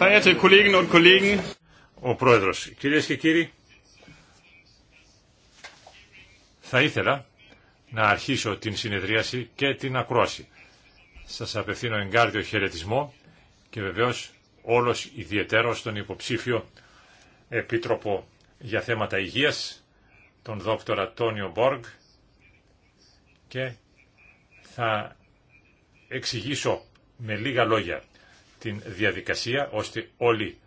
Verehrte Kolleginnen und ο κυρίες και κύριοι, θα ήθελα να αρχίσω την συνεδρίαση και την ακρόαση. Σας απευθύνω εγκάρδιο χαιρετισμό και βεβαίως όλος ιδιαιτέρως τον υποψήφιο Επίτροπο για θέματα υγείας, τον δόκτορα Τόνιο Μπόργκ και θα εξηγήσω με λίγα λόγια την διαδικασία, ώστε όλοι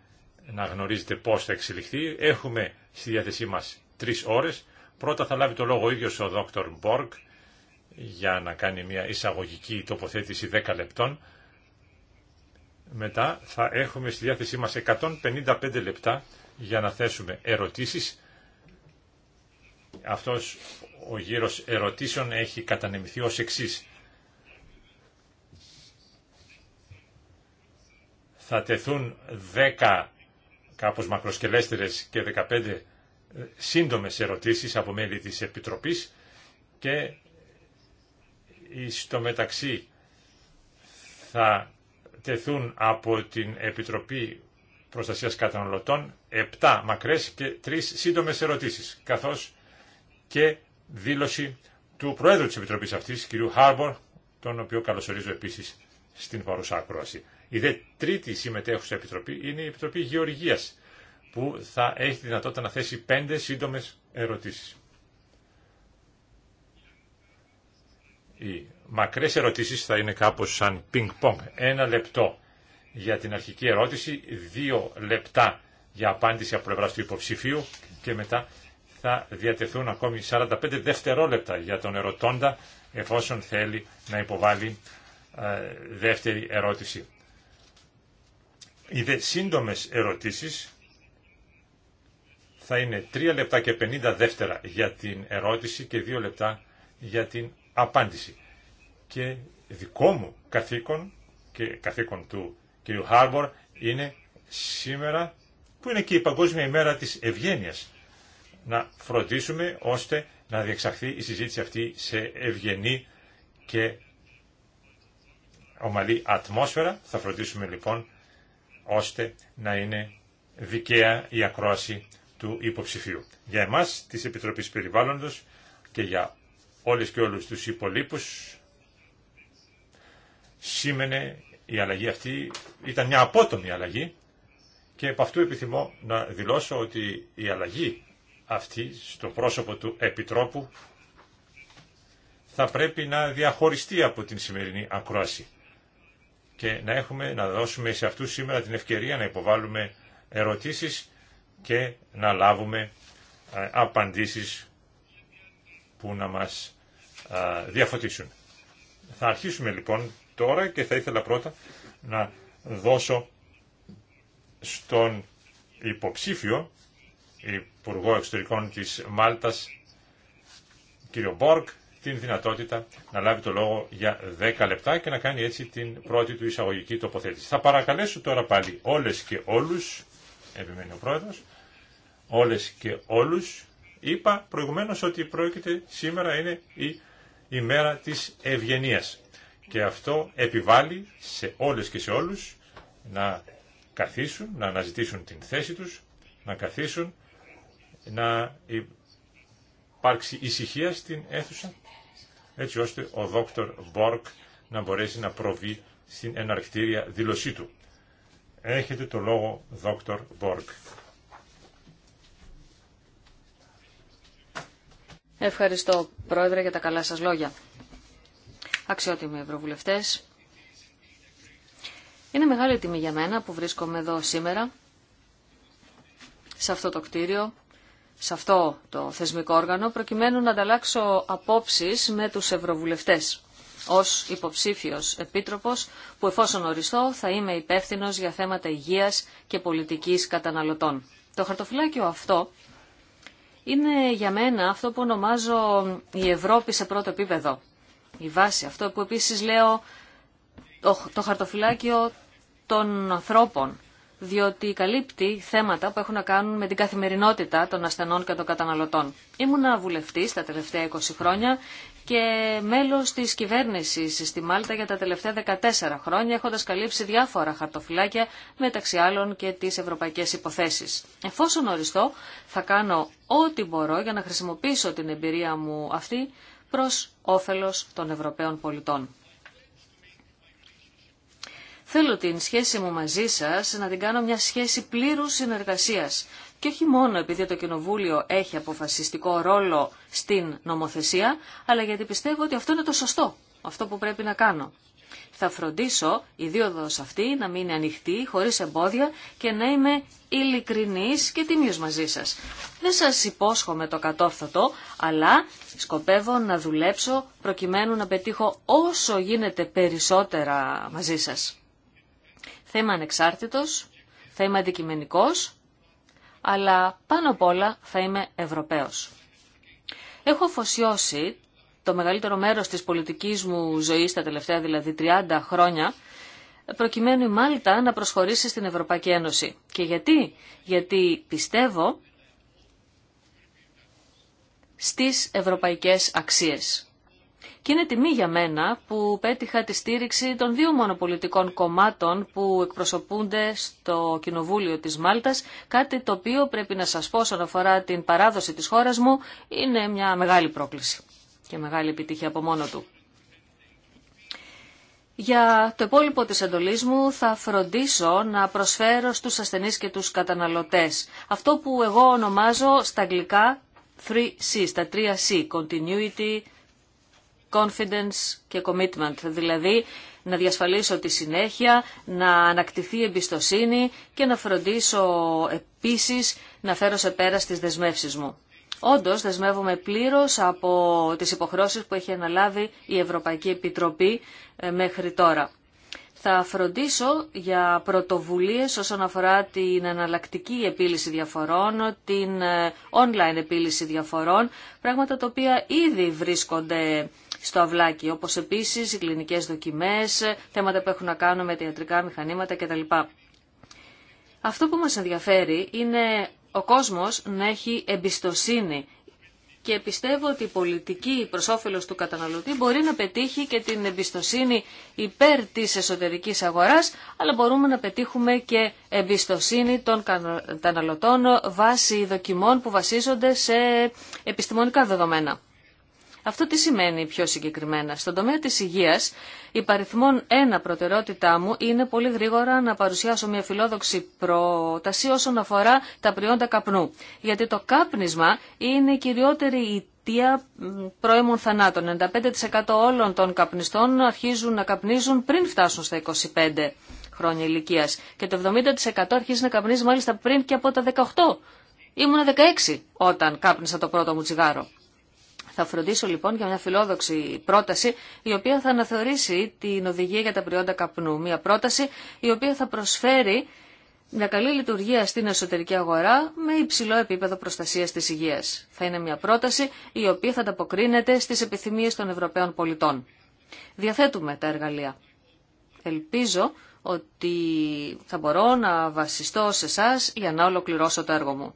να γνωρίζετε πώς θα εξελιχθεί. Έχουμε στη διάθεσή μας τρεις ώρες. Πρώτα θα λάβει το λόγο ο ίδιος ο Δόκτωρ Μπόρκ για να κάνει μια εισαγωγική τοποθέτηση 10 λεπτών. Μετά θα έχουμε στη διάθεσή μας 155 λεπτά για να θέσουμε ερωτήσεις. Αυτός ο γύρος ερωτήσεων έχει κατανεμηθεί ως εξής. θα τεθούν 10 κάπως μακροσκελέστερες και 15 ε, σύντομες ερωτήσεις από μέλη της Επιτροπής και στο ε, μεταξύ θα τεθούν από την Επιτροπή Προστασίας Καταναλωτών 7 μακρές και 3 σύντομες ερωτήσεις, καθώς και δήλωση του Προέδρου της Επιτροπής αυτής, κ. Χάρμπορ, τον οποίο καλωσορίζω επίσης στην παρουσά ακρόαση. Η δε τρίτη συμμετέχουσα επιτροπή είναι η Επιτροπή Γεωργίας, που θα έχει τη δυνατότητα να θέσει πέντε σύντομες ερωτήσεις. Οι μακρέ ερωτήσει θα είναι κάπως σαν πινκ-πονγκ. Ένα λεπτό για την αρχική ερώτηση, δύο λεπτά για απάντηση από πλευρά του υποψηφίου και μετά θα διατεθούν ακόμη 45 δευτερόλεπτα για τον ερωτώντα εφόσον θέλει να υποβάλει ε, δεύτερη ερώτηση. Οι δε σύντομες ερωτήσεις θα είναι 3 λεπτά και 50 δεύτερα για την ερώτηση και 2 λεπτά για την απάντηση. Και δικό μου καθήκον και καθήκον του κ. Χάρμπορ είναι σήμερα που είναι και η Παγκόσμια ημέρα της Ευγένειας να φροντίσουμε ώστε να διεξαχθεί η συζήτηση αυτή σε ευγενή και ομαλή ατμόσφαιρα. Θα φροντίσουμε λοιπόν ώστε να είναι δικαία η ακρόαση του υποψηφίου. Για εμάς, της Επιτροπής Περιβάλλοντος και για όλες και όλους τους υπολείπους, σήμαινε η αλλαγή αυτή, ήταν μια απότομη αλλαγή και από αυτού επιθυμώ να δηλώσω ότι η αλλαγή αυτή στο πρόσωπο του Επιτρόπου θα πρέπει να διαχωριστεί από την σημερινή ακρόαση και να, έχουμε, να δώσουμε σε αυτούς σήμερα την ευκαιρία να υποβάλουμε ερωτήσεις και να λάβουμε ε, απαντήσεις που να μας διαφωτίσουν. Θα αρχίσουμε λοιπόν τώρα και θα ήθελα πρώτα να δώσω στον υποψήφιο Υπουργό Εξωτερικών της Μάλτας, κύριο Μπόρκ, την δυνατότητα να λάβει το λόγο για 10 λεπτά και να κάνει έτσι την πρώτη του εισαγωγική τοποθέτηση. Θα παρακαλέσω τώρα πάλι όλες και όλους, επιμένει ο πρόεδρος, όλες και όλους, είπα προηγουμένως ότι πρόκειται σήμερα είναι η ημέρα της ευγενία. Και αυτό επιβάλλει σε όλες και σε όλους να καθίσουν, να αναζητήσουν την θέση τους, να καθίσουν, να υπάρξει ησυχία στην αίθουσα έτσι ώστε ο δόκτωρ Μπόρκ να μπορέσει να προβεί στην εναρκτήρια δήλωσή του. Έχετε το λόγο, δόκτωρ Μπόρκ. Ευχαριστώ, Πρόεδρε, για τα καλά σας λόγια. Αξιότιμοι Ευρωβουλευτές, είναι μεγάλη τιμή για μένα που βρίσκομαι εδώ σήμερα, σε αυτό το κτίριο, σε αυτό το θεσμικό όργανο προκειμένου να ανταλλάξω απόψεις με τους ευρωβουλευτές ως υποψήφιος επίτροπος που εφόσον οριστώ θα είμαι υπεύθυνο για θέματα υγείας και πολιτικής καταναλωτών. Το χαρτοφυλάκιο αυτό είναι για μένα αυτό που ονομάζω η Ευρώπη σε πρώτο επίπεδο. Η βάση αυτό που επίσης λέω το χαρτοφυλάκιο των ανθρώπων διότι καλύπτει θέματα που έχουν να κάνουν με την καθημερινότητα των ασθενών και των καταναλωτών. Ήμουνα βουλευτή τα τελευταία 20 χρόνια και μέλος της κυβέρνησης στη Μάλτα για τα τελευταία 14 χρόνια, έχοντα καλύψει διάφορα χαρτοφυλάκια, μεταξύ άλλων και τις ευρωπαϊκές υποθέσεις. Εφόσον οριστώ, θα κάνω ό,τι μπορώ για να χρησιμοποιήσω την εμπειρία μου αυτή προ όφελο των Ευρωπαίων πολιτών. Θέλω την σχέση μου μαζί σας να την κάνω μια σχέση πλήρους συνεργασίας. Και όχι μόνο επειδή το Κοινοβούλιο έχει αποφασιστικό ρόλο στην νομοθεσία, αλλά γιατί πιστεύω ότι αυτό είναι το σωστό, αυτό που πρέπει να κάνω. Θα φροντίσω η αυτή να μην είναι ανοιχτή, χωρίς εμπόδια και να είμαι ειλικρινής και τιμίος μαζί σας. Δεν σας υπόσχομαι το κατόρθωτο, αλλά σκοπεύω να δουλέψω προκειμένου να πετύχω όσο γίνεται περισσότερα μαζί σας. Θέμα ανεξάρτητος, θα είμαι αντικειμενικός, αλλά πάνω απ' όλα θα είμαι Ευρωπαίος. Έχω αφοσιώσει το μεγαλύτερο μέρος της πολιτικής μου ζωής, τα τελευταία δηλαδή 30 χρόνια, προκειμένου η Μάλτα να προσχωρήσει στην Ευρωπαϊκή Ένωση. Και γιατί? Γιατί πιστεύω στις ευρωπαϊκές αξίες. Και είναι τιμή για μένα που πέτυχα τη στήριξη των δύο μονοπολιτικών κομμάτων που εκπροσωπούνται στο Κοινοβούλιο της Μάλτας, κάτι το οποίο πρέπει να σας πω όσον αφορά την παράδοση της χώρας μου, είναι μια μεγάλη πρόκληση και μεγάλη επιτυχία από μόνο του. Για το υπόλοιπο της εντολής μου θα φροντίσω να προσφέρω στους ασθενείς και τους καταναλωτές αυτό που εγώ ονομάζω στα αγγλικά 3C, τα 3C, Continuity, confidence και commitment, δηλαδή να διασφαλίσω τη συνέχεια, να ανακτηθεί η εμπιστοσύνη και να φροντίσω επίσης να φέρω σε πέρα στις δεσμεύσεις μου. Όντως δεσμεύομαι πλήρως από τις υποχρώσεις που έχει αναλάβει η Ευρωπαϊκή Επιτροπή ε, μέχρι τώρα. Θα φροντίσω για πρωτοβουλίες όσον αφορά την αναλλακτική επίλυση διαφορών, την ε, online επίλυση διαφορών, πράγματα τα οποία ήδη βρίσκονται στο αυλάκι, όπως επίσης οι κλινικές δοκιμές, θέματα που έχουν να κάνουν με τα ιατρικά μηχανήματα κτλ. Αυτό που μας ενδιαφέρει είναι ο κόσμος να έχει εμπιστοσύνη και πιστεύω ότι η πολιτική προς όφελος του καταναλωτή μπορεί να πετύχει και την εμπιστοσύνη υπέρ της εσωτερικής αγοράς, αλλά μπορούμε να πετύχουμε και εμπιστοσύνη των καταναλωτών βάσει δοκιμών που βασίζονται σε επιστημονικά δεδομένα. Αυτό τι σημαίνει πιο συγκεκριμένα. Στον τομέα της υγείας, η παριθμόν ένα προτεραιότητά μου είναι πολύ γρήγορα να παρουσιάσω μια φιλόδοξη πρόταση όσον αφορά τα προϊόντα καπνού. Γιατί το κάπνισμα είναι η κυριότερη αιτία πρώιμων θανάτων. 95% όλων των καπνιστών αρχίζουν να καπνίζουν πριν φτάσουν στα 25 χρόνια ηλικία. Και το 70% αρχίζει να καπνίζει μάλιστα πριν και από τα 18. Ήμουν 16 όταν κάπνισα το πρώτο μου τσιγάρο. Θα φροντίσω λοιπόν για μια φιλόδοξη πρόταση η οποία θα αναθεωρήσει την οδηγία για τα προϊόντα καπνού. Μια πρόταση η οποία θα προσφέρει μια καλή λειτουργία στην εσωτερική αγορά με υψηλό επίπεδο προστασίας της υγείας. Θα είναι μια πρόταση η οποία θα ανταποκρίνεται στις επιθυμίες των Ευρωπαίων πολιτών. Διαθέτουμε τα εργαλεία. Ελπίζω ότι θα μπορώ να βασιστώ σε εσά για να ολοκληρώσω το έργο μου.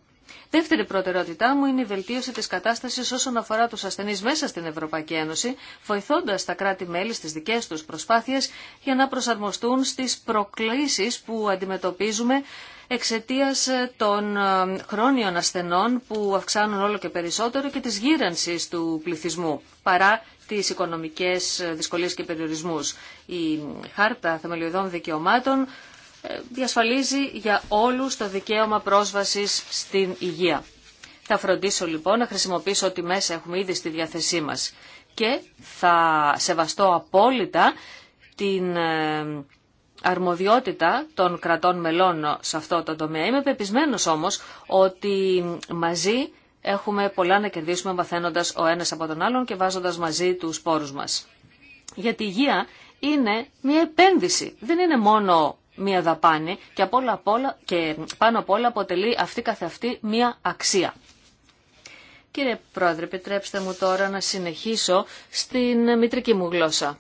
Δεύτερη προτεραιότητά μου είναι η βελτίωση τη κατάσταση όσον αφορά του ασθενεί μέσα στην Ευρωπαϊκή Ένωση, βοηθώντα τα κράτη-μέλη στι δικέ του προσπάθειε για να προσαρμοστούν στι προκλήσει που αντιμετωπίζουμε εξαιτία ε, των ε, χρόνιων ασθενών που αυξάνουν όλο και περισσότερο και τη γύρανση του πληθυσμού, παρά τι οικονομικέ ε, δυσκολίε και περιορισμού. Η Χάρτα Θεμελιωδών Δικαιωμάτων ε, διασφαλίζει για όλους το δικαίωμα πρόσβασης στην υγεία. Θα φροντίσω λοιπόν να χρησιμοποιήσω ό,τι μέσα έχουμε ήδη στη διάθεσή μας και θα σεβαστώ απόλυτα την ε, αρμοδιότητα των κρατών μελών σε αυτό το τομέα. Είμαι πεπισμένος όμως ότι μαζί έχουμε πολλά να κερδίσουμε μαθαίνοντας ο ένας από τον άλλον και βάζοντας μαζί τους πόρους μας. Γιατί η υγεία είναι μια επένδυση. Δεν είναι μόνο μία δαπάνη και, απόλα, όλα, και πάνω απ' όλα αποτελεί αυτή καθεαυτή αυτή μία αξία. Κύριε Πρόεδρε, επιτρέψτε μου τώρα να συνεχίσω στην μητρική μου γλώσσα,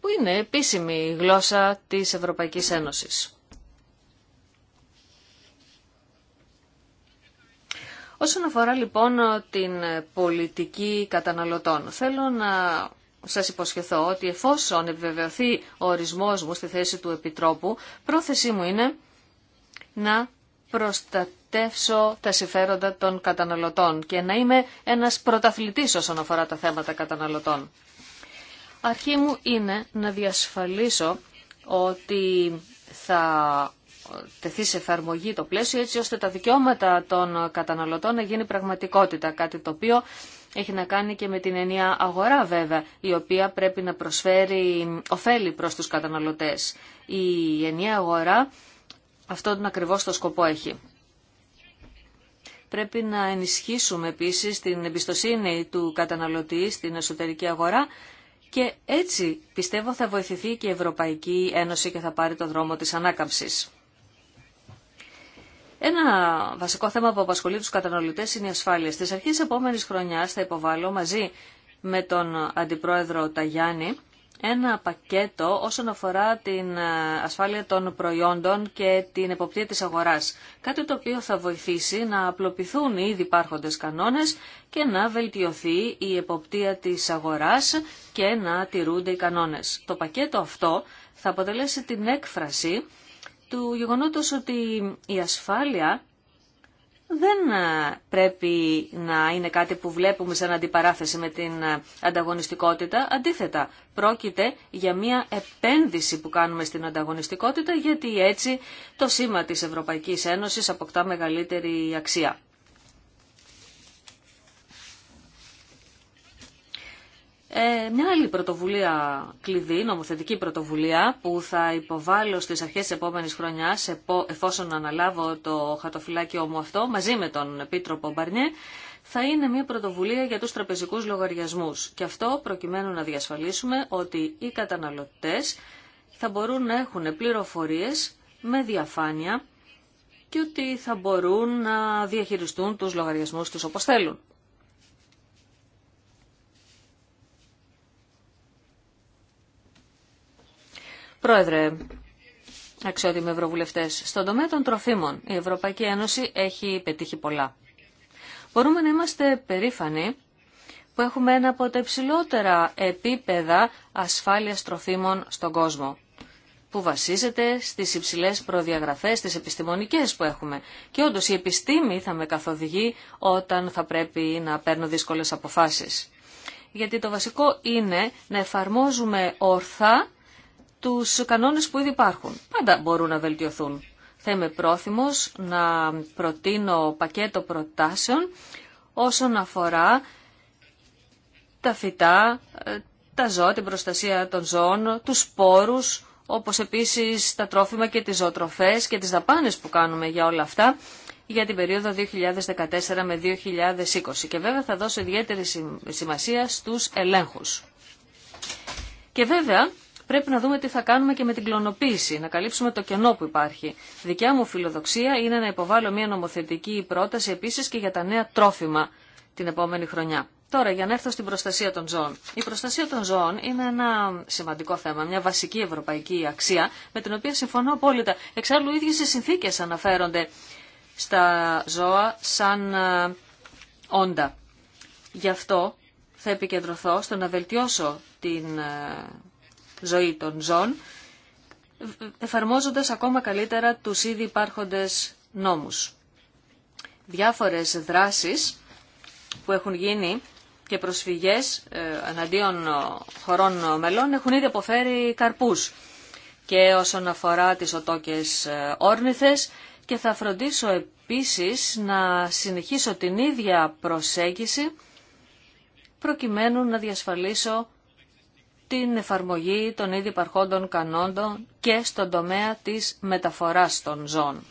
που είναι επίσημη γλώσσα της Ευρωπαϊκής Ένωσης. Όσον αφορά λοιπόν την πολιτική καταναλωτών, θέλω να σας υποσχεθώ ότι εφόσον επιβεβαιωθεί ο ορισμός μου στη θέση του Επιτρόπου, πρόθεσή μου είναι να προστατεύσω τα συμφέροντα των καταναλωτών και να είμαι ένας πρωταθλητής όσον αφορά τα θέματα καταναλωτών. Αρχή μου είναι να διασφαλίσω ότι θα τεθεί σε εφαρμογή το πλαίσιο έτσι ώστε τα δικαιώματα των καταναλωτών να γίνει πραγματικότητα, κάτι το οποίο έχει να κάνει και με την ενιαία αγορά βέβαια, η οποία πρέπει να προσφέρει ωφέλη προς τους καταναλωτές. Η ενιαία αγορά αυτόν ακριβώς το σκοπό έχει. Πρέπει να ενισχύσουμε επίσης την εμπιστοσύνη του καταναλωτή στην εσωτερική αγορά και έτσι πιστεύω θα βοηθηθεί και η Ευρωπαϊκή Ένωση και θα πάρει το δρόμο της ανάκαμψης. Ένα βασικό θέμα που απασχολεί του καταναλωτέ είναι η ασφάλεια. Στις αρχές επόμενη χρονιά θα υποβάλω μαζί με τον Αντιπρόεδρο Ταγιάννη ένα πακέτο όσον αφορά την ε, ασφάλεια των προϊόντων και την εποπτεία της αγοράς. Κάτι το οποίο θα βοηθήσει να απλοποιηθούν οι ήδη υπάρχοντες κανόνες και να βελτιωθεί η εποπτεία της αγοράς και να τηρούνται οι κανόνες. Το πακέτο αυτό θα αποτελέσει την έκφραση του γεγονότος ότι η ασφάλεια δεν ε, πρέπει να είναι κάτι που βλέπουμε σαν αντιπαράθεση με την ε, ανταγωνιστικότητα. Αντίθετα, πρόκειται για μια επένδυση που κάνουμε στην ανταγωνιστικότητα, γιατί έτσι το σήμα της Ευρωπαϊκής Ένωσης αποκτά μεγαλύτερη αξία. Ε, μια άλλη πρωτοβουλία κλειδί, νομοθετική πρωτοβουλία, που θα υποβάλω στις αρχές της επόμενης χρονιάς, εφόσον αναλάβω το χατοφυλάκιό μου αυτό, μαζί με τον Επίτροπο Μπαρνιέ, θα είναι μια πρωτοβουλία για τους τραπεζικούς λογαριασμούς. Και αυτό προκειμένου να διασφαλίσουμε ότι οι καταναλωτές θα μπορούν να έχουν πληροφορίες με διαφάνεια και ότι θα μπορούν να διαχειριστούν τους λογαριασμούς τους όπως θέλουν. Πρόεδρε, αξιότιμοι ευρωβουλευτέ, στον τομέα των τροφίμων η Ευρωπαϊκή Ένωση έχει πετύχει πολλά. Μπορούμε να είμαστε περήφανοι που έχουμε ένα από τα υψηλότερα επίπεδα ασφάλειας τροφίμων στον κόσμο που βασίζεται στις υψηλές προδιαγραφές, στις επιστημονικές που έχουμε. Και όντω η επιστήμη θα με καθοδηγεί όταν θα πρέπει να παίρνω δύσκολες αποφάσεις. Γιατί το βασικό είναι να εφαρμόζουμε ορθά τους κανόνες που ήδη υπάρχουν. Πάντα μπορούν να βελτιωθούν. Θα είμαι πρόθυμος να προτείνω πακέτο προτάσεων όσον αφορά τα φυτά, ε, τα ζώα, την προστασία των ζώων, τους σπόρους, όπως επίσης τα τρόφιμα και τις ζωοτροφές και τις δαπάνες που κάνουμε για όλα αυτά για την περίοδο 2014 με 2020. Και βέβαια θα δώσω ιδιαίτερη σημασία στους ελέγχους. Και βέβαια Πρέπει να δούμε τι θα κάνουμε και με την κλωνοποίηση, να καλύψουμε το κενό που υπάρχει. Δικιά μου φιλοδοξία είναι να υποβάλω μια νομοθετική πρόταση επίση και για τα νέα τρόφιμα την επόμενη χρονιά. Τώρα, για να έρθω στην προστασία των ζώων. Η προστασία των ζώων είναι ένα σημαντικό θέμα, μια βασική ευρωπαϊκή αξία, με την οποία συμφωνώ απόλυτα. Εξάλλου, οι ίδιες οι συνθήκες αναφέρονται στα ζώα σαν ε, όντα. Γι' αυτό θα επικεντρωθώ στο να βελτιώσω την ε, ζωή των ζών εφαρμόζοντας ακόμα καλύτερα τους ήδη υπάρχοντες νόμους. Διάφορες δράσεις που έχουν γίνει και προσφυγές εναντίον ε, χωρών μελών έχουν ήδη αποφέρει καρπούς και όσον αφορά τις οτόκες ε, όρνηθες και θα φροντίσω επίσης να συνεχίσω την ίδια προσέγγιση προκειμένου να διασφαλίσω την εφαρμογή των ήδη υπαρχόντων κανόντων και στον τομέα της μεταφοράς των ζώων.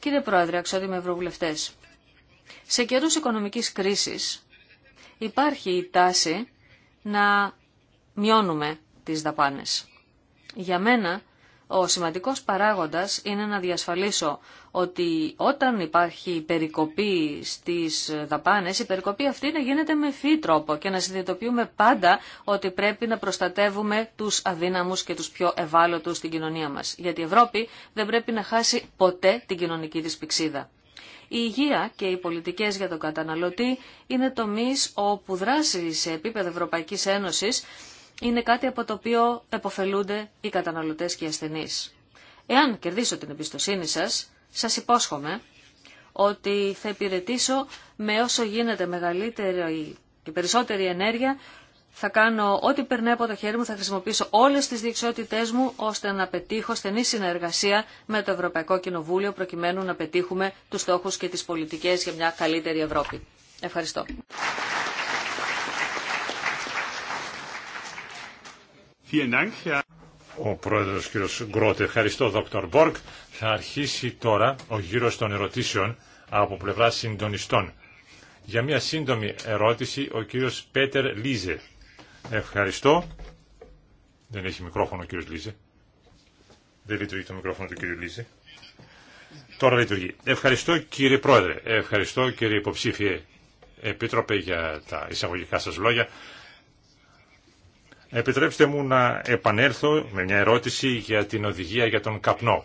Κύριε Πρόεδρε, αξιότιμοι ευρωβουλευτές, σε καιρούς οικονομικής κρίσης υπάρχει η τάση να μειώνουμε τις δαπάνες. Για μένα, ο σημαντικός παράγοντας είναι να διασφαλίσω ότι όταν υπάρχει περικοπή στις δαπάνες, η περικοπή αυτή να γίνεται με φύ τρόπο και να συνειδητοποιούμε πάντα ότι πρέπει να προστατεύουμε τους αδύναμους και τους πιο ευάλωτους στην κοινωνία μας. Γιατί η Ευρώπη δεν πρέπει να χάσει ποτέ την κοινωνική της πηξίδα. Η υγεία και οι πολιτικές για τον καταναλωτή είναι τομείς όπου δράσει σε επίπεδο Ευρωπαϊκής Ένωσης είναι κάτι από το οποίο εποφελούνται οι καταναλωτές και οι ασθενείς. Εάν κερδίσω την εμπιστοσύνη σας, σας υπόσχομαι ότι θα υπηρετήσω με όσο γίνεται μεγαλύτερη και περισσότερη ενέργεια. Θα κάνω ό,τι περνάει από το χέρι μου, θα χρησιμοποιήσω όλες τις δεξιότητές μου ώστε να πετύχω στενή συνεργασία με το Ευρωπαϊκό Κοινοβούλιο προκειμένου να πετύχουμε τους στόχους και τις πολιτικές για μια καλύτερη Ευρώπη. Ευχαριστώ ο πρόεδρος κ. Γκρότε. Ευχαριστώ, Δόκτωρ Μπόρκ. Θα αρχίσει τώρα ο γύρος των ερωτήσεων από πλευρά συντονιστών. Για μια σύντομη ερώτηση, ο κύριος Πέτερ Λίζε. Ευχαριστώ. Δεν έχει μικρόφωνο ο κ. Λίζε. Δεν λειτουργεί το μικρόφωνο του κύριου Λίζε. Τώρα λειτουργεί. Ευχαριστώ κύριε Πρόεδρε, ευχαριστώ κύριε υποψήφιε Επίτροπε για τα εισαγωγικά σας λόγια. Επιτρέψτε μου να επανέλθω με μια ερώτηση για την οδηγία για τον καπνό.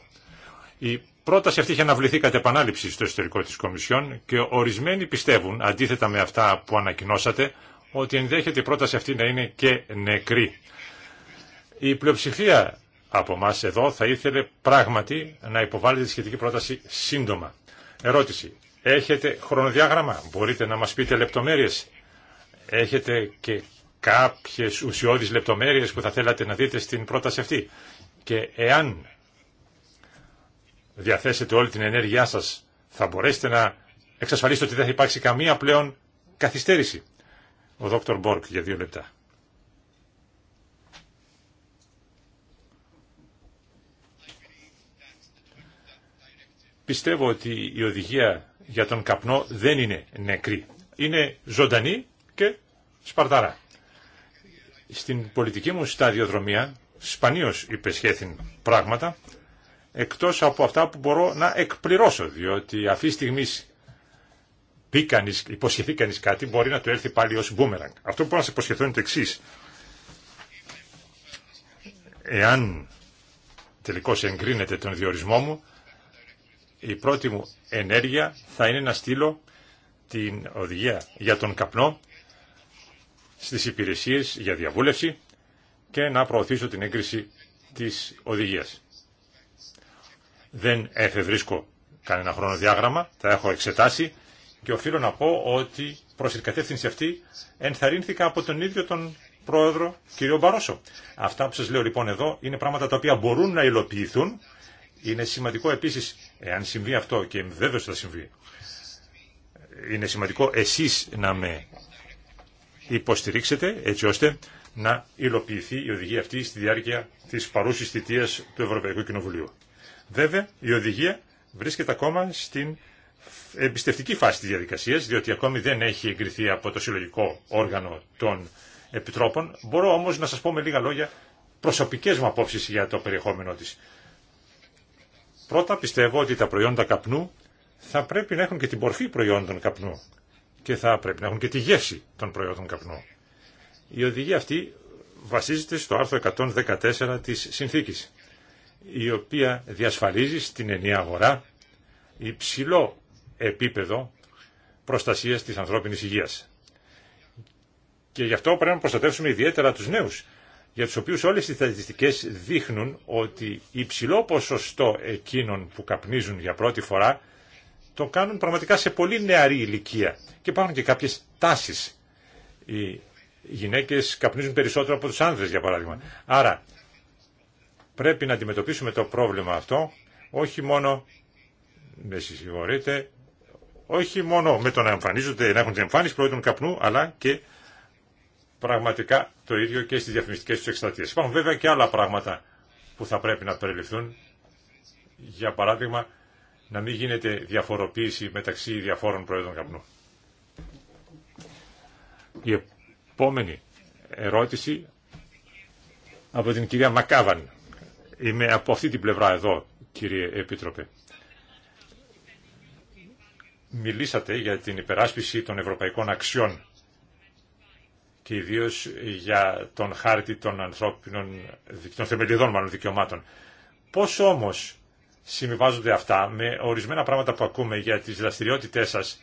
Η πρόταση αυτή είχε αναβληθεί κατ' επανάληψη στο εσωτερικό της Κομισιόν και ορισμένοι πιστεύουν, αντίθετα με αυτά που ανακοινώσατε, ότι ενδέχεται η πρόταση αυτή να είναι και νεκρή. Η πλειοψηφία από εμά εδώ θα ήθελε πράγματι να υποβάλλετε τη σχετική πρόταση σύντομα. Ερώτηση. Έχετε χρονοδιάγραμμα, μπορείτε να μας πείτε λεπτομέρειες. Έχετε και κάποιες ουσιώδεις λεπτομέρειες που θα θέλατε να δείτε στην πρόταση αυτή. Και εάν διαθέσετε όλη την ενέργειά σας, θα μπορέσετε να εξασφαλίσετε ότι δεν θα υπάρξει καμία πλέον καθυστέρηση. Ο Δόκτωρ Μπόρκ για δύο λεπτά. Πιστεύω ότι η οδηγία για τον καπνό δεν είναι νεκρή. Είναι ζωντανή και σπαρταρά. Στην πολιτική μου σταδιοδρομία σπανίως υπεσχέθην πράγματα εκτός από αυτά που μπορώ να εκπληρώσω διότι αυτή τη στιγμή υποσχεθεί κανείς κάτι μπορεί να του έρθει πάλι ως μπούμεραγκ. Αυτό που μπορώ να σε υποσχεθώ είναι το εξή. Εάν τελικώς εγκρίνεται τον διορισμό μου η πρώτη μου ενέργεια θα είναι να στείλω την οδηγία για τον καπνό στις υπηρεσίες για διαβούλευση και να προωθήσω την έγκριση της οδηγίας. Δεν εφευρίσκω κανένα χρονοδιάγραμμα, τα έχω εξετάσει και οφείλω να πω ότι προς την κατεύθυνση αυτή ενθαρρύνθηκα από τον ίδιο τον πρόεδρο κ. Μπαρόσο. Αυτά που σας λέω λοιπόν εδώ είναι πράγματα τα οποία μπορούν να υλοποιηθούν. Είναι σημαντικό επίσης, εάν συμβεί αυτό και βέβαια θα συμβεί, είναι σημαντικό εσείς να με υποστηρίξετε έτσι ώστε να υλοποιηθεί η οδηγία αυτή στη διάρκεια της παρούσης θητείας του Ευρωπαϊκού Κοινοβουλίου. Βέβαια, η οδηγία βρίσκεται ακόμα στην εμπιστευτική φάση της διαδικασίας, διότι ακόμη δεν έχει εγκριθεί από το συλλογικό όργανο των επιτρόπων. Μπορώ όμως να σας πω με λίγα λόγια προσωπικές μου απόψεις για το περιεχόμενό της. Πρώτα πιστεύω ότι τα προϊόντα καπνού θα πρέπει να έχουν και την πορφή προϊόντων καπνού και θα πρέπει να έχουν και τη γεύση των προϊόντων καπνού. Η οδηγία αυτή βασίζεται στο άρθρο 114 της συνθήκης, η οποία διασφαλίζει στην ενιαία αγορά υψηλό επίπεδο προστασίας της ανθρώπινης υγείας. Και γι' αυτό πρέπει να προστατεύσουμε ιδιαίτερα τους νέους, για τους οποίους όλες οι στατιστικές δείχνουν ότι υψηλό ποσοστό εκείνων που καπνίζουν για πρώτη φορά το κάνουν πραγματικά σε πολύ νεαρή ηλικία. Και υπάρχουν και κάποιες τάσεις. Οι γυναίκες καπνίζουν περισσότερο από τους άνδρες, για παράδειγμα. Άρα, πρέπει να αντιμετωπίσουμε το πρόβλημα αυτό, όχι μόνο, με συγχωρείτε, όχι μόνο με το να εμφανίζονται, να έχουν την εμφάνιση προϊόντων καπνού, αλλά και πραγματικά το ίδιο και στις διαφημιστικές τους εκστρατείες. Υπάρχουν βέβαια και άλλα πράγματα που θα πρέπει να περιληφθούν. Για παράδειγμα, να μην γίνεται διαφοροποίηση μεταξύ διαφόρων προϊόντων καπνού. Η επόμενη ερώτηση από την κυρία Μακάβαν. Είμαι από αυτή την πλευρά εδώ, κύριε Επίτροπε. Μιλήσατε για την υπεράσπιση των ευρωπαϊκών αξιών και ιδίω για τον χάρτη των ανθρώπινων, των θεμελιδών δικαιωμάτων. Πώς όμως συμβιβάζονται αυτά με ορισμένα πράγματα που ακούμε για τις δραστηριότητές σας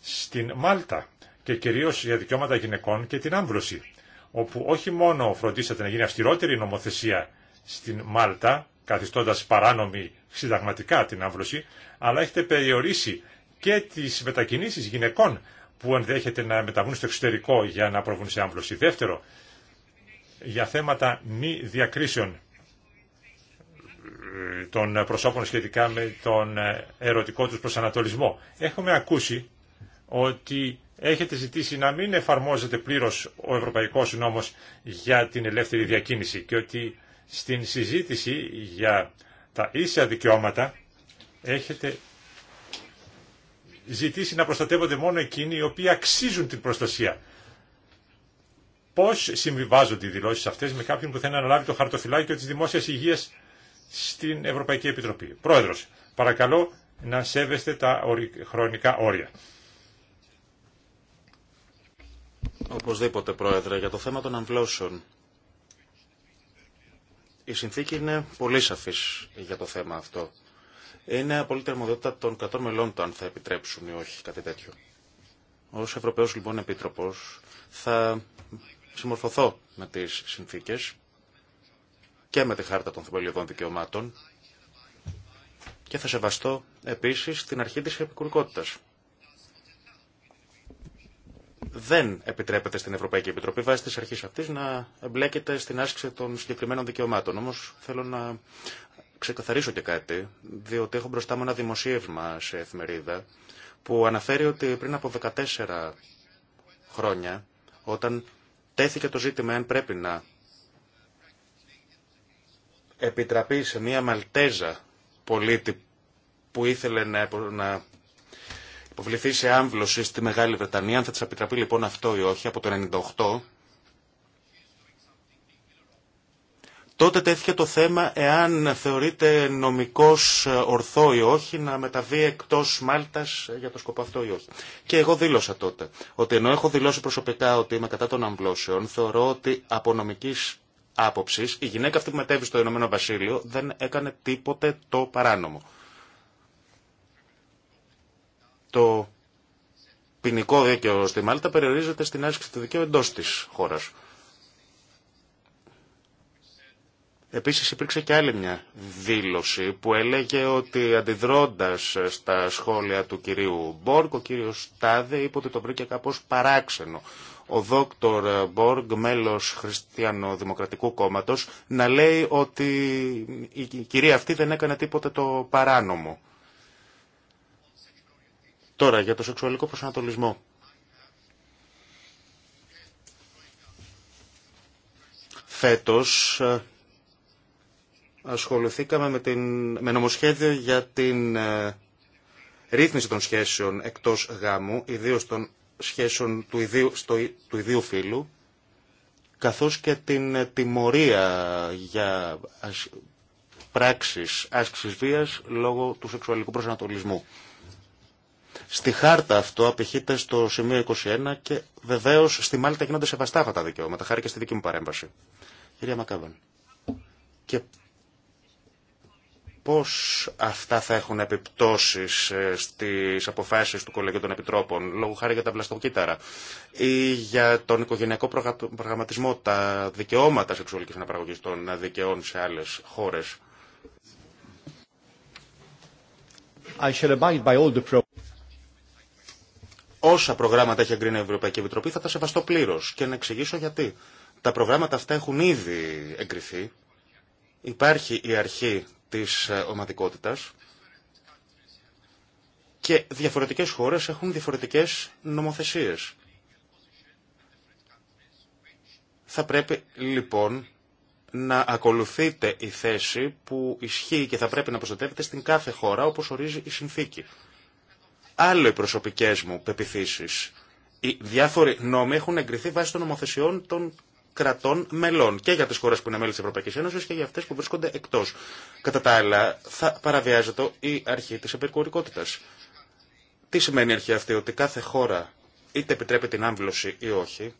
στην Μάλτα και κυρίως για δικαιώματα γυναικών και την άμβλωση, όπου όχι μόνο φροντίσατε να γίνει αυστηρότερη η νομοθεσία στην Μάλτα, καθιστώντας παράνομη συνταγματικά την άμβλωση, αλλά έχετε περιορίσει και τις μετακινήσεις γυναικών που ενδέχεται να μεταβούν στο εξωτερικό για να προβούν σε άμβλωση. Δεύτερο, για θέματα μη διακρίσεων ε, των προσώπων σχετικά με τον ε, ερωτικό τους προσανατολισμό. Έχουμε ακούσει ότι έχετε ζητήσει να μην εφαρμόζεται πλήρως ο Ευρωπαϊκός Νόμος για την ελεύθερη διακίνηση και ότι στην συζήτηση για τα ίσια δικαιώματα έχετε ζητήσει να προστατεύονται μόνο εκείνοι οι οποίοι αξίζουν την προστασία. Πώς συμβιβάζονται οι δηλώσεις αυτές με κάποιον που θέλει να αναλάβει το χαρτοφυλάκιο της δημόσιας υγείας στην Ευρωπαϊκή Επιτροπή. Πρόεδρος, παρακαλώ να σέβεστε τα χρονικά όρια. Οπωσδήποτε, Πρόεδρε, για το θέμα των αμβλώσεων. Η συνθήκη είναι πολύ σαφής για το θέμα αυτό. Είναι πολύ αρμοδιότητα των 100 μελών το αν θα επιτρέψουν ή όχι κάτι τέτοιο. Ως Ευρωπαίος λοιπόν Επίτροπος θα συμμορφωθώ με τις συνθήκες και με τη Χάρτα των Θεμελιωδών Δικαιωμάτων και θα σεβαστώ επίσης την αρχή της επικουρικότητας. Δεν επιτρέπεται στην Ευρωπαϊκή Επιτροπή βάσει της αρχής αυτής να εμπλέκεται στην άσκηση των συγκεκριμένων δικαιωμάτων. Όμως θέλω να ξεκαθαρίσω και κάτι, διότι έχω μπροστά μου ένα δημοσίευμα σε εφημερίδα που αναφέρει ότι πριν από 14 χρόνια, όταν τέθηκε το ζήτημα αν πρέπει να επιτραπεί σε μία Μαλτέζα πολίτη που ήθελε να, να υποβληθεί σε άμβλωση στη Μεγάλη Βρετανία, αν θα της επιτραπεί λοιπόν αυτό ή όχι, από το 1998 τότε τέθηκε το θέμα εάν θεωρείται νομικός ε, ορθό ή όχι να μεταβεί εκτός Μάλτας ε, για το σκοπό αυτό ή όχι. Και εγώ δήλωσα τότε ότι ενώ έχω δηλώσει προσωπικά ότι είμαι κατά των αμβλώσεων, θεωρώ ότι από νομικής άποψη, η γυναίκα αυτή που μετέβη στο Ηνωμένο Βασίλειο δεν έκανε τίποτε το παράνομο. Το ποινικό δίκαιο στη Μάλτα περιορίζεται στην άσκηση του δικαίου εντό τη χώρα. Επίσης υπήρξε και άλλη μια δήλωση που έλεγε ότι αντιδρώντας στα σχόλια του κυρίου Μπόρκ, ο κύριο Τάδε είπε ότι το βρήκε κάπω παράξενο ο Δόκτωρ Μπόργκ, μέλος Χριστιανοδημοκρατικού Κόμματος, να λέει ότι η κυρία αυτή δεν έκανε τίποτε το παράνομο. Τώρα, για το σεξουαλικό προσανατολισμό. Φέτος ε, ασχοληθήκαμε με, την, με νομοσχέδιο για την ε, ρύθμιση των σχέσεων εκτός γάμου, ιδίως των σχέσεων του ιδίου, στο, του ιδίου φύλου, καθώς και την τιμωρία για πράξεις άσκησης βίας λόγω του σεξουαλικού προσανατολισμού. Στη χάρτα αυτό απηχείται στο σημείο 21 και βεβαίως στη Μάλτα γίνονται σεβαστά αυτά τα δικαιώματα, χάρη και στη δική μου παρέμβαση. Κυρία Μακάβαν. Και πώς αυτά θα έχουν επιπτώσεις ε, στις αποφάσεις του Κολεγίου των Επιτρόπων, λόγω χάρη για τα βλαστοκύτταρα ή για τον οικογενειακό προγραμματισμό, τα δικαιώματα σεξουαλικής αναπαραγωγής των δικαιών σε άλλες χώρες. I shall abide by all the Όσα προγράμματα έχει εγκρίνει η Ευρωπαϊκή Επιτροπή θα τα σεβαστώ πλήρω και να εξηγήσω γιατί. Τα προγράμματα αυτά έχουν ήδη εγκριθεί Υπάρχει η αρχή της ε, ομαδικότητας και διαφορετικές χώρες έχουν διαφορετικές νομοθεσίες. Θα πρέπει λοιπόν να ακολουθείτε η θέση που ισχύει και θα πρέπει να προστατεύετε στην κάθε χώρα όπως ορίζει η συνθήκη. Άλλο οι προσωπικές μου πεπιθήσεις. Οι διάφοροι νόμοι έχουν εγκριθεί βάσει των νομοθεσιών των κρατών μελών και για τι χώρε που είναι μέλη τη Ευρωπαϊκή Ένωση και για αυτές που βρίσκονται εκτός. Κατά τα άλλα θα παραβιάζεται η αρχή της επικουρικότητα. Τι σημαίνει η αρχή αυτή, ότι κάθε χώρα είτε επιτρέπει την άμβλωση ή όχι,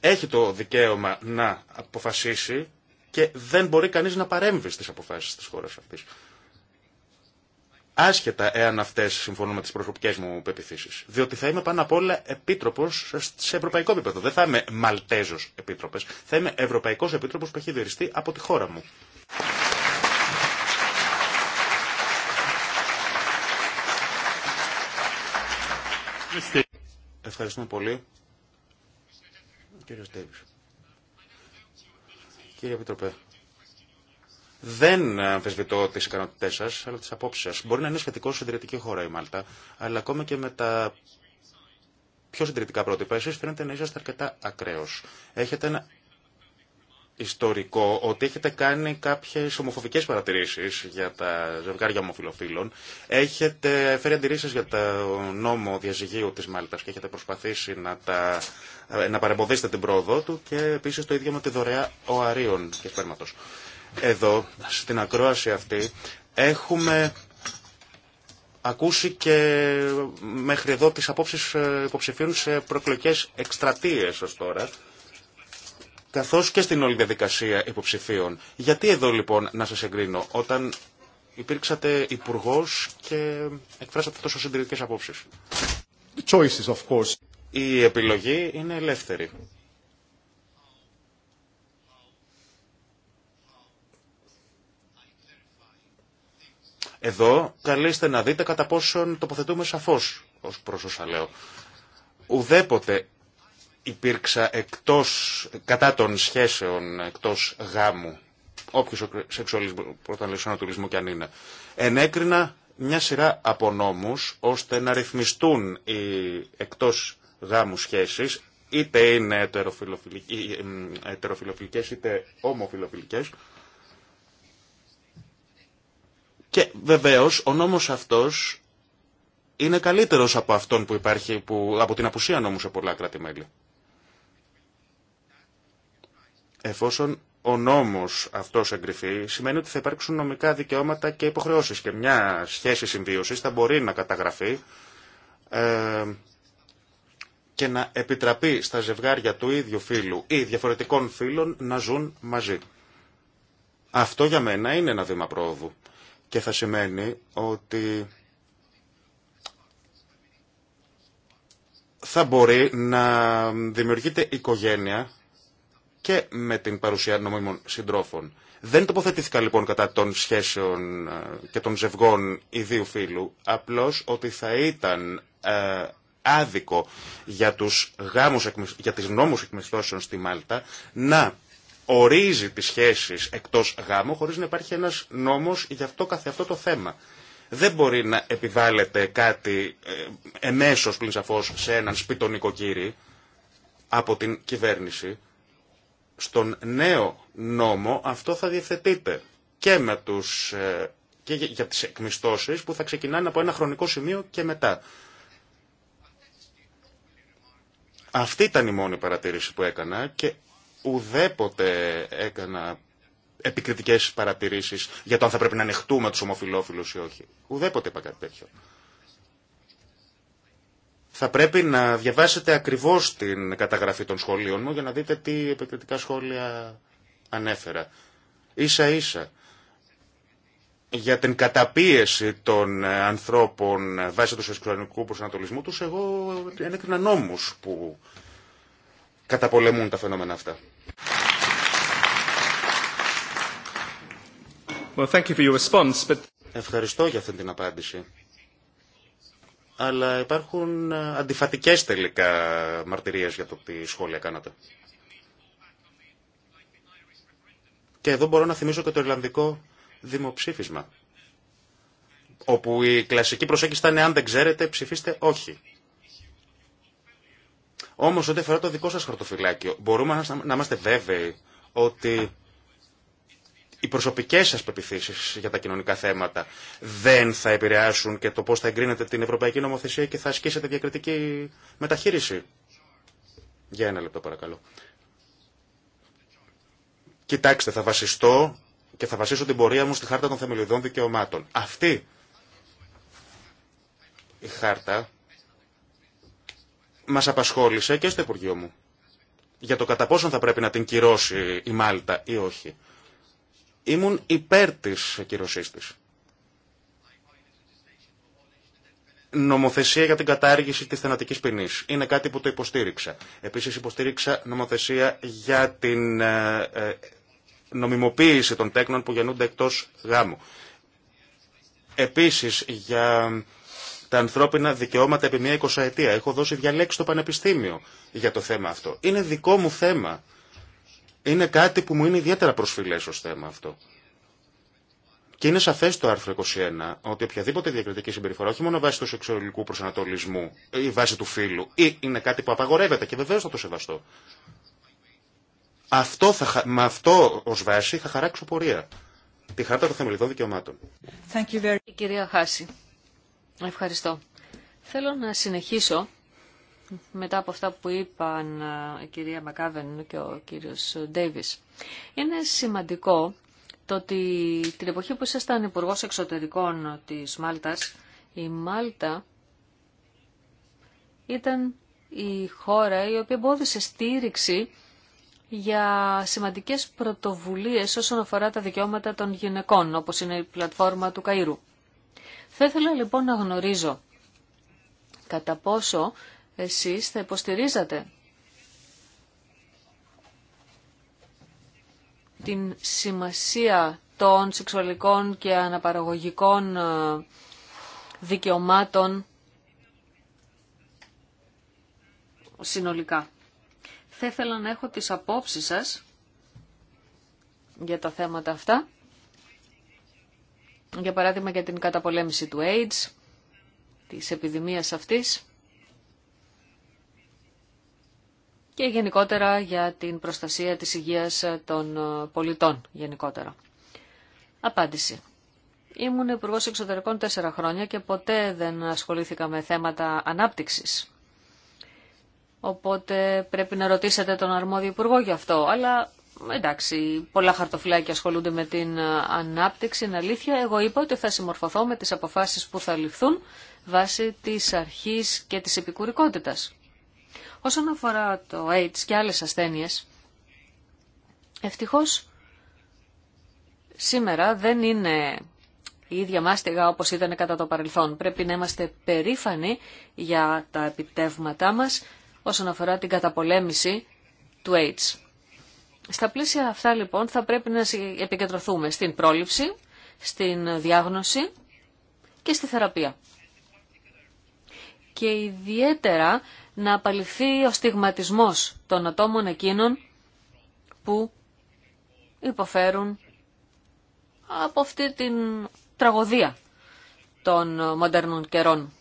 έχει το δικαίωμα να αποφασίσει και δεν μπορεί κανείς να παρέμβει στις αποφάσεις της χώρας αυτής άσχετα εάν αυτέ συμφωνούν με τι προσωπικέ μου πεπιθήσει. Διότι θα είμαι πάνω απ' όλα επίτροπο σε ευρωπαϊκό επίπεδο. Δεν θα είμαι Μαλτέζο επίτροπε, Θα είμαι Ευρωπαϊκό επίτροπο που έχει διοριστεί από τη χώρα μου. Ευχαριστούμε πολύ. Κύριε Στέβης. Κύριε Επιτροπέ, δεν αμφισβητώ τι ικανότητέ σα, αλλά τι απόψει σα. Μπορεί να είναι σχετικό συντηρητική χώρα η Μάλτα, αλλά ακόμα και με τα πιο συντηρητικά πρότυπα, εσεί φαίνεται να είσαστε αρκετά ακραίο. Έχετε ένα ιστορικό ότι έχετε κάνει κάποιε ομοφοβικέ παρατηρήσει για τα ζευγάρια ομοφυλοφίλων. Έχετε φέρει αντιρρήσει για το νόμο διαζυγίου τη Μάλτα και έχετε προσπαθήσει να, τα, να παρεμποδίσετε την πρόοδό του και επίση το ίδιο με τη δωρεά οαρίων και σπέρματο. Εδώ, στην ακρόαση αυτή, έχουμε ακούσει και μέχρι εδώ τις απόψεις ε, υποψηφίων σε προκλογικέ εκστρατείες ως τώρα, καθώς και στην όλη διαδικασία υποψηφίων. Γιατί εδώ λοιπόν να σας εγκρίνω, όταν υπήρξατε υπουργό και εκφράσατε τόσο συντηρητικές απόψεις. Η επιλογή είναι ελεύθερη. Εδώ καλείστε να δείτε κατά πόσον τοποθετούμε σαφώς ως προς όσα λέω. Ουδέποτε υπήρξα εκτός, κατά των σχέσεων εκτός γάμου, όποιος σεξουαλισμό, τουλισμου και αν είναι, ενέκρινα μια σειρά από νόμους ώστε να ρυθμιστούν οι εκτός γάμου σχέσεις, είτε είναι ετεροφιλοφιλικές είτε ομοφιλοφιλικές, και βεβαίως ο νόμος αυτός είναι καλύτερος από αυτόν που υπάρχει, που, από την απουσία νόμου σε πολλά κράτη-μέλη. Εφόσον ο νόμος αυτός εγκριθεί, σημαίνει ότι θα υπάρξουν νομικά δικαιώματα και υποχρεώσεις και μια σχέση συμβίωσης θα μπορεί να καταγραφεί ε, και να επιτραπεί στα ζευγάρια του ίδιου φίλου ή διαφορετικών φίλων να ζουν μαζί. Αυτό για μένα είναι ένα βήμα πρόοδου. Και θα σημαίνει ότι θα μπορεί να δημιουργείται οικογένεια και με την παρουσία νομίμων συντρόφων. Δεν τοποθετήθηκα λοιπόν κατά των σχέσεων ε, και των ζευγών ιδίου φίλου, απλώς ότι θα ήταν ε, άδικο για, τους γάμους, για τις νόμους εκμεστώσεων στη Μάλτα να ορίζει τις σχέσεις εκτός γάμου χωρίς να υπάρχει ένας νόμος για αυτό καθε το θέμα. Δεν μπορεί να επιβάλλεται κάτι ε, εμέσως πλην σαφώς σε έναν σπιτονικοκύρη από την κυβέρνηση. Στον νέο νόμο αυτό θα διευθετείται και, τους, ε, και για τις εκμισθώσεις που θα ξεκινάνε από ένα χρονικό σημείο και μετά. Αυτή ήταν η μόνη παρατήρηση που έκανα και ουδέποτε έκανα επικριτικές παρατηρήσεις για το αν θα πρέπει να ανοιχτούμε τους ομοφυλόφιλου ή όχι. Ουδέποτε είπα κάτι τέτοιο. Θα πρέπει να διαβάσετε ακριβώς την καταγραφή των σχολείων μου για να δείτε τι επικριτικά σχόλια ανέφερα. Ίσα ίσα για την καταπίεση των ανθρώπων βάσει του σεξουαλικού προσανατολισμού τους, εγώ ένεκρινα νόμους που καταπολεμούν τα φαινόμενα αυτά. Ευχαριστώ για αυτή την απάντηση. Αλλά υπάρχουν ε, αντιφατικές τελικά μαρτυρίες για το τι σχόλια κάνατε. Και εδώ μπορώ να θυμίσω και το Ιρλανδικό δημοψήφισμα. Όπου η κλασική προσέγγιση ήταν αν δεν ξέρετε ψηφίστε όχι. Όμω, ό,τι αφορά το δικό σα χαρτοφυλάκιο, μπορούμε να είμαστε βέβαιοι ότι οι προσωπικέ σα πεπιθήσει για τα κοινωνικά θέματα δεν θα επηρεάσουν και το πώ θα εγκρίνετε την Ευρωπαϊκή Νομοθεσία και θα ασκήσετε διακριτική μεταχείριση. Για ένα λεπτό, παρακαλώ. Κοιτάξτε, θα βασιστώ και θα βασίσω την πορεία μου στη Χάρτα των Θεμελιωδών Δικαιωμάτων. Αυτή η χάρτα μας απασχόλησε και στο Υπουργείο μου για το κατά πόσον θα πρέπει να την κυρώσει η Μάλτα ή όχι. Ήμουν υπέρ της κυρωσής της. Νομοθεσία για την κατάργηση της θενατικής ποινή. Είναι κάτι που το υποστήριξα. Επίσης υποστήριξα νομοθεσία για την ε, ε, νομιμοποίηση των τέκνων που γεννούνται εκτός γάμου. Επίσης για τα ανθρώπινα δικαιώματα επί μια εικοσαετία. Έχω δώσει διαλέξει στο Πανεπιστήμιο για το θέμα αυτό. Είναι δικό μου θέμα. Είναι κάτι που μου είναι ιδιαίτερα προσφυλέ ω θέμα αυτό. Και είναι σαφέ το άρθρο 21 ότι οποιαδήποτε διακριτική συμπεριφορά, όχι μόνο βάσει του σεξουαλικού προσανατολισμού ή βάσει του φύλου, ή είναι κάτι που απαγορεύεται και βεβαίω θα το σεβαστώ. Αυτό με αυτό ω βάση θα χαράξω πορεία. Τη χάρτα των θεμελιδών δικαιωμάτων. Thank you Κυρία Χάση. Ευχαριστώ. Θέλω να συνεχίσω μετά από αυτά που είπαν ε, η κυρία Μακάβεν και ο κύριος Ντέιβις. Είναι σημαντικό το ότι την εποχή που ήσασταν υπουργό Εξωτερικών της Μάλτας, η Μάλτα ήταν η χώρα η οποία μπόδισε στήριξη για σημαντικές πρωτοβουλίες όσον αφορά τα δικαιώματα των γυναικών, όπως είναι η πλατφόρμα του Καΐρου. Θα ήθελα λοιπόν να γνωρίζω κατά πόσο εσείς θα υποστηρίζατε την σημασία των σεξουαλικών και αναπαραγωγικών ε, δικαιωμάτων συνολικά. Θα ήθελα να έχω τις απόψεις σας για τα θέματα αυτά για παράδειγμα για την καταπολέμηση του AIDS, της επιδημίας αυτής και γενικότερα για την προστασία της υγείας των ε, πολιτών γενικότερα. Απάντηση. Ήμουν υπουργό εξωτερικών τέσσερα χρόνια και ποτέ δεν ασχολήθηκα με θέματα ανάπτυξης. Οπότε πρέπει να ρωτήσετε τον αρμόδιο υπουργό γι' αυτό, αλλά εντάξει, πολλά χαρτοφυλάκια ασχολούνται με την ε, ανάπτυξη, είναι αλήθεια. Εγώ είπα ότι θα συμμορφωθώ με τις αποφάσεις που θα ληφθούν βάσει της αρχής και της επικουρικότητας. Όσον αφορά το AIDS και άλλες ασθένειες, ευτυχώς σήμερα δεν είναι η ίδια μάστιγα όπως ήταν κατά το παρελθόν. Πρέπει να είμαστε περήφανοι για τα επιτεύγματά μας όσον αφορά την καταπολέμηση του AIDS. Στα πλαίσια αυτά λοιπόν θα πρέπει να επικεντρωθούμε στην πρόληψη, στην διάγνωση και στη θεραπεία. Και ιδιαίτερα να απαλληφθεί ο στιγματισμός των ατόμων εκείνων που υποφέρουν από αυτή την τραγωδία των μοντέρνων καιρών.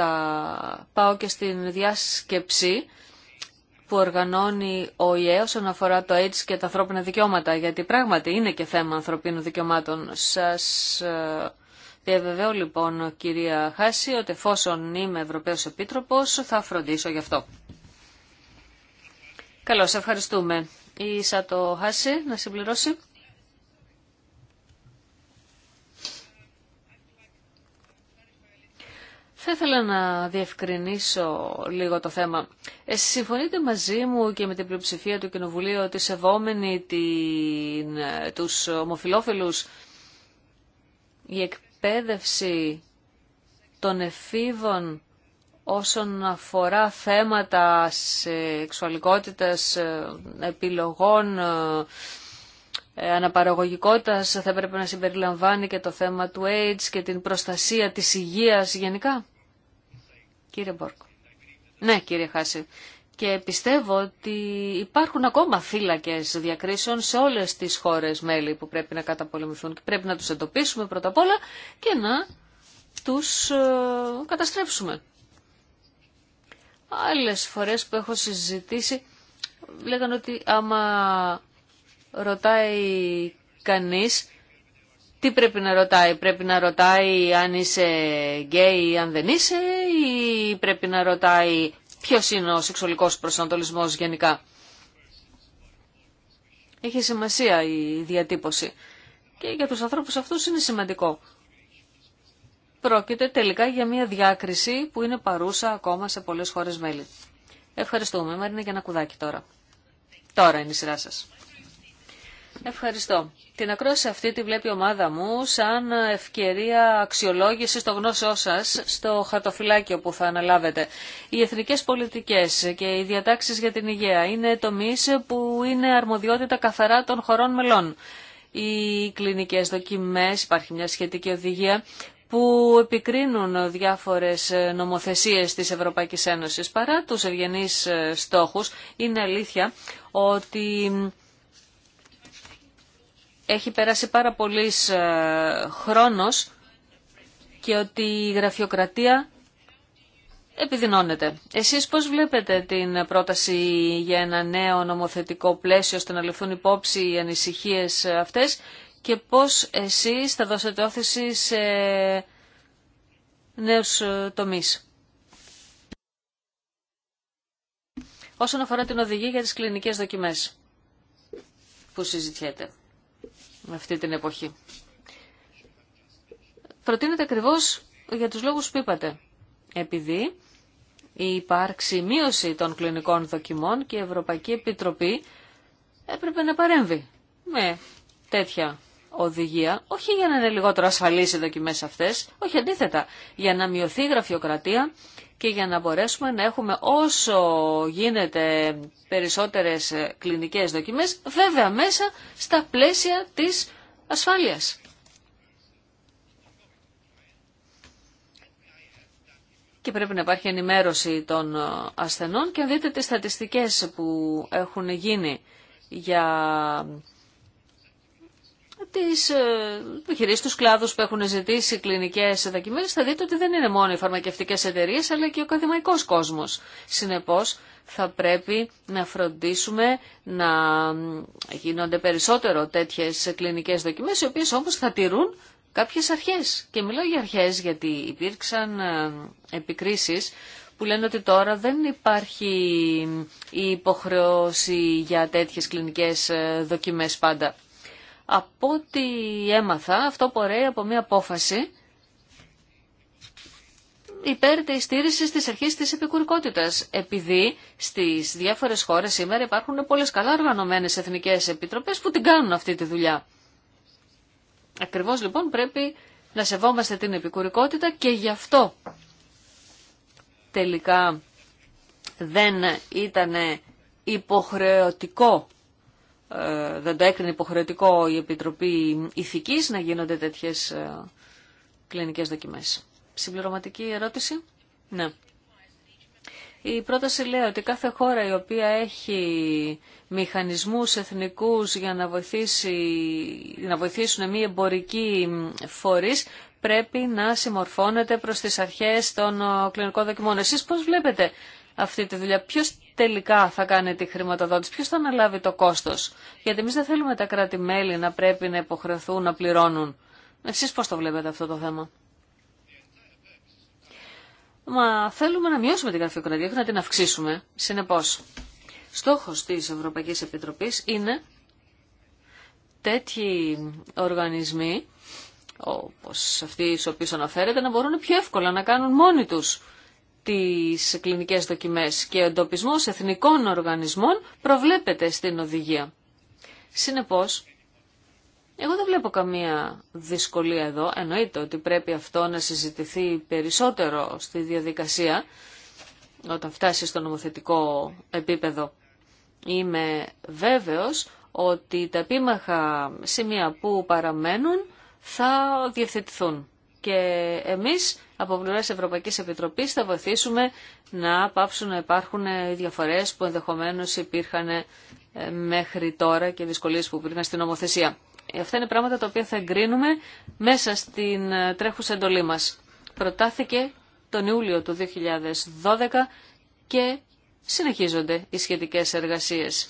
θα πάω και στην διάσκεψη που οργανώνει ο ΙΕ όσον αφορά το AIDS και τα ανθρώπινα δικαιώματα, γιατί πράγματι είναι και θέμα ανθρωπίνων δικαιωμάτων. Σας ε, διαβεβαίω λοιπόν κυρία Χάση ότι εφόσον είμαι Ευρωπαίος Επίτροπος θα φροντίσω γι' αυτό. Καλώς, ευχαριστούμε. Η το Χάση να συμπληρώσει. Θα ήθελα να διευκρινίσω λίγο το θέμα. Ε, συμφωνείτε μαζί μου και με την πλειοψηφία του Κοινοβουλίου ότι σεβόμενοι την, ε, τους ομοφιλόφιλους η εκπαίδευση των εφήβων όσον αφορά θέματα σεξουαλικότητας, ε, επιλογών, αναπαραγωγικότητας θα έπρεπε να συμπεριλαμβάνει και το θέμα του AIDS και την προστασία της υγείας γενικά. Κύριε Ναι, κύριε Χάση. Και πιστεύω ότι υπάρχουν ακόμα φύλακες διακρίσεων σε όλες τις χώρες μέλη που πρέπει να καταπολεμηθούν και πρέπει να τους εντοπίσουμε πρώτα απ' όλα και να τους ε, καταστρέψουμε. Άλλες φορές που έχω συζητήσει λέγανε ότι άμα ρωτάει κανείς τι πρέπει να ρωτάει, πρέπει να ρωτάει αν είσαι γκέι ή αν δεν είσαι ή πρέπει να ρωτάει ποιος είναι ο σεξουαλικός προσανατολισμός γενικά. Έχει σημασία η διατύπωση και για τους ανθρώπους αυτούς είναι σημαντικό. Πρόκειται τελικά για μια διάκριση που είναι παρούσα ακόμα σε πολλές χώρες μέλη. Ευχαριστούμε. Μαρίνα για ένα κουδάκι τώρα. Τώρα είναι η σειρά σας. Ευχαριστώ. Την ακρόαση αυτή τη βλέπει η ομάδα μου σαν ευκαιρία αξιολόγηση των γνώσεών σας στο χαρτοφυλάκιο που θα αναλάβετε. Οι εθνικέ πολιτικές και οι διατάξει για την υγεία είναι τομεί που είναι αρμοδιότητα καθαρά των χωρών μελών. Οι κλινικέ δοκιμές, υπάρχει μια σχετική οδηγία που επικρίνουν διάφορες νομοθεσίες της Ευρωπαϊκής Ένωσης. Παρά τους ευγενείς στόχους, είναι αλήθεια ότι έχει περάσει πάρα πολύς ε, χρόνος και ότι η γραφειοκρατία επιδεινώνεται. Εσείς πώς βλέπετε την πρόταση για ένα νέο νομοθετικό πλαίσιο ώστε να λεφθούν υπόψη οι ανησυχίες αυτές και πώς εσείς θα δώσετε όθηση σε νέους ε, τομείς. Όσον αφορά την οδηγία για τις κλινικές δοκιμές που συζητιέται αυτή την εποχή. Προτείνεται ακριβώς για τους λόγους που είπατε. Επειδή η υπάρξη μείωση των κλινικών δοκιμών και η Ευρωπαϊκή Επιτροπή έπρεπε να παρέμβει με τέτοια οδηγία, όχι για να είναι λιγότερο ασφαλείς οι δοκιμές αυτές, όχι αντίθετα, για να μειωθεί η γραφειοκρατία και για να μπορέσουμε να έχουμε όσο γίνεται περισσότερες ε, κλινικές δοκιμές, βέβαια μέσα στα πλαίσια της ασφάλειας. Και πρέπει να υπάρχει ενημέρωση των ε, ασθενών και δείτε τις στατιστικές που έχουν γίνει για τις ε, επιχειρήσεις, τους κλάδους που έχουν ζητήσει κλινικές δοκιμές, θα δείτε ότι δεν είναι μόνο οι φαρμακευτικές εταιρείε, αλλά και ο ακαδημαϊκός κόσμος. Συνεπώς, θα πρέπει να φροντίσουμε να γίνονται περισσότερο τέτοιες κλινικές δοκιμές, οι οποίες όμως θα τηρούν κάποιες αρχές. Και μιλάω για αρχές γιατί υπήρξαν ε, επικρίσεις που λένε ότι τώρα δεν υπάρχει η υποχρεώση για τέτοιες κλινικές ε, δοκιμές πάντα. Από ό,τι έμαθα, αυτό πορεύει από μια απόφαση υπέρ της στήριξη της αρχής της επικουρικότητας, επειδή στις διάφορες χώρες σήμερα υπάρχουν πολλές καλά οργανωμένες εθνικές επιτροπές που την κάνουν αυτή τη δουλειά. Ακριβώς λοιπόν πρέπει να σεβόμαστε την επικουρικότητα και γι' αυτό τελικά δεν ήταν υποχρεωτικό ε, δεν το έκρινε υποχρεωτικό η Επιτροπή Ηθικής να γίνονται τέτοιες ε, κλινικές δοκιμές. Συμπληρωματική ερώτηση. Ναι. Η πρόταση λέει ότι κάθε χώρα η οποία έχει μηχανισμούς εθνικούς για να, βοηθήσει, να βοηθήσουν μη εμπορική φορείς πρέπει να συμμορφώνεται προς τις αρχές των ε, κλινικών δοκιμών. Εσείς πώς βλέπετε αυτή τη δουλειά, ποιος τελικά θα κάνει τη χρηματοδότηση, Ποιο θα αναλάβει το κόστος. Γιατί εμεί δεν θέλουμε τα κράτη-μέλη να πρέπει να υποχρεωθούν να πληρώνουν. Εσείς πώς το βλέπετε αυτό το θέμα. Μα θέλουμε να μειώσουμε την γραφειοκρατία, όχι να την αυξήσουμε. Συνεπώ, στόχος της Ευρωπαϊκής Επιτροπής είναι τέτοιοι οργανισμοί, όπω αυτοί οι οποίοι αναφέρεται, να μπορούν πιο εύκολα να κάνουν μόνοι του τις κλινικές δοκιμές και ο εντοπισμός εθνικών οργανισμών προβλέπεται στην οδηγία. Συνεπώς, εγώ δεν βλέπω καμία δυσκολία εδώ. Εννοείται ότι πρέπει αυτό να συζητηθεί περισσότερο στη διαδικασία όταν φτάσει στο νομοθετικό επίπεδο. Είμαι βέβαιος ότι τα επίμαχα σημεία που παραμένουν θα διευθετηθούν και εμείς από πλευρά Ευρωπαϊκής Επιτροπής θα βοηθήσουμε να πάψουν να υπάρχουν διαφορές που ενδεχομένως υπήρχαν ε, μέχρι τώρα και δυσκολίες που υπήρχαν στην νομοθεσία. Ε, αυτά είναι πράγματα τα οποία θα εγκρίνουμε μέσα στην ε, τρέχουσα εντολή μας. Προτάθηκε τον Ιούλιο του 2012 και συνεχίζονται οι σχετικές εργασίες.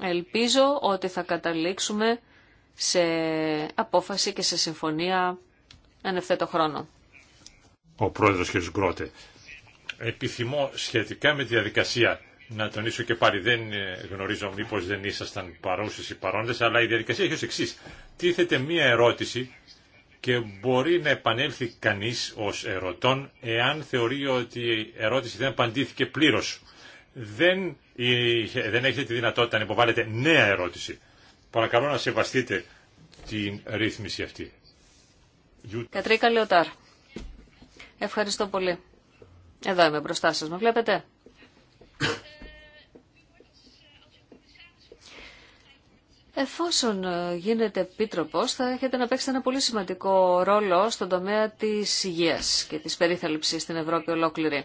Ελπίζω ότι θα καταλήξουμε σε απόφαση και σε συμφωνία εν ευθέτω χρόνο. Ο πρόεδρος κ. Γκρότε. Επιθυμώ σχετικά με τη διαδικασία να τονίσω και πάλι δεν ε, γνωρίζω μήπως δεν ήσασταν παρούσες ή παρόντες, αλλά η διαδικασία έχει ως εξής. Τίθεται μία ερώτηση και μπορεί να επανέλθει κανείς ως ερωτών εάν θεωρεί ότι η ερώτηση δεν απαντήθηκε πλήρως. Δεν, δεν έχετε τη δυνατότητα να υποβάλλετε νέα ερώτηση. Παρακαλώ να σεβαστείτε την ρύθμιση αυτή. Κατρίκα Λεωτάρ. Ευχαριστώ πολύ. Εδώ είμαι μπροστά σας. Με βλέπετε. Εφόσον ε, γίνεται επίτροπος, θα έχετε να παίξετε ένα πολύ σημαντικό ρόλο στον τομέα της υγείας και της περίθαλψης στην Ευρώπη ολόκληρη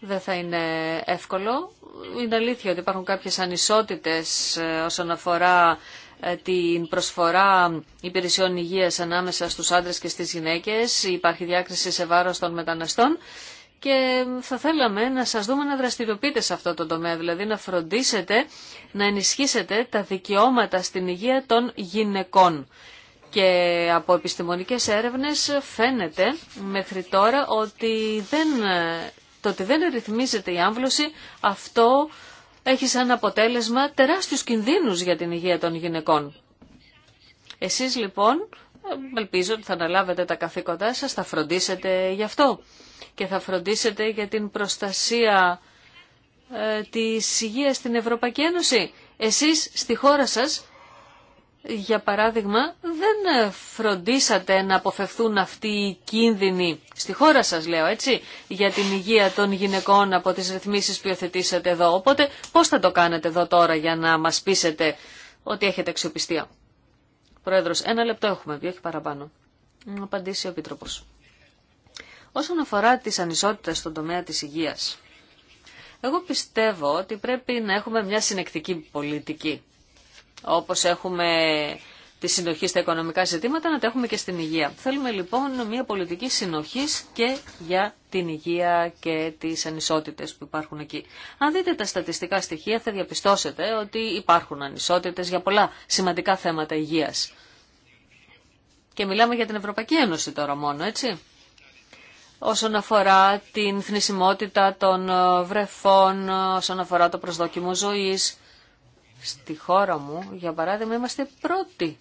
δεν θα είναι εύκολο. Είναι αλήθεια ότι υπάρχουν κάποιες ανισότητες ε, όσον αφορά ε, την προσφορά υπηρεσιών υγείας ανάμεσα στους άντρες και στις γυναίκες. Υπάρχει διάκριση σε βάρος των μεταναστών και θα θέλαμε να σας δούμε να δραστηριοποιείτε σε αυτό το τομέα, δηλαδή να φροντίσετε να ενισχύσετε τα δικαιώματα στην υγεία των γυναικών. Και από επιστημονικές έρευνες φαίνεται μέχρι τώρα ότι δεν ε, το ότι δεν ρυθμίζεται η άμβλωση, αυτό έχει σαν αποτέλεσμα τεράστιους κινδύνους για την υγεία των γυναικών. Εσείς λοιπόν, ελπίζω ότι θα αναλάβετε τα καθήκοντά σας, θα φροντίσετε γι' αυτό και θα φροντίσετε για την προστασία ε, της υγείας στην Ευρωπαϊκή Ένωση. Εσείς στη χώρα σας για παράδειγμα, δεν φροντίσατε να αποφευθούν αυτοί οι κίνδυνοι, στη χώρα σας λέω έτσι, για την υγεία των γυναικών από τις ρυθμίσεις που υιοθετήσατε εδώ. Οπότε πώς θα το κάνετε εδώ τώρα για να μας πείσετε ότι έχετε αξιοπιστία. Πρόεδρος, ένα λεπτό έχουμε, δύο έχει παραπάνω. Να απαντήσει ο Επίτροπος. Όσον αφορά τις ανισότητες στον τομέα της υγείας, εγώ πιστεύω ότι πρέπει να έχουμε μια συνεκτική πολιτική όπως έχουμε τη συνοχή στα οικονομικά ζητήματα, να τα έχουμε και στην υγεία. Θέλουμε λοιπόν μια πολιτική συνοχής και για την υγεία και τις ανισότητες που υπάρχουν εκεί. Αν δείτε τα στατιστικά στοιχεία θα διαπιστώσετε ότι υπάρχουν ανισότητες για πολλά σημαντικά θέματα υγείας. Και μιλάμε για την Ευρωπαϊκή Ένωση τώρα μόνο, έτσι. Όσον αφορά την θνησιμότητα των βρεφών, όσον αφορά το προσδόκιμο ζωής, Στη χώρα μου, για παράδειγμα, είμαστε πρώτοι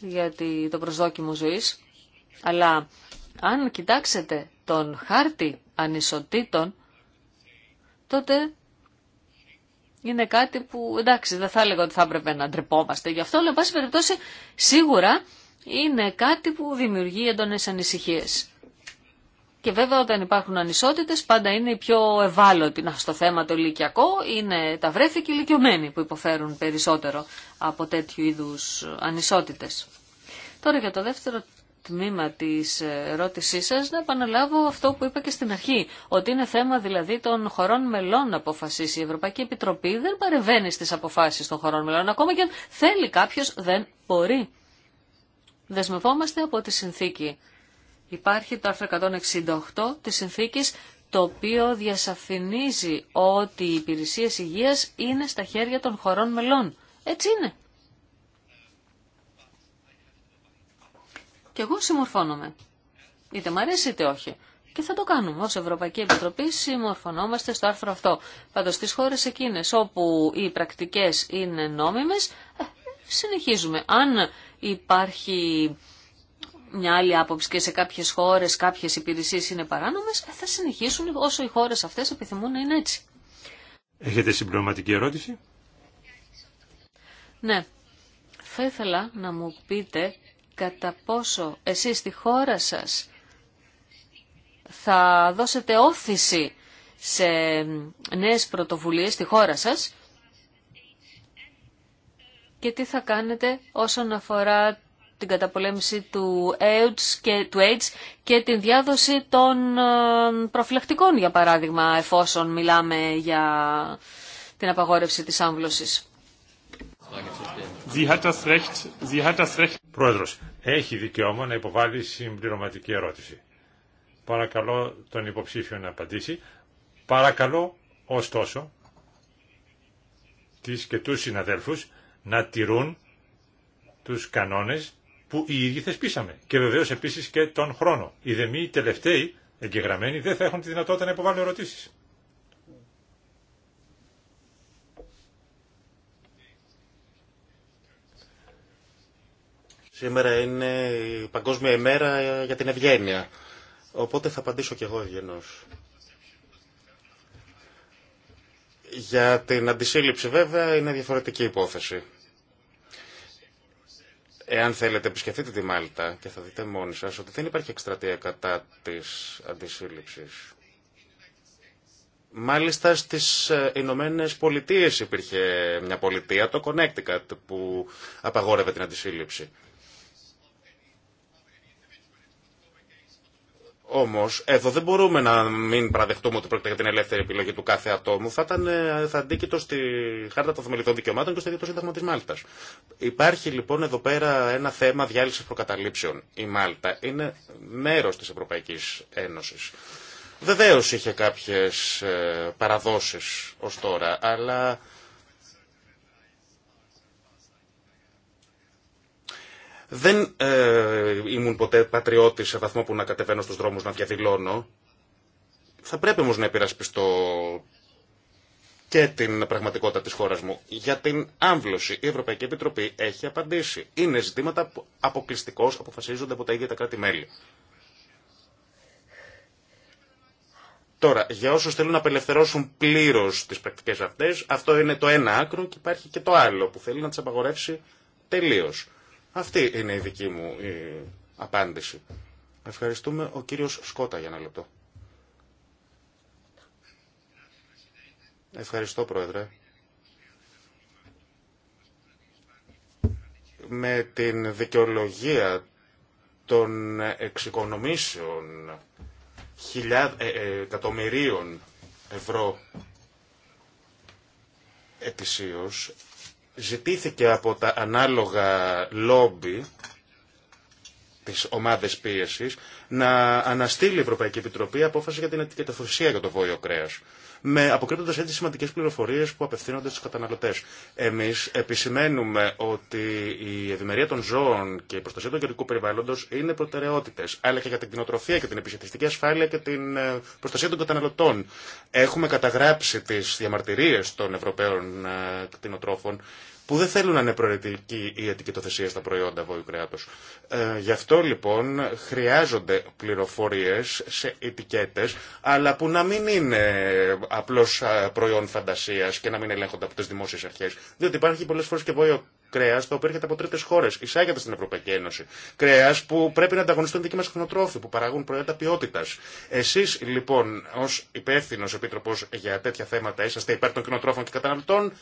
για το προσδόκιμο ζωής. Αλλά αν κοιτάξετε τον χάρτη ανισοτήτων, τότε είναι κάτι που, εντάξει, δεν θα έλεγα ότι θα έπρεπε να ντρεπόμαστε γι' αυτό, αλλά, εν πάση περιπτώσει, σίγουρα είναι κάτι που δημιουργεί έντονες ανησυχίες. Και βέβαια όταν υπάρχουν ανισότητες πάντα είναι οι πιο ευάλωτοι. Να, στο θέμα το ηλικιακό είναι τα βρέφη και οι ηλικιωμένοι που υποφέρουν περισσότερο από τέτοιου είδους ανισότητες. Τώρα για το δεύτερο τμήμα της ερώτησή σας να επαναλάβω αυτό που είπα και στην αρχή, ότι είναι θέμα δηλαδή των χωρών μελών να αποφασίσει. Η Ευρωπαϊκή Επιτροπή δεν παρεβαίνει στις αποφάσεις των χωρών μελών, ακόμα και αν θέλει κάποιος δεν μπορεί. Δεσμευόμαστε από τη συνθήκη Υπάρχει το άρθρο 168 της συνθήκης το οποίο διασαφηνίζει ότι οι υπηρεσίες υγείας είναι στα χέρια των χωρών μελών. Έτσι είναι. Και εγώ συμμορφώνομαι. Είτε μ' αρέσει είτε όχι. Και θα το κάνουμε. Ως Ευρωπαϊκή Επιτροπή συμμορφωνόμαστε στο άρθρο αυτό. Πάντως στις χώρες εκείνες όπου οι πρακτικές είναι νόμιμες, ε, συνεχίζουμε. Αν υπάρχει μια άλλη άποψη και σε κάποιε χώρε κάποιε υπηρεσίε είναι παράνομε, ε, θα συνεχίσουν όσο οι χώρε αυτέ επιθυμούν να είναι έτσι. Έχετε συμπληρωματική ερώτηση? Ναι. Θα ήθελα να μου πείτε κατά πόσο εσείς στη χώρα σας θα δώσετε όθηση σε νέες πρωτοβουλίες στη χώρα σας και τι θα κάνετε όσον αφορά την καταπολέμηση του AIDS, και, του AIDS και την διάδοση των ε, προφυλακτικών, για παράδειγμα, εφόσον μιλάμε για την απαγόρευση της άμβλωσης. Πρόεδρος, έχει δικαίωμα να υποβάλει συμπληρωματική ερώτηση. Παρακαλώ τον υποψήφιο να απαντήσει. Παρακαλώ, ωστόσο, τις και τους συναδέλφους να τηρούν τους κανόνες που οι ίδιοι θεσπίσαμε. Και βεβαίω επίση και τον χρόνο. Οι δεμοί τελευταίοι εγγεγραμμένοι δεν θα έχουν τη δυνατότητα να υποβάλουν ερωτήσει. Σήμερα είναι η Παγκόσμια ημέρα για την ευγένεια. Οπότε θα απαντήσω κι εγώ ευγενώ. Για την αντισύλληψη βέβαια είναι διαφορετική υπόθεση. Εάν θέλετε, επισκεφτείτε τη Μάλτα και θα δείτε μόνοι σας ότι δεν υπάρχει εκστρατεία κατά της αντισύλληψης. Μάλιστα στις ε, Ηνωμένε Πολιτείες υπήρχε μια πολιτεία, το Connecticut, που απαγόρευε την αντισύλληψη. Όμω, εδώ δεν μπορούμε να μην παραδεχτούμε ότι πρόκειται για την ελεύθερη επιλογή του κάθε ατόμου. Θα, ήταν, ε, θα αντίκειτο στη Χάρτα των Θεμελιωδών Δικαιωμάτων και στο ίδιο το Σύνταγμα τη Μάλτα. Υπάρχει λοιπόν εδώ πέρα ένα θέμα διάλυση προκαταλήψεων. Η Μάλτα είναι μέρο τη Ευρωπαϊκή Ένωση. Βεβαίω είχε κάποιε παραδόσει ω τώρα, αλλά Δεν ε, ήμουν ποτέ πατριώτη σε βαθμό που να κατεβαίνω στου δρόμου να διαδηλώνω. Θα πρέπει όμω να επειρασπιστώ και την πραγματικότητα της χώρας μου. Για την άμβλωση η Ευρωπαϊκή Επιτροπή έχει απαντήσει. Είναι ζητήματα που αποκλειστικώς αποφασίζονται από τα ίδια τα κράτη-μέλη. Τώρα, για όσους θέλουν να απελευθερώσουν πλήρως τις πρακτικές αυτές, αυτό είναι το ένα άκρο και υπάρχει και το άλλο που θέλει να τις απαγορεύσει τελείως. Αυτή είναι η δική μου απάντηση. Ευχαριστούμε ο κύριος Σκότα για ένα λεπτό. Ευχαριστώ Πρόεδρε. Με την δικαιολογία των εξοικονομήσεων χιλιά, ε, ε, εκατομμυρίων ευρώ ετησίως ζητήθηκε από τα ανάλογα λόμπι τις ομάδες πίεσης να αναστείλει η Ευρωπαϊκή Επιτροπή απόφαση για την ετικετοθεσία για το βόλιο κρέας με αποκρύπτοντας έτσι σημαντικές πληροφορίες που απευθύνονται στους καταναλωτές. Εμείς επισημαίνουμε ότι η ευημερία των ζώων και η προστασία του καιρικού περιβάλλοντος είναι προτεραιότητες, αλλά και για την κτηνοτροφία και την επισκεπτική ασφάλεια και την ε, προστασία των καταναλωτών. Έχουμε καταγράψει τι διαμαρτυρίε των Ευρωπαίων ε, κτηνοτρόφων που δεν θέλουν να είναι προαιρετική η ετικετοθεσία στα προϊόντα βόλου κρέατο. Ε, γι' αυτό λοιπόν χρειάζονται πληροφορίε σε ετικέτε, αλλά που να μην είναι απλώ ε, προϊόν φαντασία και να μην ελέγχονται από τι δημόσιε αρχέ. Διότι υπάρχει πολλέ φορέ και βόλιο κρέα το οποίο έρχεται από τρίτε χώρε, εισάγεται στην Ευρωπαϊκή Ένωση. Κρέα που πρέπει να ανταγωνιστούν δικοί μα κοινοτρόφοι, που παράγουν προϊόντα ποιότητα. Εσεί λοιπόν, ω υπεύθυνο επίτροπο για τέτοια θέματα, είσαστε υπέρ των κοινοτρόφων και καταναλωτών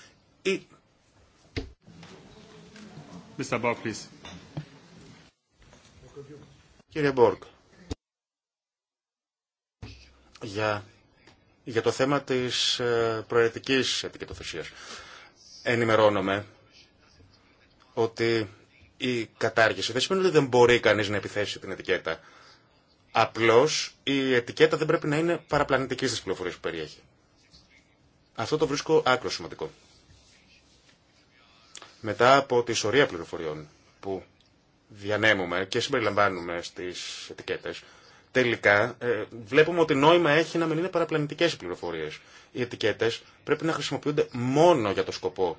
ή Κύριε Μπόρκ, για, το θέμα της ε, προαιρετικής επικοινωνίας. Ενημερώνομαι ότι η κατάργηση δεν σημαίνει ότι δεν μπορεί κανείς να επιθέσει την ετικέτα. Απλώς η ετικέτα δεν πρέπει να είναι παραπλανητική στις πληροφορίες που περιέχει. Αυτό το βρίσκω άκρο σημαντικό. Μετά από τη σωρία πληροφοριών που διανέμουμε και συμπεριλαμβάνουμε στις ετικέτες, τελικά ε, βλέπουμε ότι νόημα έχει να μην είναι παραπλανητικές οι πληροφορίες. Οι ετικέτες πρέπει να χρησιμοποιούνται μόνο για το σκοπό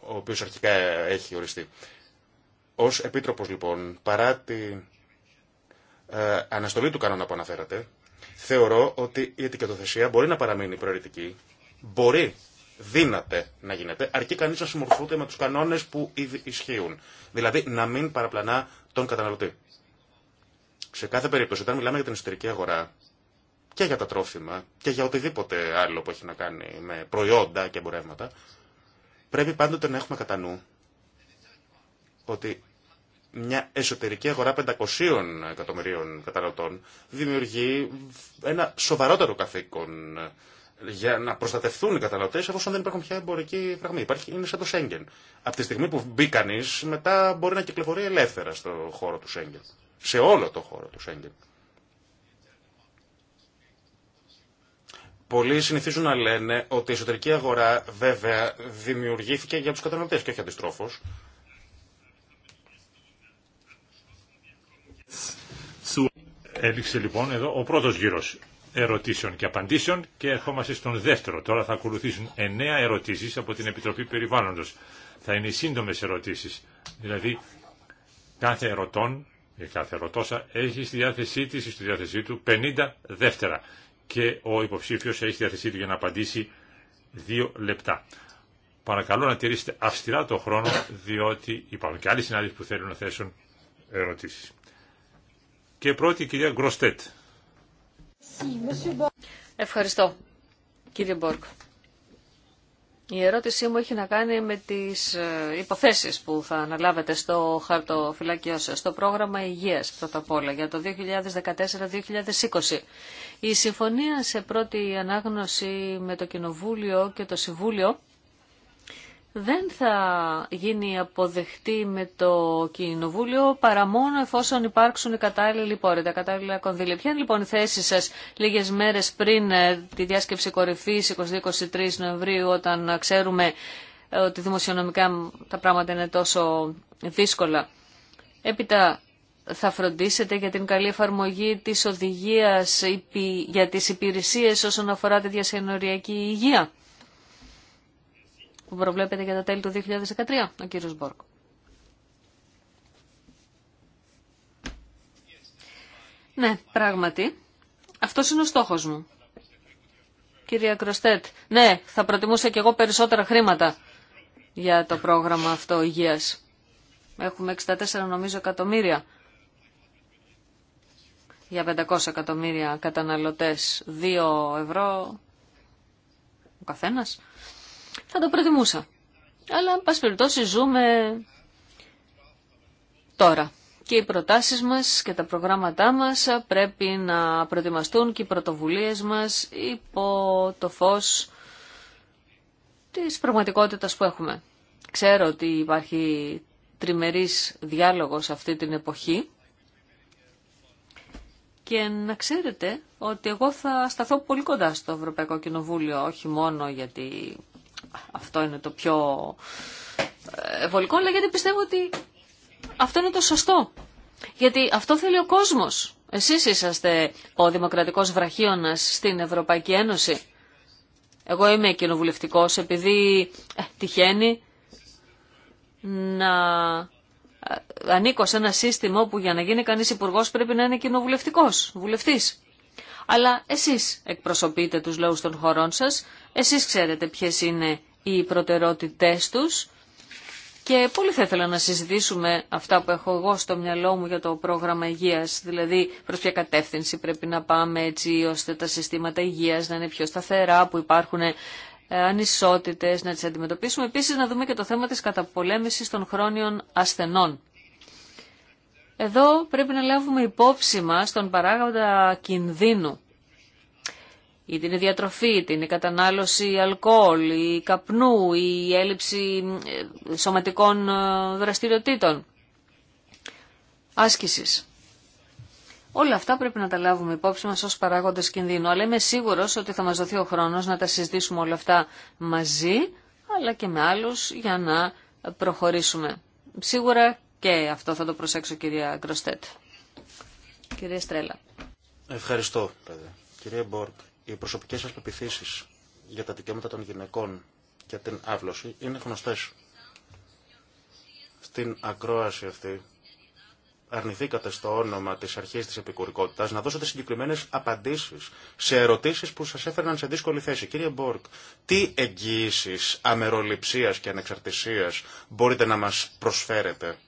ο οποίος αρχικά έχει οριστεί. Ως Επίτροπος λοιπόν, παρά τη ε, αναστολή του κανόνα που αναφέρατε, θεωρώ ότι η ετικετοθεσία μπορεί να παραμείνει προαιρετική, μπορεί δύναται να γίνεται, αρκεί κανείς να συμμορφούνται με τους κανόνες που ήδη ισχύουν. Δηλαδή να μην παραπλανά τον καταναλωτή. Σε κάθε περίπτωση, όταν μιλάμε για την εσωτερική αγορά και για τα τρόφιμα και για οτιδήποτε άλλο που έχει να κάνει με προϊόντα και εμπορεύματα, πρέπει πάντοτε να έχουμε κατά νου ότι μια εσωτερική αγορά 500 εκατομμυρίων καταναλωτών δημιουργεί ένα σοβαρότερο καθήκον για να προστατευτούν οι καταναλωτέ εφόσον δεν υπάρχουν πια εμπορικοί φραγμοί. Υπάρχει, είναι σαν το Σέγγεν. Από τη στιγμή που μπει κανεί, μετά μπορεί να κυκλοφορεί ελεύθερα στο χώρο του Σέγγεν. Σε όλο το χώρο του Σέγγεν. Πολλοί συνηθίζουν να λένε ότι η εσωτερική αγορά βέβαια δημιουργήθηκε για του καταναλωτέ και όχι αντιστρόφω. Έληξε λοιπόν εδώ ο πρώτος γύρος ερωτήσεων και απαντήσεων και ερχόμαστε στον δεύτερο. Τώρα θα ακολουθήσουν εννέα ερωτήσεις από την Επιτροπή Περιβάλλοντος. Θα είναι σύντομες ερωτήσεις. Δηλαδή κάθε ερωτών η ε, κάθε ερωτόσα έχει στη διάθεσή της, στη διάθεσή του 50 δεύτερα και ο υποψήφιος έχει στη διάθεσή του για να απαντήσει δύο λεπτά. Παρακαλώ να τηρήσετε αυστηρά το χρόνο διότι υπάρχουν και άλλοι συνάδελφοι που θέλουν να θέσουν ερωτήσεις. Και πρώτη κυρία Γκροστέτ. Ευχαριστώ, κύριε Μπόρκ. Η ερώτησή μου έχει να κάνει με τις ε, υποθέσεις που θα αναλάβετε στο χαρτοφυλάκιό σας, στο πρόγραμμα υγείας πρώτα απ' όλα για το 2014-2020. Η συμφωνία σε πρώτη ανάγνωση με το Κοινοβούλιο και το Συμβούλιο δεν θα γίνει αποδεχτή με το Κοινοβούλιο παρά μόνο εφόσον υπάρξουν οι κατάλληλοι πόροι, τα κατάλληλα κονδύλια. Ποια είναι λοιπόν η θέση σα λίγε μέρε πριν ε, τη διάσκεψη κορυφή 22-23 Νοεμβρίου, όταν ξέρουμε ε, ότι δημοσιονομικά τα πράγματα είναι τόσο δύσκολα. Έπειτα θα φροντίσετε για την καλή εφαρμογή της οδηγίας για τις υπηρεσίες όσον αφορά τη διασυνοριακή υγεία που προβλέπεται για τα τέλη του 2013, ο κύριος Μπόρκ. Ναι, πράγματι. Αυτό είναι ο στόχος μου. Κυρία Κροστέτ, ναι, θα προτιμούσα κι εγώ περισσότερα χρήματα για το πρόγραμμα αυτό υγείας. Έχουμε 64 νομίζω εκατομμύρια για 500 εκατομμύρια καταναλωτές. 2 ευρώ ο καθένας θα το προτιμούσα. Αλλά, εν περιπτώσει, ζούμε τώρα. Και οι προτάσεις μας και τα προγράμματά μας πρέπει να προετοιμαστούν και οι πρωτοβουλίες μας υπό το φως της πραγματικότητας που έχουμε. Ξέρω ότι υπάρχει τριμερής διάλογος αυτή την εποχή και να ξέρετε ότι εγώ θα σταθώ πολύ κοντά στο Ευρωπαϊκό Κοινοβούλιο, όχι μόνο γιατί αυτό είναι το πιο ε, βολικό, αλλά γιατί πιστεύω ότι αυτό είναι το σωστό. Γιατί αυτό θέλει ο κόσμος. Εσείς είσαστε ο δημοκρατικός βραχίωνας στην Ευρωπαϊκή Ένωση. Εγώ είμαι κοινοβουλευτικό επειδή ε, τυχαίνει να ε, ανήκω σε ένα σύστημα που για να γίνει κανείς υπουργό πρέπει να είναι κοινοβουλευτικός, βουλευτής. Αλλά εσείς εκπροσωπείτε τους λαούς των χωρών σας εσείς ξέρετε ποιες είναι οι προτερότητές τους και πολύ θα ήθελα να συζητήσουμε αυτά που έχω εγώ στο μυαλό μου για το πρόγραμμα υγείας, δηλαδή προς ποια κατεύθυνση πρέπει να πάμε έτσι ώστε τα συστήματα υγείας να είναι πιο σταθερά, που υπάρχουν ε, ανισότητες, να τις αντιμετωπίσουμε. Επίσης να δούμε και το θέμα της καταπολέμησης των χρόνιων ασθενών. Εδώ πρέπει να λάβουμε υπόψη μας τον παράγοντα κινδύνου ή την διατροφή, την κατανάλωση αλκοόλ, ή καπνού, η έλλειψη ε, σωματικών ε, δραστηριοτήτων, άσκησης. Όλα αυτά πρέπει να τα λάβουμε υπόψη μας ως παράγοντες κινδύνου, αλλά είμαι σίγουρος ότι θα μας δοθεί ο χρόνος να τα συζητήσουμε όλα αυτά μαζί, αλλά και με άλλους για να προχωρήσουμε. Σίγουρα και αυτό θα το προσέξω κυρία Γκροστέτ. Κυρία Στρέλα. Ευχαριστώ, παιδε. Κυρία Μπόρκ, οι προσωπικές σας πεπιθήσεις για τα δικαιώματα των γυναικών και την άβλωση είναι γνωστές. Στην ακρόαση αυτή αρνηθήκατε στο όνομα της αρχής της επικουρικότητας να δώσετε συγκεκριμένες απαντήσεις σε ερωτήσεις που σας έφερναν σε δύσκολη θέση. Κύριε Μπόρκ, τι εγγυήσει αμεροληψίας και ανεξαρτησίας μπορείτε να μας προσφέρετε.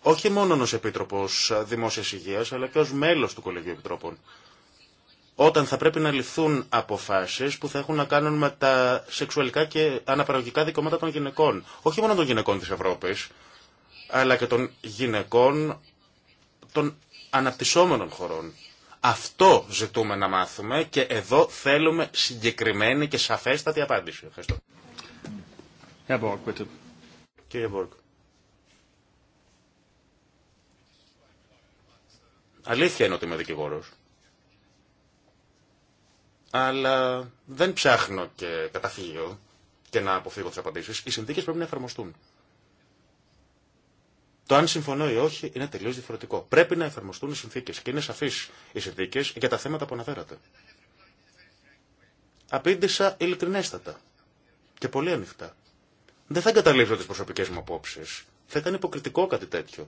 Όχι μόνο ως Επίτροπος Δημόσιας Υγείας, αλλά και ως μέλος του Κολεγίου Επιτρόπων όταν θα πρέπει να ληφθούν αποφάσεις που θα έχουν να κάνουν με τα σεξουαλικά και αναπαραγωγικά δικαιώματα των γυναικών. Όχι μόνο των γυναικών της Ευρώπης, αλλά και των γυναικών των αναπτυσσόμενων χωρών. Αυτό ζητούμε να μάθουμε και εδώ θέλουμε συγκεκριμένη και σαφέστατη απάντηση. Ευχαριστώ. Κύριε Μπόρκ. Αλήθεια είναι ότι είμαι δικηγόρος αλλά δεν ψάχνω και καταφύγιο και να αποφύγω τι απαντήσει. Οι συνθήκε πρέπει να εφαρμοστούν. Το αν συμφωνώ ή όχι είναι τελείω διαφορετικό. Πρέπει να εφαρμοστούν οι συνθήκε και είναι σαφεί οι συνθήκε για τα θέματα που αναφέρατε. Απήντησα ειλικρινέστατα και πολύ ανοιχτά. Δεν θα εγκαταλείψω τι προσωπικέ μου απόψει. Θα ήταν υποκριτικό κάτι τέτοιο.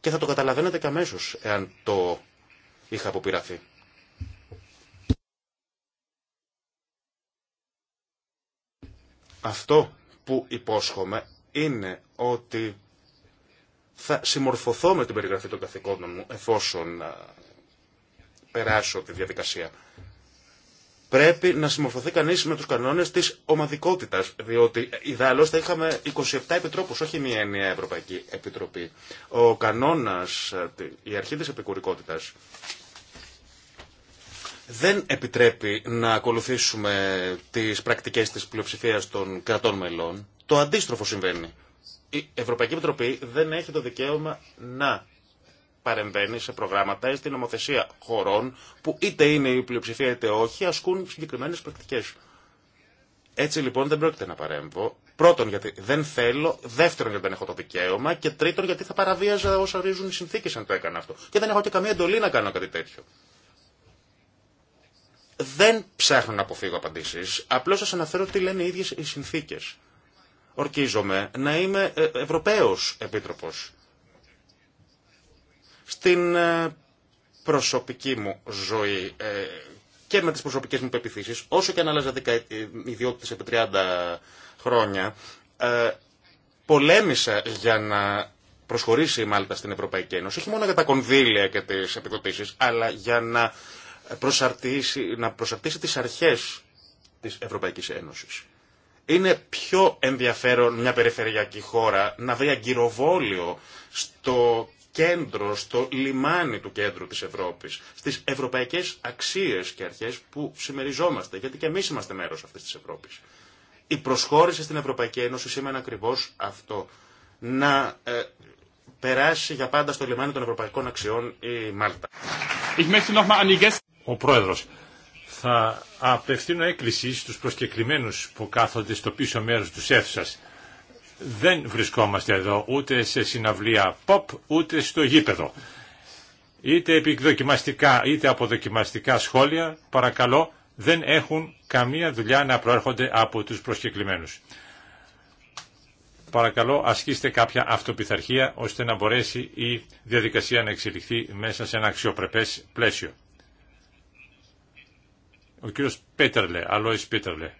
Και θα το καταλαβαίνετε και αμέσω εάν το είχα αποπειραθεί. Αυτό που υπόσχομαι είναι ότι θα συμμορφωθώ με την περιγραφή των καθηκόντων μου εφόσον περάσω τη διαδικασία. Πρέπει να συμμορφωθεί κανείς με τους κανόνες της ομαδικότητας, διότι ε, ιδάλλως θα είχαμε 27 επιτρόπους, όχι μία ενιαία Ευρωπαϊκή Επιτροπή. Ο κανόνας, ε, η αρχή της επικουρικότητας, δεν επιτρέπει να ακολουθήσουμε τις πρακτικές της πλειοψηφία των κρατών μελών. Το αντίστροφο συμβαίνει. Η Ευρωπαϊκή Επιτροπή δεν έχει το δικαίωμα να παρεμβαίνει σε προγράμματα ή στην νομοθεσία χωρών που είτε είναι η πλειοψηφία είτε όχι ασκούν συγκεκριμένες πρακτικές. Έτσι λοιπόν δεν πρόκειται να παρέμβω. Πρώτον γιατί δεν θέλω, δεύτερον γιατί δεν έχω το δικαίωμα και τρίτον γιατί θα παραβίαζα όσα ορίζουν οι συνθήκε αν το έκανα αυτό. Και δεν έχω και καμία εντολή να κάνω κάτι τέτοιο. Δεν ψάχνω να αποφύγω απαντήσεις, απλώς σας αναφέρω τι λένε οι ίδιες οι συνθήκες. Ορκίζομαι να είμαι ε, Ευρωπαίος Επίτροπος. Στην ε, προσωπική μου ζωή ε, και με τις προσωπικές μου πεπιθήσεις, όσο και αν άλλαζα ιδιότητες επί 30 χρόνια, πολέμησα για να προσχωρήσει η Μάλτα στην Ευρωπαϊκή Ένωση, όχι μόνο για τα κονδύλια και τις επιδοτήσεις, αλλά για να προσαρτήσει, να προσαρτήσει τις αρχές της Ευρωπαϊκής Ένωσης. Είναι πιο ενδιαφέρον μια περιφερειακή χώρα να βρει αγκυροβόλιο στο κέντρο, στο λιμάνι του κέντρου της Ευρώπης, στις ευρωπαϊκές αξίες και αρχές που συμμεριζόμαστε, γιατί και εμείς είμαστε μέρος αυτής της Ευρώπης. Η προσχώρηση στην Ευρωπαϊκή Ένωση σήμαινε ακριβώς αυτό. Να ε, περάσει για πάντα στο λιμάνι των ευρωπαϊκών αξιών η Μάλτα ο Πρόεδρος. Θα απευθύνω έκκληση στους προσκεκλημένους που κάθονται στο πίσω μέρος του αίθουσας. Δεν βρισκόμαστε εδώ ούτε σε συναυλία pop ούτε στο γήπεδο. Είτε επιδοκιμαστικά είτε αποδοκιμαστικά σχόλια, παρακαλώ, δεν έχουν καμία δουλειά να προέρχονται από τους προσκεκλημένους. Παρακαλώ ασκήστε κάποια αυτοπιθαρχία ώστε να μπορέσει η διαδικασία να εξελιχθεί μέσα σε ένα αξιοπρεπές πλαίσιο. Ο κύριος Πέτερλε, Αλόης Πέτερλε.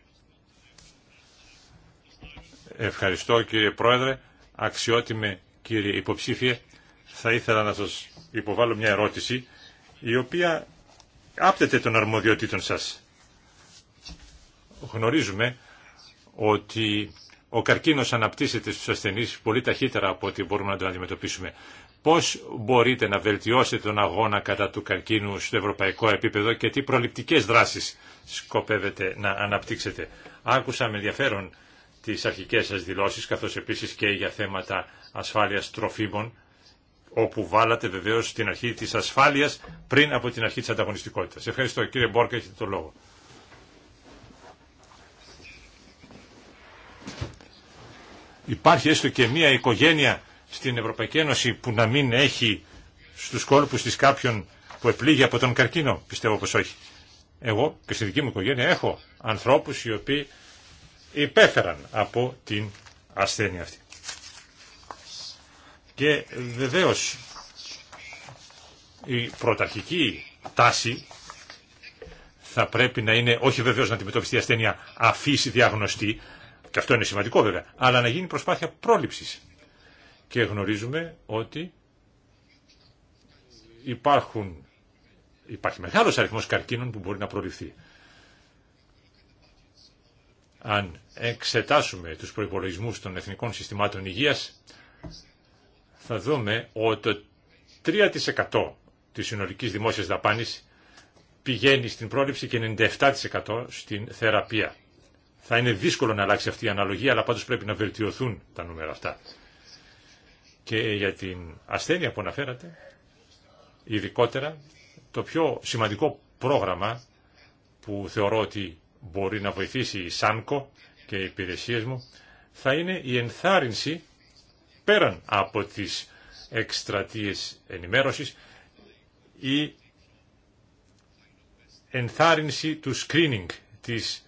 Ευχαριστώ κύριε Πρόεδρε, αξιότιμε κύριε υποψήφιε. Θα ήθελα να σας υποβάλω μια ερώτηση η οποία άπτεται των αρμοδιοτήτων σας. Γνωρίζουμε ότι ο καρκίνος αναπτύσσεται στους ασθενείς πολύ ταχύτερα από ό,τι μπορούμε να τον αντιμετωπίσουμε πώς μπορείτε να βελτιώσετε τον αγώνα κατά του καρκίνου στο ευρωπαϊκό επίπεδο και τι προληπτικές δράσεις σκοπεύετε να αναπτύξετε. Άκουσα με ενδιαφέρον τις αρχικές σας δηλώσεις, καθώς επίσης και για θέματα ασφάλειας τροφίμων, όπου βάλατε βεβαίως την αρχή της ασφάλειας πριν από την αρχή της ανταγωνιστικότητας. Ευχαριστώ κύριε Μπόρκα, έχετε το λόγο. Υπάρχει έστω και μία οικογένεια στην Ευρωπαϊκή Ένωση που να μην έχει στους κόλπους της κάποιον που επλήγει από τον καρκίνο, πιστεύω πως όχι. Εγώ και στη δική μου οικογένεια έχω ανθρώπους οι οποίοι υπέφεραν από την ασθένεια αυτή. Και βεβαίως η πρωταρχική τάση θα πρέπει να είναι, όχι βεβαίως να αντιμετωπιστεί η ασθένεια αφήσει διαγνωστή, και αυτό είναι σημαντικό βέβαια, αλλά να γίνει προσπάθεια πρόληψης. Και γνωρίζουμε ότι υπάρχουν, υπάρχει μεγάλος αριθμός καρκίνων που μπορεί να προληφθεί. Αν εξετάσουμε τους προϋπολογισμούς των εθνικών συστημάτων υγείας, θα δούμε ότι το 3% της συνολικής δημόσιας δαπάνης πηγαίνει στην πρόληψη και 97% στην θεραπεία. Θα είναι δύσκολο να αλλάξει αυτή η αναλογία, αλλά πάντως πρέπει να βελτιωθούν τα νούμερα αυτά και για την ασθένεια που αναφέρατε, ειδικότερα το πιο σημαντικό πρόγραμμα που θεωρώ ότι μπορεί να βοηθήσει η ΣΑΝΚΟ και οι υπηρεσίε μου θα είναι η ενθάρρυνση πέραν από τις εκστρατείες ενημέρωσης η ενθάρρυνση του screening της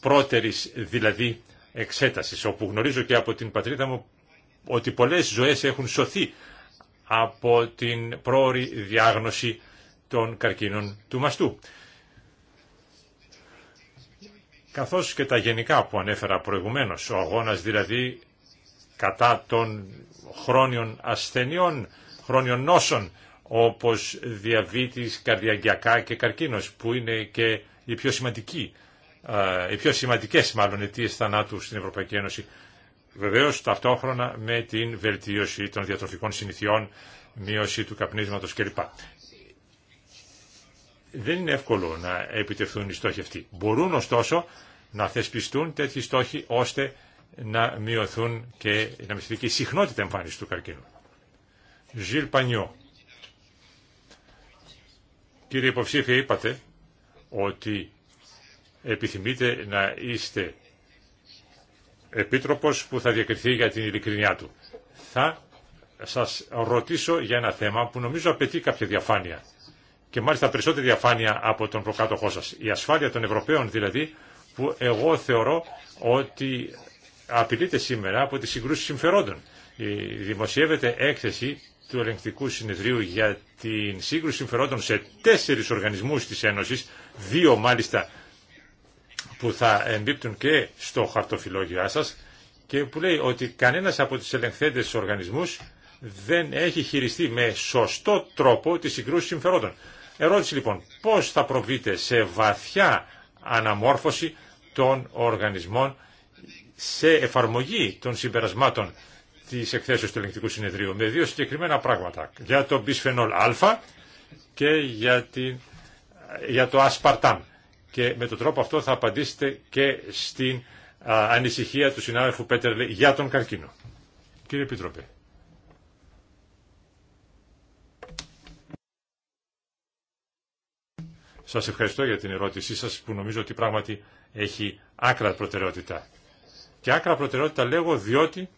πρώτερης δηλαδή εξέτασης όπου γνωρίζω και από την πατρίδα μου ότι πολλές ζωές έχουν σωθεί από την πρόορη διάγνωση των καρκίνων του μαστού. Καθώς και τα γενικά που ανέφερα προηγουμένως, ο αγώνας δηλαδή κατά των χρόνιων ασθενειών, χρόνιων νόσων, όπως διαβήτης, καρδιαγκιακά και καρκίνος, που είναι και οι πιο σημαντικοί, ε, οι πιο σημαντικές μάλλον αιτίες θανάτου στην Ευρωπαϊκή Ένωση. Βεβαίως ταυτόχρονα με την βελτίωση των διατροφικών συνηθιών, μείωση του καπνίσματος κλπ. Δεν είναι εύκολο να επιτευχθούν οι στόχοι αυτοί. Μπορούν ωστόσο να θεσπιστούν τέτοιοι στόχοι ώστε να μειωθούν και να μειωθεί και η συχνότητα εμφάνιση του καρκίνου. Ζιλ Πανιό. Κύριε υποψήφια, είπατε ότι επιθυμείτε να είστε επίτροπος που θα διακριθεί για την ειλικρινιά του. Θα σας ρωτήσω για ένα θέμα που νομίζω απαιτεί κάποια διαφάνεια και μάλιστα περισσότερη διαφάνεια από τον προκάτοχό σας. Η ασφάλεια των Ευρωπαίων δηλαδή που εγώ θεωρώ ότι απειλείται σήμερα από τις συγκρούσεις συμφερόντων. Δημοσιεύεται έκθεση του ελεγκτικού συνεδρίου για την σύγκρουση συμφερόντων σε τέσσερις οργανισμούς της Ένωσης, δύο μάλιστα που θα εμπίπτουν και στο χαρτοφυλόγιο σας και που λέει ότι κανένας από τις ελεγχθέντες οργανισμούς δεν έχει χειριστεί με σωστό τρόπο τις συγκρούσεις συμφερόντων. Ερώτηση λοιπόν, πώς θα προβείτε σε βαθιά αναμόρφωση των οργανισμών σε εφαρμογή των συμπερασμάτων της εκθέσεως του ελεγκτικού συνεδρίου με δύο συγκεκριμένα πράγματα για το μπισφενόλ α και για, την, για το ασπαρτάμ και με τον τρόπο αυτό θα απαντήσετε και στην ανησυχία του συνάδελφου Πέτερλε για τον καρκίνο. Κύριε Επίτροπε. Σας ευχαριστώ για την ερώτησή σας που νομίζω ότι πράγματι έχει άκρα προτεραιότητα. Και άκρα προτεραιότητα λέγω διότι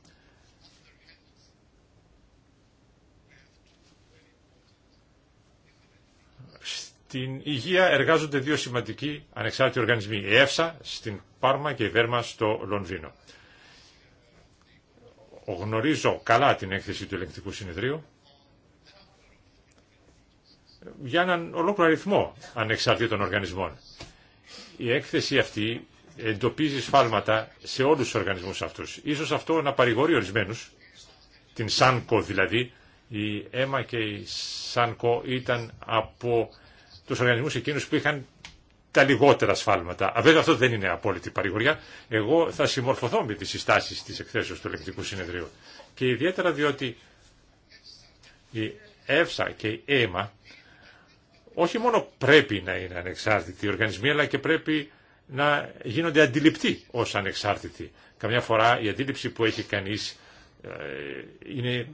την υγεία εργάζονται δύο σημαντικοί ανεξάρτητοι οργανισμοί, η ΕΦΣΑ στην Πάρμα και η Βέρμα στο Λονδίνο. Γνωρίζω καλά την έκθεση του ελεγκτικού συνεδρίου για έναν ολόκληρο αριθμό ανεξαρτήτων οργανισμών. Η έκθεση αυτή εντοπίζει σφάλματα σε όλους τους οργανισμούς αυτούς. Ίσως αυτό να παρηγορεί ορισμένου, την ΣΑΝΚΟ δηλαδή. Η ΕΜΑ και η ΣΑΝΚΟ ήταν από τους οργανισμούς εκείνους που είχαν τα λιγότερα σφάλματα. Βέβαια αυτό δεν είναι απόλυτη παρηγοριά. Εγώ θα συμμορφωθώ με τις συστάσεις της εκθέσεως του ελεκτικού συνεδρίου. Και ιδιαίτερα διότι η ΕΦΣΑ και η ΕΜΑ όχι μόνο πρέπει να είναι ανεξάρτητοι οργανισμοί, αλλά και πρέπει να γίνονται αντιληπτοί ως ανεξάρτητοι. Καμιά φορά η αντίληψη που έχει κανείς ε, είναι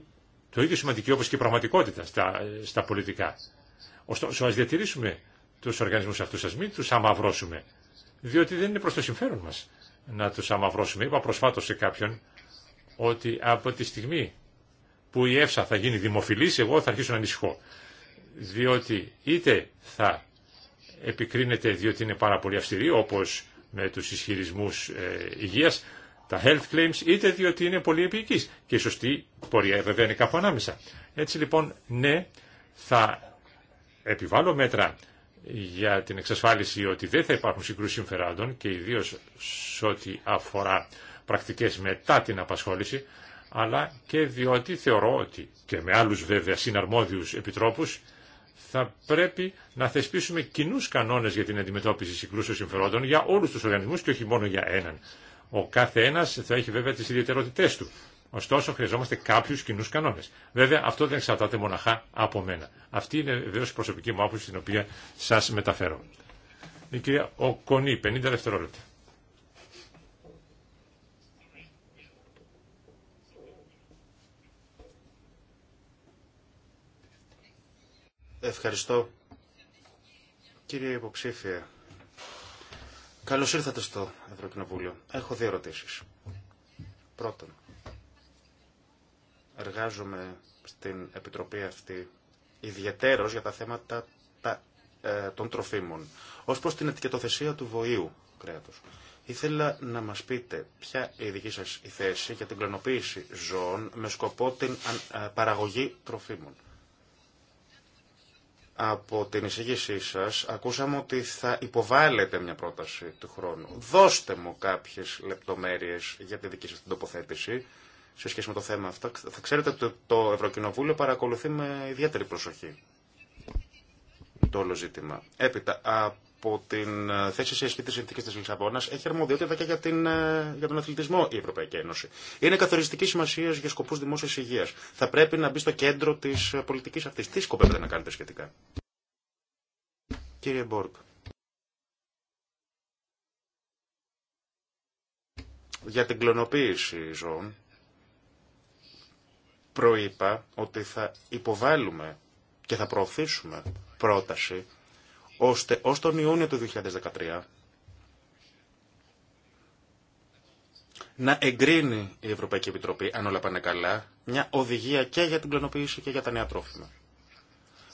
το ίδιο σημαντική όπως και η πραγματικότητα στα, ε, στα πολιτικά. Ωστόσο, α διατηρήσουμε τους οργανισμούς αυτούς, σας μην του αμαυρώσουμε, διότι δεν είναι προ το συμφέρον μας να τους αμαυρώσουμε. Είπα προσφάτω σε κάποιον ότι από τη στιγμή που η ΕΦΣΑ θα γίνει δημοφιλής, εγώ θα αρχίσω να ανησυχώ. Διότι είτε θα επικρίνεται διότι είναι πάρα πολύ αυστηρή, όπως με τους ισχυρισμούς ε, υγείας, τα health claims, είτε διότι είναι πολύ επίκη. Και η σωστή πορεία βέβαια είναι κάπου ανάμεσα. Έτσι λοιπόν, ναι, θα επιβάλλω μέτρα για την εξασφάλιση ότι δεν θα υπάρχουν συγκρούσεις συμφεράντων και ιδίως σε ό,τι αφορά πρακτικές μετά την απασχόληση, αλλά και διότι θεωρώ ότι και με άλλους βέβαια συναρμόδιους επιτρόπους θα πρέπει να θεσπίσουμε κοινού κανόνες για την αντιμετώπιση συγκρούσεων συμφερόντων για όλους τους οργανισμούς και όχι μόνο για έναν. Ο κάθε ένας θα έχει βέβαια τις ιδιαιτερότητές του. Ωστόσο, χρειαζόμαστε κάποιου κοινού κανόνε. Βέβαια, αυτό δεν εξαρτάται μοναχά από μένα. Αυτή είναι βεβαίω η προσωπική μου άποψη, την οποία σα μεταφέρω. Η κυρία Οκονή, 50 δευτερόλεπτα. Ευχαριστώ. Κύριε υποψήφια, καλώς ήρθατε στο Ευρωκοινοβούλιο. Έχω δύο ερωτήσεις. Πρώτον, εργάζομαι στην Επιτροπή αυτή ιδιαιτέρως για τα θέματα τα, ε, των τροφίμων. ω προ την ετικετοθεσία του βοήου κρέατος. Ήθελα να μας πείτε ποια η δική σας θέση για την κλωνοποίηση ζώων με σκοπό την ε, παραγωγή τροφίμων. Από την εισήγησή σας ακούσαμε ότι θα υποβάλλετε μια πρόταση του χρόνου. Δώστε μου κάποιες λεπτομέρειες για τη δική σας την τοποθέτηση σε σχέση με το θέμα αυτό. Θα ξέρετε ότι το Ευρωκοινοβούλιο παρακολουθεί με ιδιαίτερη προσοχή το όλο ζήτημα. Έπειτα, από την ε, θέση σε ισχύ τη συνθήκη τη Λισαβόνα, έχει αρμοδιότητα και για, την, ε, για τον αθλητισμό η Ευρωπαϊκή Ένωση. Είναι καθοριστική σημασία για σκοπού δημόσια υγεία. Θα πρέπει να μπει στο κέντρο τη ε, πολιτική αυτή. Τι σκοπεύετε να κάνετε σχετικά, κύριε Μπόρκ. Για την κλωνοποίηση ζώων, προείπα ότι θα υποβάλουμε και θα προωθήσουμε πρόταση ώστε ως τον Ιούνιο του 2013 να εγκρίνει η Ευρωπαϊκή Επιτροπή, αν όλα πάνε καλά, μια οδηγία και για την κλωνοποίηση και για τα νέα τρόφιμα.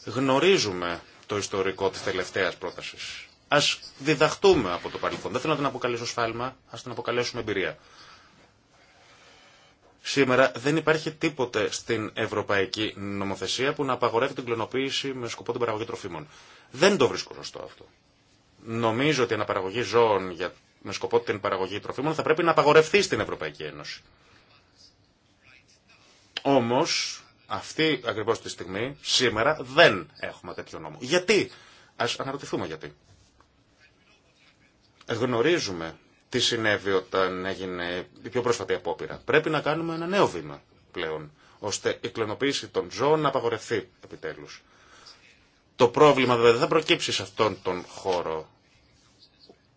Γνωρίζουμε το ιστορικό της τελευταίας πρότασης. Ας διδαχτούμε από το παρελθόν. Δεν θέλω να την αποκαλέσω σφάλμα, ας την αποκαλέσουμε εμπειρία. Σήμερα δεν υπάρχει τίποτε στην ευρωπαϊκή νομοθεσία που να απαγορεύει την κλωνοποίηση με σκοπό την παραγωγή τροφίμων. Δεν το βρίσκω σωστό αυτό. Νομίζω ότι η αναπαραγωγή ζώων για, με σκοπό την παραγωγή τροφίμων θα πρέπει να απαγορευτεί στην Ευρωπαϊκή Ένωση. Όμω, αυτή ακριβώ τη στιγμή, σήμερα, δεν έχουμε τέτοιο νόμο. Γιατί, α αναρωτηθούμε γιατί. Γνωρίζουμε τι συνέβη όταν έγινε η πιο πρόσφατη απόπειρα. Πρέπει να κάνουμε ένα νέο βήμα πλέον, ώστε η κλωνοποίηση των ζώων να απαγορευτεί επιτέλου. Το πρόβλημα βέβαια δεν θα προκύψει σε αυτόν τον χώρο.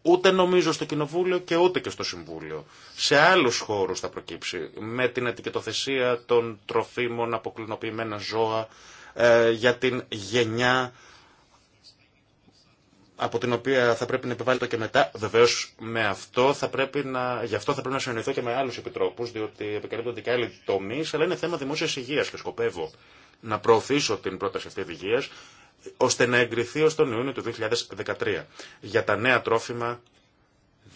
Ούτε νομίζω στο Κοινοβούλιο και ούτε και στο Συμβούλιο. Σε άλλου χώρου θα προκύψει. Με την ετικετοθεσία των τροφίμων από κλωνοποιημένα ζώα, ε, για την γενιά από την οποία θα πρέπει να επιβάλλεται και μετά. Βεβαίω με αυτό θα πρέπει να, γι' αυτό θα πρέπει να συνοηθώ και με άλλου επιτρόπου, διότι επικαλύπτονται και άλλοι τομεί, αλλά είναι θέμα δημόσια υγεία και σκοπεύω να προωθήσω την πρόταση αυτή υγεία, ώστε να εγκριθεί ω τον Ιούνιο του 2013. Για τα νέα τρόφιμα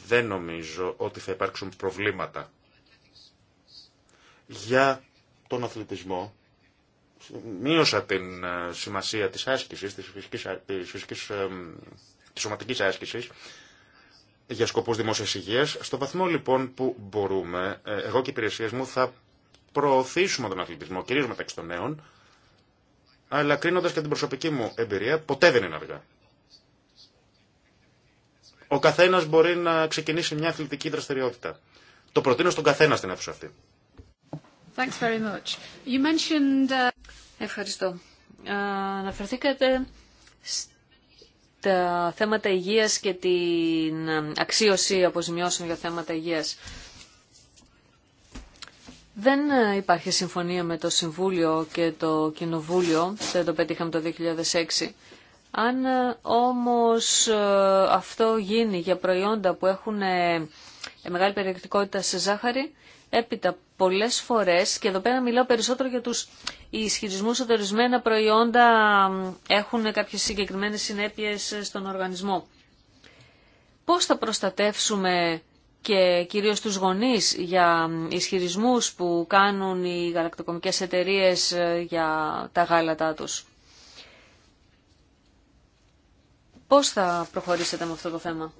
δεν νομίζω ότι θα υπάρξουν προβλήματα. Για τον αθλητισμό, μείωσα την ε, σημασία της άσκησης, της φυσικής, της φυσικής Τη σωματική άσκηση για σκοπούς δημόσια υγείας. Στο βαθμό λοιπόν που μπορούμε, ε, εγώ και οι υπηρεσίε μου θα προωθήσουμε τον αθλητισμό, κυρίω μεταξύ των νέων, αλλά κρίνοντας και την προσωπική μου εμπειρία, ποτέ δεν είναι αργά. Ο καθένας μπορεί να ξεκινήσει μια αθλητική δραστηριότητα. Το προτείνω στον καθένα στην αίθουσα αυτή. Ε, Ευχαριστώ. Αναφερθήκατε τα θέματα υγείας και την ε, αξίωση αποζημιώσεων για θέματα υγείας. Δεν ε, υπάρχει συμφωνία με το Συμβούλιο και το Κοινοβούλιο, δεν το πετύχαμε το 2006. Αν ε, όμως αυτό γίνει για προϊόντα που έχουν μεγάλη περιεκτικότητα σε ζάχαρη, Έπειτα, πολλές φορές, και εδώ πέρα μιλάω περισσότερο για τους ισχυρισμούς ότι ορισμένα προϊόντα έχουν κάποιες συγκεκριμένες συνέπειες στον οργανισμό. Πώς θα προστατεύσουμε και κυρίως τους γονείς για ισχυρισμούς που κάνουν οι γαλακτοκομικές εταιρείες ε, για τα γάλατά τους. Πώς θα προχωρήσετε με αυτό το θέμα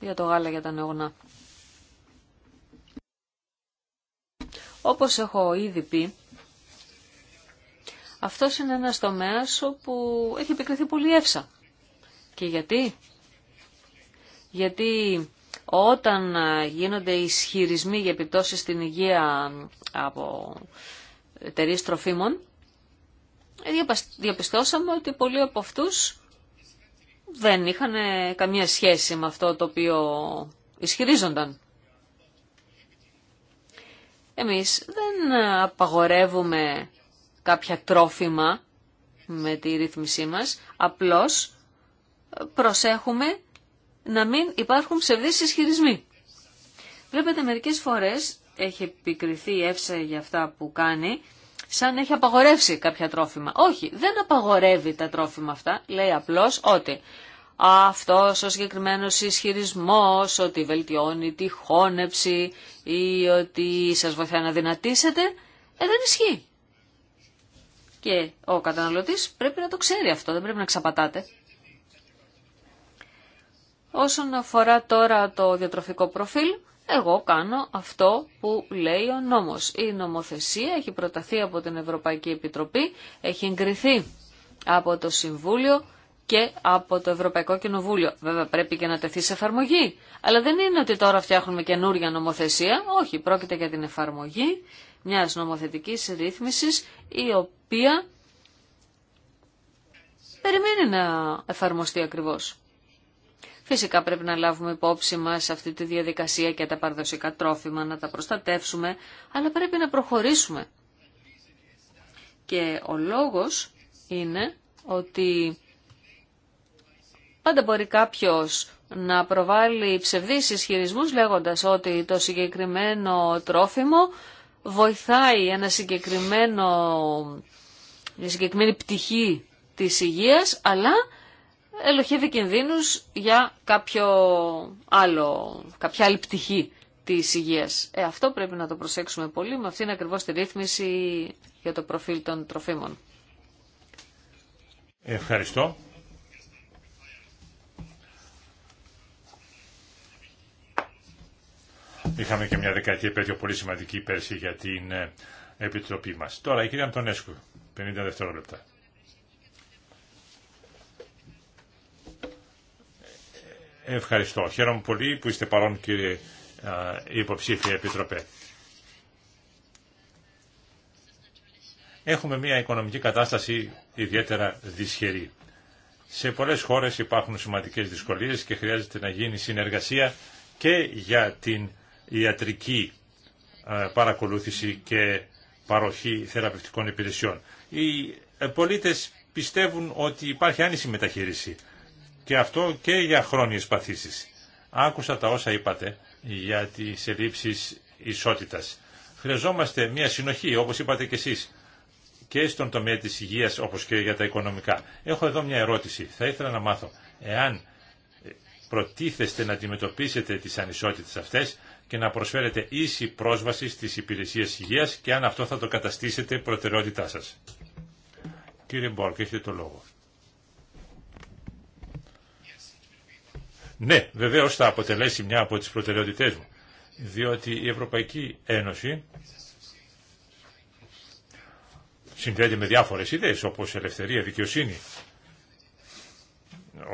για το γάλα για τα νεογνά. Όπως έχω ήδη πει, αυτό είναι ένας τομέα όπου έχει επικριθεί πολύ εύσα. Και γιατί? Γιατί όταν γίνονται ισχυρισμοί για επιπτώσεις στην υγεία από εταιρείε τροφίμων, ε, διαπιστώσαμε ότι πολλοί από αυτούς δεν είχαν καμία σχέση με αυτό το οποίο ισχυρίζονταν. Εμείς δεν απαγορεύουμε κάποια τρόφιμα με τη ρύθμισή μας, απλώς προσέχουμε να μην υπάρχουν ψευδείς ισχυρισμοί. Βλέπετε μερικές φορές έχει επικριθεί η Εύσα για αυτά που κάνει, σαν έχει απαγορεύσει κάποια τρόφιμα. Όχι, δεν απαγορεύει τα τρόφιμα αυτά, λέει απλώς ότι αυτός ο συγκεκριμένος ισχυρισμός ότι βελτιώνει τη χώνεψη ή ότι σας βοηθάει να δυνατήσετε, ε, δεν ισχύει. Και ο καταναλωτής πρέπει να το ξέρει αυτό, δεν πρέπει να ξαπατάτε. Όσον αφορά τώρα το διατροφικό προφίλ, εγώ κάνω αυτό που λέει ο νόμος. Η νομοθεσία έχει προταθεί από την Ευρωπαϊκή Επιτροπή, έχει εγκριθεί από το Συμβούλιο και από το Ευρωπαϊκό Κοινοβούλιο. Βέβαια πρέπει και να τεθεί σε εφαρμογή. Αλλά δεν είναι ότι τώρα φτιάχνουμε καινούρια νομοθεσία. Όχι, πρόκειται για την εφαρμογή μιας νομοθετικής ρύθμισης η οποία περιμένει να εφαρμοστεί ακριβώς. Φυσικά πρέπει να λάβουμε υπόψη μας αυτή τη διαδικασία και τα παραδοσιακά τρόφιμα, να τα προστατεύσουμε, αλλά πρέπει να προχωρήσουμε. Και ο λόγος είναι ότι Πάντα μπορεί κάποιο να προβάλλει ψευδείς ισχυρισμού λέγοντας ότι το συγκεκριμένο τρόφιμο βοηθάει ένα συγκεκριμένο, μια συγκεκριμένη πτυχή της υγείας, αλλά ελοχεύει κινδύνους για κάποιο άλλο, κάποια άλλη πτυχή της υγείας. Ε, αυτό πρέπει να το προσέξουμε πολύ, με αυτήν ακριβώς τη ρύθμιση για το προφίλ των τροφίμων. Ευχαριστώ. Είχαμε και μια δεκαετία επέτειο πολύ σημαντική πέρσι για την ε, Επιτροπή μας. Τώρα η κυρία Αντωνέσκου, 50 δευτερόλεπτα. Ευχαριστώ. Χαίρομαι πολύ που είστε παρόν κύριε υποψήφια Επιτροπέ. Έχουμε μια οικονομική κατάσταση ιδιαίτερα δυσχερή. Σε πολλές χώρες υπάρχουν σημαντικές δυσκολίες και χρειάζεται να γίνει συνεργασία και για την ιατρική ε, παρακολούθηση και παροχή θεραπευτικών υπηρεσιών. Οι ε, πολίτες πιστεύουν ότι υπάρχει άνηση μεταχείριση και αυτό και για χρόνιες παθήσεις. Άκουσα τα όσα είπατε για τις ελλείψεις ισότητας. Χρειαζόμαστε μια συνοχή, όπως είπατε και εσείς, και στον τομέα της υγείας, όπως και για τα οικονομικά. Έχω εδώ μια ερώτηση. Θα ήθελα να μάθω, εάν προτίθεστε να αντιμετωπίσετε τις ανισότητες αυτές, και να προσφέρετε ίση πρόσβαση στις υπηρεσίες υγείας και αν αυτό θα το καταστήσετε προτεραιότητά σας. Κύριε Μπόρκ, έχετε το λόγο. Ναι, βεβαίως θα αποτελέσει μια από τις προτεραιότητές μου, διότι η Ευρωπαϊκή Ένωση συνδέεται με διάφορες ιδέες, όπως ελευθερία, δικαιοσύνη,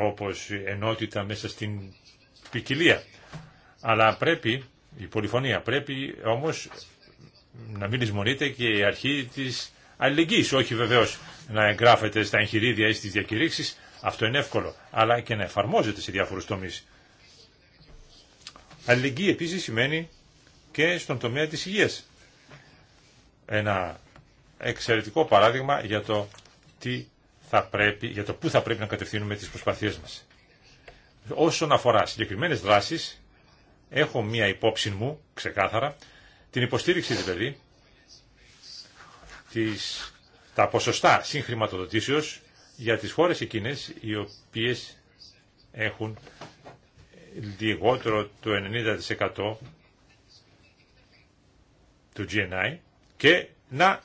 όπως ενότητα μέσα στην ποικιλία. Αλλά πρέπει η πολυφωνία. Πρέπει όμως να μην λησμονείται και η αρχή τη αλληλεγγύη. όχι βεβαίως να εγγράφεται στα εγχειρίδια ή στις διακηρύξεις, αυτό είναι εύκολο, αλλά και να εφαρμόζεται σε διάφορου τομεί. Αλληλεγγύη επίση σημαίνει και στον τομέα της υγεία. Ένα εξαιρετικό παράδειγμα για το τι θα πρέπει, για το πού θα πρέπει να κατευθύνουμε τις προσπαθίες μας. Όσον αφορά συγκεκριμένες δράσεις, έχω μία υπόψη μου, ξεκάθαρα, την υποστήριξη δηλαδή, τις, τα ποσοστά συγχρηματοδοτήσεως για τις χώρες εκείνες οι οποίες έχουν λιγότερο το 90% του GNI και να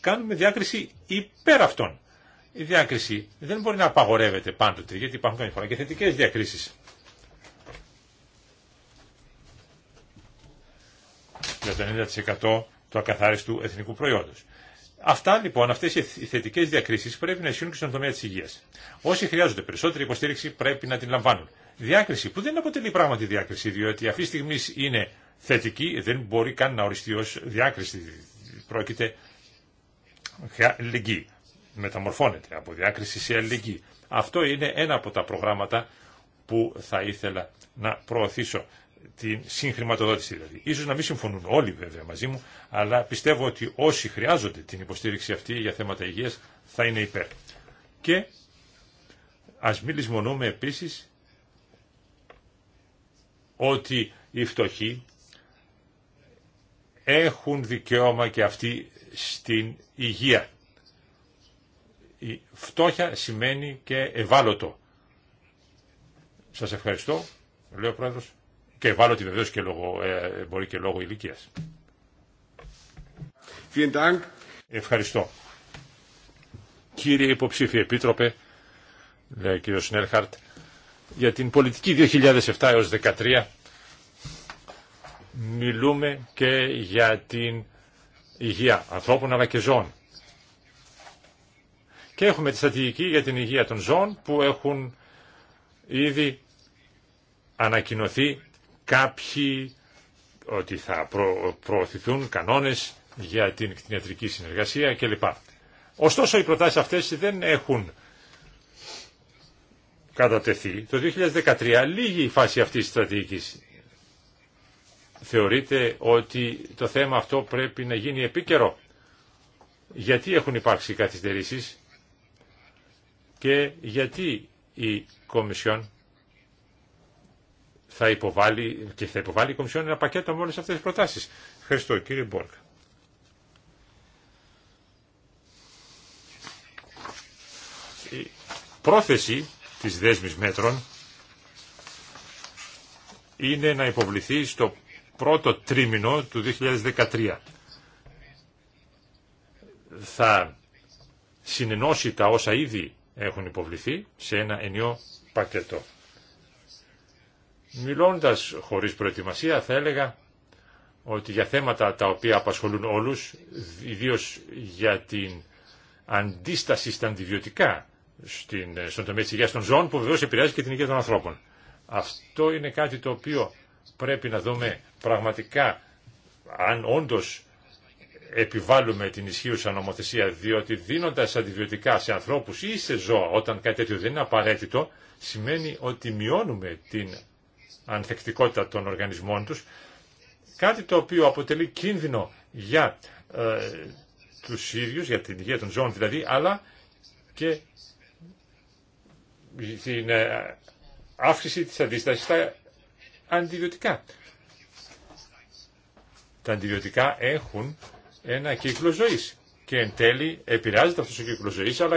κάνουμε διάκριση υπέρ αυτών. Η διάκριση δεν μπορεί να απαγορεύεται πάντοτε, γιατί υπάρχουν φορά και θετικές διακρίσεις. Για το 90% του ακαθάριστου εθνικού προϊόντος. Αυτά λοιπόν, αυτέ οι θετικέ διακρίσει πρέπει να ισχύουν και στον τομέα τη υγεία. Όσοι χρειάζονται περισσότερη υποστήριξη πρέπει να την λαμβάνουν. Διάκριση που δεν αποτελεί πράγματι διάκριση, διότι αυτή τη στιγμή είναι θετική, δεν μπορεί καν να οριστεί ω διάκριση. Πρόκειται αλληλεγγύη. Μεταμορφώνεται από διάκριση σε αλληλεγγύη. Αυτό είναι ένα από τα προγράμματα που θα ήθελα να προωθήσω την συγχρηματοδότηση δηλαδή. Ίσως να μην συμφωνούν όλοι βέβαια μαζί μου, αλλά πιστεύω ότι όσοι χρειάζονται την υποστήριξη αυτή για θέματα υγείας θα είναι υπέρ. Και ας μην λησμονούμε επίσης ότι οι φτωχοί έχουν δικαίωμα και αυτοί στην υγεία. Η φτώχεια σημαίνει και ευάλωτο. Σας ευχαριστώ, Λέω Πρόεδρος. Και βάλω τη βεβαίω και λόγω, ε, μπορεί και λόγω ηλικία. Ευχαριστώ. Κύριε υποψήφιε επίτροπε, λέει ο κύριο Σνέλχαρτ, για την πολιτική 2007 έως 2013 μιλούμε και για την υγεία ανθρώπων αλλά και ζώων. Και έχουμε τη στρατηγική για την υγεία των ζώων που έχουν ήδη ανακοινωθεί κάποιοι ότι θα προωθηθούν κανόνες για την κτηνιατρική συνεργασία κλπ. Ωστόσο οι προτάσεις αυτές δεν έχουν κατατεθεί. Το 2013 λίγη η φάση αυτής της στρατηγικής. Θεωρείτε ότι το θέμα αυτό πρέπει να γίνει επίκαιρο. Γιατί έχουν υπάρξει καθυστερήσεις και γιατί η Κομισιόν θα υποβάλει και θα υποβάλει η Κομισιόν ένα πακέτο με όλες αυτές τις προτάσεις. Ευχαριστώ κύριε Μπόρκ. Η πρόθεση της δέσμης μέτρων είναι να υποβληθεί στο πρώτο τρίμηνο του 2013. Θα συνενώσει τα όσα ήδη έχουν υποβληθεί σε ένα ενίο πακέτο. Μιλώντας χωρίς προετοιμασία θα έλεγα ότι για θέματα τα οποία απασχολούν όλους, ιδίως για την αντίσταση στα αντιβιωτικά στην, στον τομέα της υγείας των ζώων, που βεβαίως επηρεάζει και την υγεία των ανθρώπων. Αυτό είναι κάτι το οποίο πρέπει να δούμε πραγματικά αν όντως επιβάλλουμε την ισχύουσα νομοθεσία, διότι δίνοντας αντιβιωτικά σε ανθρώπους ή σε ζώα, όταν κάτι τέτοιο δεν είναι απαραίτητο, σημαίνει ότι μειώνουμε την ανθεκτικότητα των οργανισμών τους, κάτι το οποίο αποτελεί κίνδυνο για ε, τους ίδιους, για την υγεία των ζώων δηλαδή, αλλά και την ε, αύξηση της αντίστασης στα αντιβιωτικά. Τα αντιβιωτικά έχουν ένα κύκλο ζωής και εν τέλει επηρεάζεται αυτός ο κύκλος ζωής, αλλά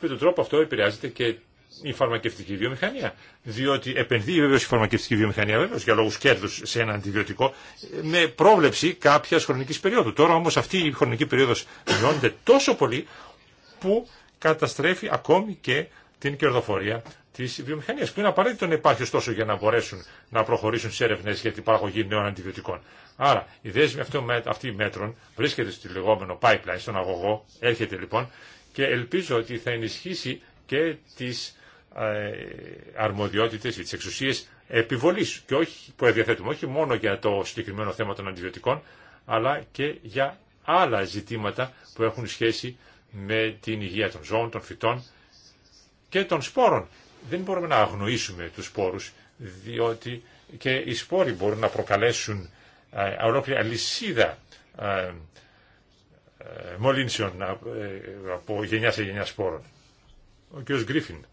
με τον τρόπο αυτό επηρεάζεται και η φαρμακευτική βιομηχανία. Διότι επενδύει βεβαίω η φαρμακευτική βιομηχανία βεβαίω για λόγου κέρδου σε ένα αντιβιωτικό με πρόβλεψη κάποια χρονική περίοδου. Τώρα όμω αυτή η χρονική περίοδο μειώνεται τόσο πολύ που καταστρέφει ακόμη και την κερδοφορία τη βιομηχανία. Που είναι απαραίτητο να υπάρχει ωστόσο για να μπορέσουν να προχωρήσουν σε έρευνε για την παραγωγή νέων αντιβιωτικών. Άρα η δέσμη αυτή μέτρων βρίσκεται στο λεγόμενο pipeline, στον αγωγό, έρχεται λοιπόν και ελπίζω ότι θα ενισχύσει και τις ε, αρμοδιότητες ή τις εξουσίες επιβολής και όχι, που διαθέτουμε όχι μόνο για το συγκεκριμένο θέμα των αντιβιωτικών αλλά και για άλλα ζητήματα που έχουν σχέση με την υγεία των ζώων, των φυτών και των σπόρων. Δεν μπορούμε να αγνοήσουμε τους σπόρους διότι και οι σπόροι μπορούν να προκαλέσουν ε, ολόκληρη αλυσίδα ε, μολύνσεων από γενιά σε γενιά σπόρων. Ο κ. Γκρίφιν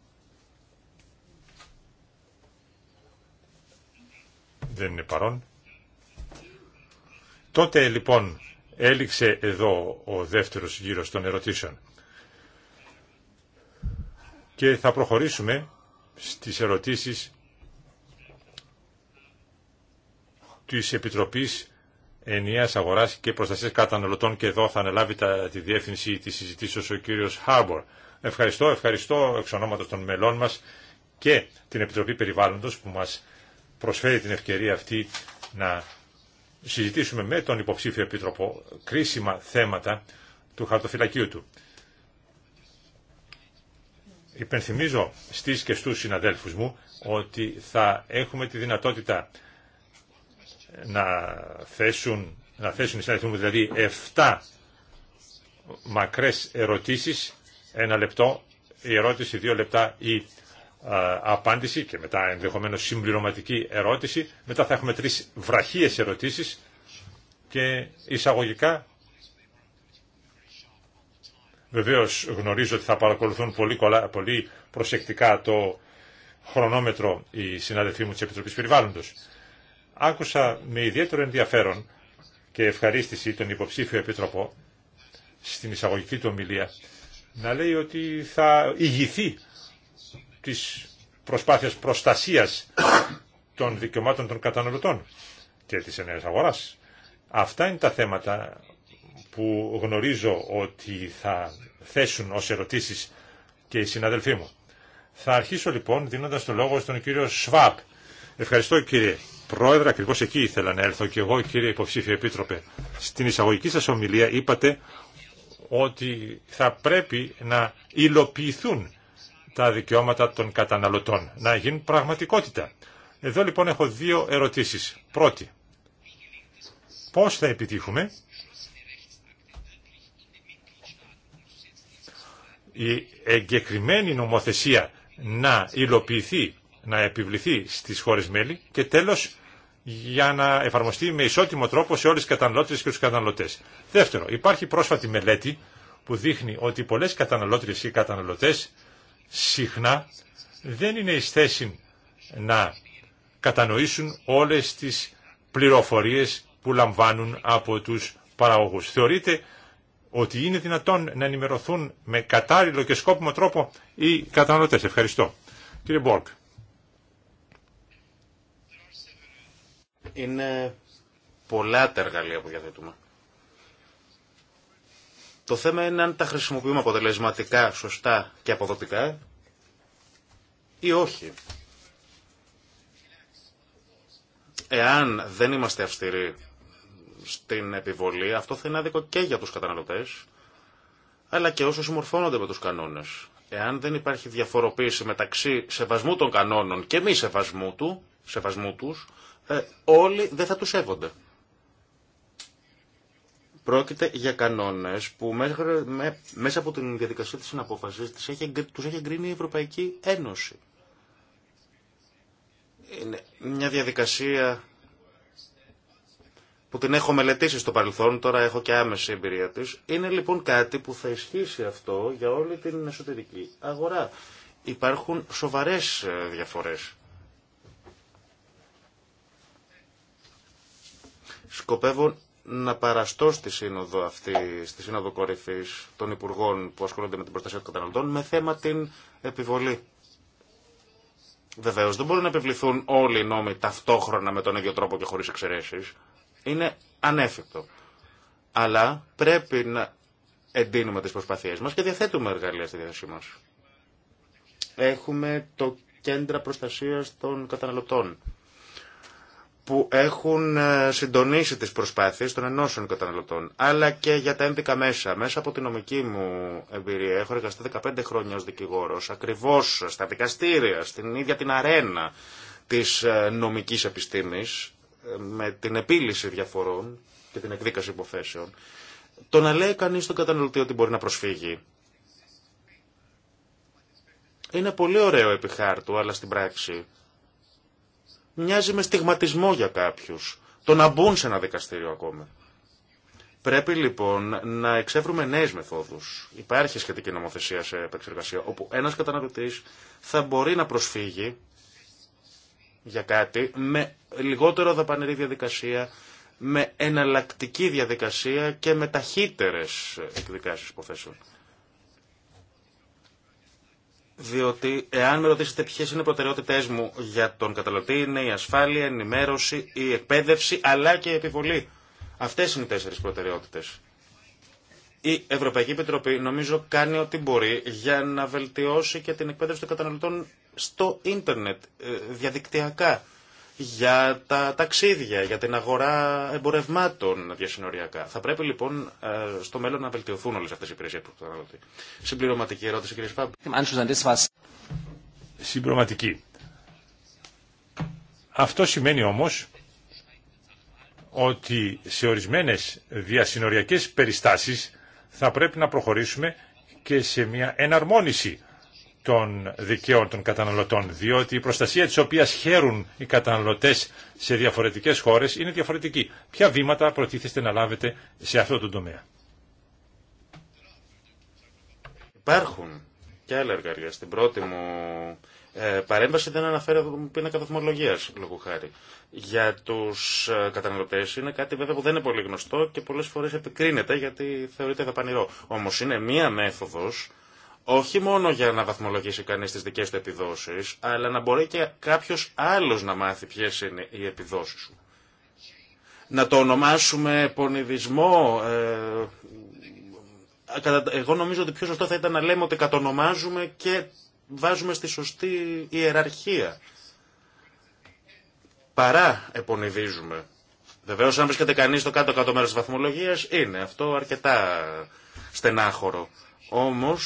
δεν είναι παρόν. Τότε λοιπόν έληξε εδώ ο δεύτερος γύρος των ερωτήσεων. Και θα προχωρήσουμε στις ερωτήσεις της Επιτροπής Ενιαίας Αγοράς και Προστασίας Καταναλωτών και εδώ θα αναλάβει τα, τη διεύθυνση της συζητήσεως ο κύριος Χάρμπορ. Ευχαριστώ, ευχαριστώ εξ ονόματος των μελών μας και την Επιτροπή Περιβάλλοντος που μας προσφέρει την ευκαιρία αυτή να συζητήσουμε με τον υποψήφιο επίτροπο κρίσιμα θέματα του χαρτοφυλακίου του. Υπενθυμίζω στις και στους συναδέλφους μου ότι θα έχουμε τη δυνατότητα να θέσουν, να θέσουν οι συναδέλφοι μου δηλαδή 7 μακρές ερωτήσεις, ένα λεπτό η ερώτηση, δύο λεπτά η ε, απάντηση και μετά ενδεχομένως συμπληρωματική ερώτηση. Μετά θα έχουμε τρεις βραχίες ερωτήσεις και εισαγωγικά βεβαίως γνωρίζω ότι θα παρακολουθούν πολύ, πολύ προσεκτικά το χρονόμετρο οι συναδελφοί μου της Επιτροπής Περιβάλλοντος. Άκουσα με ιδιαίτερο ενδιαφέρον και ευχαρίστηση τον υποψήφιο επίτροπο στην εισαγωγική του ομιλία να λέει ότι θα ηγηθεί της προσπάθειας προστασίας των δικαιωμάτων των καταναλωτών και της ενέργειας αγοράς. Αυτά είναι τα θέματα που γνωρίζω ότι θα θέσουν ως ερωτήσεις και οι συναδελφοί μου. Θα αρχίσω λοιπόν δίνοντας το λόγο στον κύριο Σβάπ. Ευχαριστώ κύριε Πρόεδρε, ακριβώ εκεί ήθελα να έλθω και εγώ κύριε Υποψήφιο Επίτροπε. Στην εισαγωγική σας ομιλία είπατε ότι θα πρέπει να υλοποιηθούν τα δικαιώματα των καταναλωτών, να γίνουν πραγματικότητα. Εδώ λοιπόν έχω δύο ερωτήσεις. Πρώτη, πώς θα επιτύχουμε η εγκεκριμένη νομοθεσία να υλοποιηθεί, να επιβληθεί στις χώρες μέλη και τέλος για να εφαρμοστεί με ισότιμο τρόπο σε όλες τις καταναλώτες και τους καταναλωτές. Δεύτερο, υπάρχει πρόσφατη μελέτη που δείχνει ότι πολλές καταναλώτρες και καταναλωτές συχνά δεν είναι εις θέση να κατανοήσουν όλες τις πληροφορίες που λαμβάνουν από τους παραγωγούς. Θεωρείται ότι είναι δυνατόν να ενημερωθούν με κατάλληλο και σκόπιμο τρόπο οι καταναλωτές. Ευχαριστώ. Κύριε Μπόρκ. Είναι πολλά τα εργαλεία που διαθέτουμε. Το θέμα είναι αν τα χρησιμοποιούμε αποτελεσματικά, σωστά και αποδοτικά ή όχι. Εάν δεν είμαστε αυστηροί στην επιβολή, αυτό θα είναι άδικο και για τους καταναλωτές, αλλά και όσους συμμορφώνονται με τους κανόνες. Εάν δεν υπάρχει διαφοροποίηση μεταξύ σεβασμού των κανόνων και μη σεβασμού, του, σεβασμού τους, ε, όλοι δεν θα τους σέβονται. Πρόκειται για κανόνε που μέσα από την διαδικασία τη συναπόφαση του έχει εγκρίνει η Ευρωπαϊκή Ένωση. Είναι μια διαδικασία που την έχω μελετήσει στο παρελθόν, τώρα έχω και άμεση εμπειρία της. Είναι λοιπόν κάτι που θα ισχύσει αυτό για όλη την εσωτερική αγορά. Υπάρχουν σοβαρές ε, διαφορές. Σκοπεύω να παραστώ στη σύνοδο αυτή, στη σύνοδο κορυφής των Υπουργών που ασχολούνται με την προστασία των καταναλωτών με θέμα την επιβολή. Βεβαίω, δεν μπορούν να επιβληθούν όλοι οι νόμοι ταυτόχρονα με τον ίδιο τρόπο και χωρί εξαιρέσει. Είναι ανέφικτο. Αλλά πρέπει να εντείνουμε τις προσπαθίες μας και διαθέτουμε εργαλεία στη διάθεσή μα. Έχουμε το κέντρο προστασία των καταναλωτών που έχουν ε, συντονίσει τις προσπάθειες των ενώσεων καταναλωτών, αλλά και για τα ένδικα μέσα. Μέσα από την νομική μου εμπειρία, έχω εργαστεί 15 χρόνια ως δικηγόρος, ακριβώς στα δικαστήρια, στην ίδια την αρένα της ε, νομικής επιστήμης, ε, με την επίλυση διαφορών και την εκδίκαση υποθέσεων. Το να λέει κανείς στον καταναλωτή ότι μπορεί να προσφύγει, είναι πολύ ωραίο επί χάρτου, αλλά στην πράξη μοιάζει με στιγματισμό για κάποιους. Το να μπουν σε ένα δικαστήριο ακόμα. Πρέπει λοιπόν να εξεύρουμε νέες μεθόδου. Υπάρχει σχετική νομοθεσία σε επεξεργασία, όπου ένα καταναλωτή θα μπορεί να προσφύγει για κάτι με λιγότερο δαπανηρή διαδικασία, με εναλλακτική διαδικασία και με ταχύτερε εκδικάσει υποθέσεων. Διότι εάν με ρωτήσετε ποιε είναι οι προτεραιότητέ μου για τον καταναλωτή, είναι η ασφάλεια, η ενημέρωση, η εκπαίδευση αλλά και η επιβολή. Αυτέ είναι οι τέσσερι προτεραιότητε. Η Ευρωπαϊκή Επιτροπή νομίζω κάνει ό,τι μπορεί για να βελτιώσει και την εκπαίδευση των καταναλωτών στο ίντερνετ, ε, διαδικτυακά για τα ταξίδια, για την αγορά εμπορευμάτων διασυνοριακά. Θα πρέπει λοιπόν ε, στο μέλλον να βελτιωθούν όλε αυτέ οι υπηρεσίε που θα αναλωθεί. Συμπληρωματική ερώτηση, κύριε Σφάμπ. Συμπληρωματική. Αυτό σημαίνει όμως ότι σε ορισμένες διασυνοριακές περιστάσεις θα πρέπει να προχωρήσουμε και σε μια εναρμόνιση των δικαίων των καταναλωτών, διότι η προστασία της οποίας χαίρουν οι καταναλωτές σε διαφορετικές χώρες είναι διαφορετική. Ποια βήματα προτίθεστε να λάβετε σε αυτό το τομέα. Υπάρχουν και άλλα εργαλεία. Στην πρώτη μου ε, παρέμβαση δεν αναφέρω πίνακα βαθμολογία, λόγου χάρη. Για του ε, καταναλωτέ είναι κάτι βέβαια που δεν είναι πολύ γνωστό και πολλέ φορέ επικρίνεται γιατί θεωρείται δαπανηρό. Όμω είναι μία μέθοδο όχι μόνο για να βαθμολογήσει κανείς τις δικές του επιδόσεις, αλλά να μπορεί και κάποιος άλλος να μάθει ποιες είναι οι επιδόσεις σου. Να το ονομάσουμε πονηδισμό. Ε, εγώ νομίζω ότι πιο σωστό θα ήταν να λέμε ότι κατονομάζουμε και βάζουμε στη σωστή ιεραρχία. Παρά επονηδίζουμε. Βεβαίω, αν βρίσκεται κανεί στο κάτω-κάτω μέρο τη βαθμολογία, είναι αυτό αρκετά στενάχωρο. Όμω,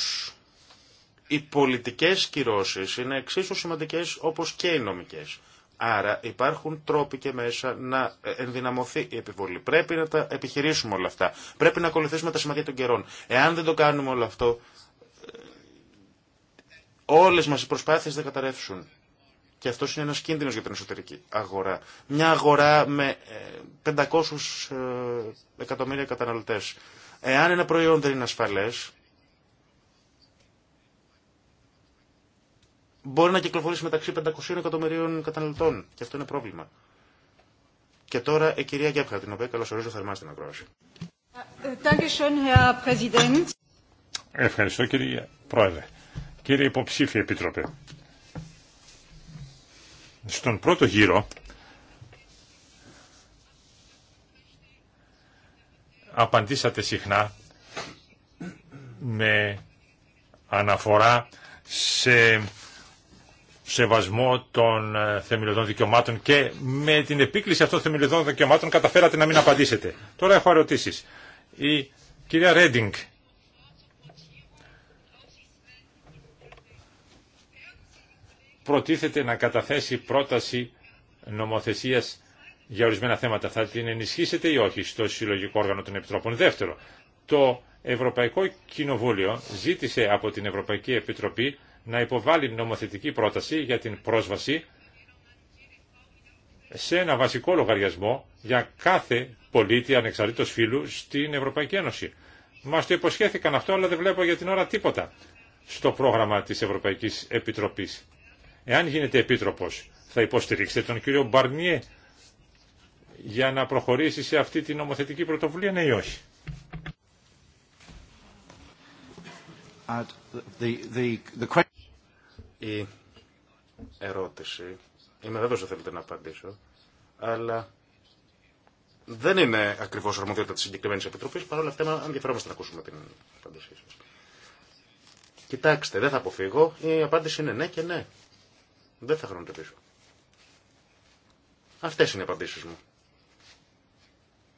οι πολιτικές κυρώσεις είναι εξίσου σημαντικές όπως και οι νομικές. Άρα υπάρχουν τρόποι και μέσα να ενδυναμωθεί η επιβολή. Πρέπει να τα επιχειρήσουμε όλα αυτά. Πρέπει να ακολουθήσουμε τα σημαντικά των καιρών. Εάν δεν το κάνουμε όλο αυτό, όλες μας οι προσπάθειες δεν καταρρεύσουν. Και αυτό είναι ένας κίνδυνος για την εσωτερική αγορά. Μια αγορά με 500 ε, ε, εκατομμύρια καταναλωτές. Εάν ένα προϊόν δεν είναι ασφαλές, μπορεί να κυκλοφορήσει μεταξύ 500 εκατομμυρίων καταναλωτών. Και αυτό είναι πρόβλημα. Και τώρα η κυρία Γκέπχα, την οποία καλωσορίζω θερμά στην ακρόαση. Ευχαριστώ κύριε Πρόεδρε. Κύριε Υποψήφιε Επίτροπε, στον πρώτο γύρο απαντήσατε συχνά με αναφορά σε σεβασμό των ε, θεμελιωδών δικαιωμάτων και με την επίκληση αυτών των θεμελιωδών δικαιωμάτων καταφέρατε να μην απαντήσετε. Τώρα έχω ερωτήσει. Η κυρία Ρέντινγκ προτίθεται να καταθέσει πρόταση νομοθεσίας για ορισμένα θέματα. Θα την ενισχύσετε ή όχι στο συλλογικό όργανο των Επιτρόπων. Δεύτερο, το Ευρωπαϊκό Κοινοβούλιο ζήτησε από την Ευρωπαϊκή Επιτροπή να υποβάλει νομοθετική πρόταση για την πρόσβαση σε ένα βασικό λογαριασμό για κάθε πολίτη ανεξαρτήτως φύλου στην Ευρωπαϊκή Ένωση. Μας το υποσχέθηκαν αυτό, αλλά δεν βλέπω για την ώρα τίποτα στο πρόγραμμα της Ευρωπαϊκής Επιτροπής. Εάν γίνεται επίτροπος, θα υποστηρίξετε τον κύριο Μπαρνιέ για να προχωρήσει σε αυτή την νομοθετική πρωτοβουλία, ναι ή όχι. The, the, the η ερώτηση. Είμαι βέβαιος ότι θέλετε να απαντήσω, αλλά δεν είναι ακριβώς αρμοδιότητα της συγκεκριμένης επιτροπής, παρόλα αυτά ενδιαφερόμαστε να ακούσουμε την απάντησή σας. Κοιτάξτε, δεν θα αποφύγω, η απάντηση είναι ναι και ναι. Δεν θα χρονοτεπίσω. Αυτές είναι οι απαντήσεις μου.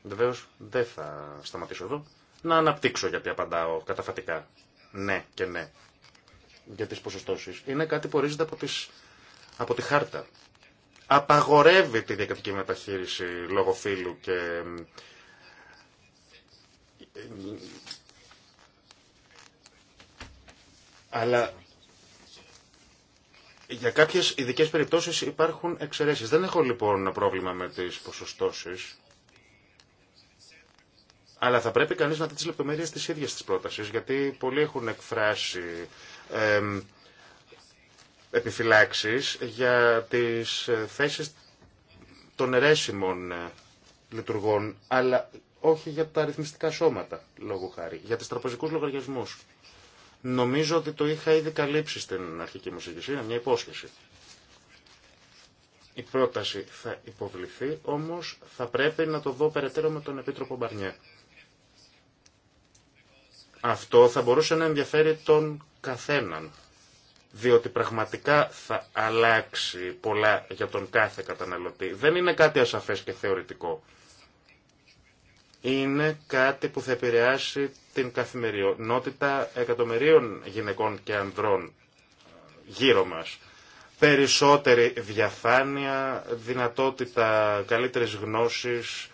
Βεβαίω δεν θα σταματήσω εδώ. Να αναπτύξω γιατί απαντάω καταφατικά. Ναι και ναι για τις ποσοστώσεις είναι κάτι που ορίζεται από, τις, από τη χάρτα. Απαγορεύει τη διακριτική μεταχείριση λόγω φύλου και ε, αλλά για κάποιες ειδικές περιπτώσεις υπάρχουν εξαιρέσεις. Δεν έχω λοιπόν πρόβλημα με τις ποσοστώσεις, αλλά θα πρέπει κανείς να δει τις λεπτομέρειες της ίδιας της πρότασης, γιατί πολλοί έχουν εκφράσει επιφυλάξεις για τις ε, θέσεις των ερέσιμων ε, λειτουργών, αλλά όχι για τα αριθμιστικά σώματα, λόγω χάρη, για τις τραπεζικούς λογαριασμούς. Νομίζω ότι το είχα ήδη καλύψει στην αρχική μου συζήτηση, μια υπόσχεση. Η πρόταση θα υποβληθεί, όμως θα πρέπει να το δω περαιτέρω με τον Επίτροπο Μπαρνιέ. Αυτό θα μπορούσε να ενδιαφέρει τον καθέναν. Διότι πραγματικά θα αλλάξει πολλά για τον κάθε καταναλωτή. Δεν είναι κάτι ασαφές και θεωρητικό. Είναι κάτι που θα επηρεάσει την καθημερινότητα εκατομμυρίων γυναικών και ανδρών ε, γύρω μας. Περισσότερη διαφάνεια, δυνατότητα καλύτερης γνώσης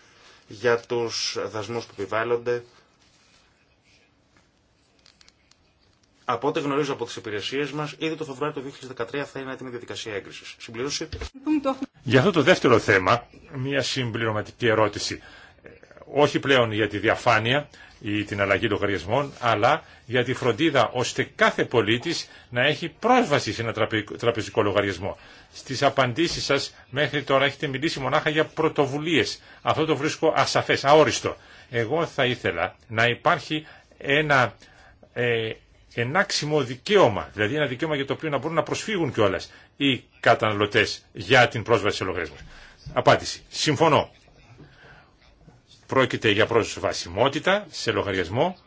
για τους δασμούς που επιβάλλονται Από ό,τι γνωρίζω από τι υπηρεσίε μα, ήδη το Φεβρουάριο του 2013 θα είναι έτοιμη διαδικασία έγκριση. Συμπληρώσει. Για αυτό το δεύτερο θέμα, μια συμπληρωματική ερώτηση. Ε, όχι πλέον για τη διαφάνεια ή την αλλαγή λογαριασμών, αλλά για τη φροντίδα ώστε κάθε πολίτη να έχει πρόσβαση σε ένα τραπεζικό λογαριασμό. Στι απαντήσει σα μέχρι τώρα έχετε μιλήσει μονάχα για πρωτοβουλίε. Αυτό το βρίσκω ασαφέ, αόριστο. Εγώ θα ήθελα να υπάρχει ένα. Ε, ενάξιμο δικαίωμα, δηλαδή ένα δικαίωμα για το οποίο να μπορούν να προσφύγουν κιόλα οι καταναλωτέ για την πρόσβαση σε λογαριασμού. Απάντηση. Συμφωνώ. Πρόκειται για προσβασιμότητα σε λογαριασμό,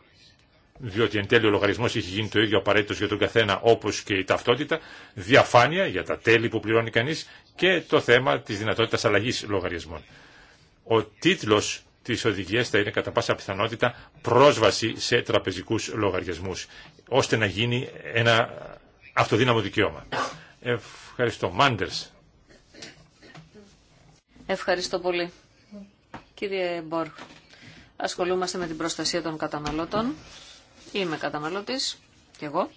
διότι εν τέλει ο λογαριασμό έχει γίνει το ίδιο απαραίτητο για τον καθένα όπω και η ταυτότητα, διαφάνεια για τα τέλη που πληρώνει κανεί και το θέμα τη δυνατότητα αλλαγή λογαριασμών. Ο τίτλο τι οδηγίε θα είναι κατά πάσα πιθανότητα πρόσβαση σε τραπεζικούς λογαριασμούς, ώστε να γίνει ένα αυτοδύναμο δικαίωμα. Ευχαριστώ. Μάντερς. Ευχαριστώ πολύ. Κύριε Μπόρχ, ασχολούμαστε με την προστασία των καταναλώτων. Είμαι καταναλώτης και εγώ.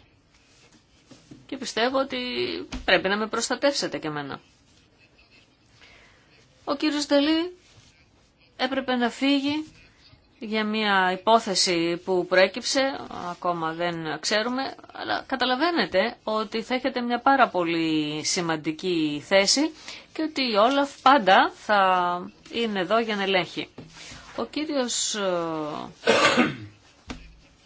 Και πιστεύω ότι πρέπει να με προστατεύσετε και εμένα. Ο κύριος Δελή έπρεπε να φύγει για μια υπόθεση που προέκυψε, ακόμα δεν ξέρουμε, αλλά καταλαβαίνετε ότι θα έχετε μια πάρα πολύ σημαντική θέση και ότι η Όλαφ πάντα θα είναι εδώ για να ελέγχει. Ο κύριος ε,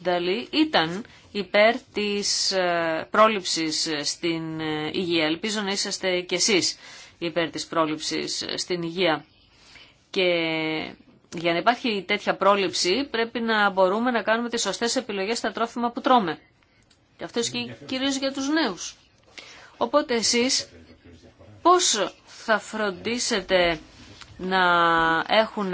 Νταλή ήταν υπέρ της ε, πρόληψης στην ε, υγεία. Ελπίζω να είσαστε κι εσείς υπέρ της πρόληψης στην υγεία. Και για να υπάρχει τέτοια πρόληψη πρέπει να μπορούμε να κάνουμε τις σωστές επιλογές στα τρόφιμα που τρώμε. Και αυτό ισχύει για τους νέους. Οπότε εσείς πώς θα φροντίσετε να έχουν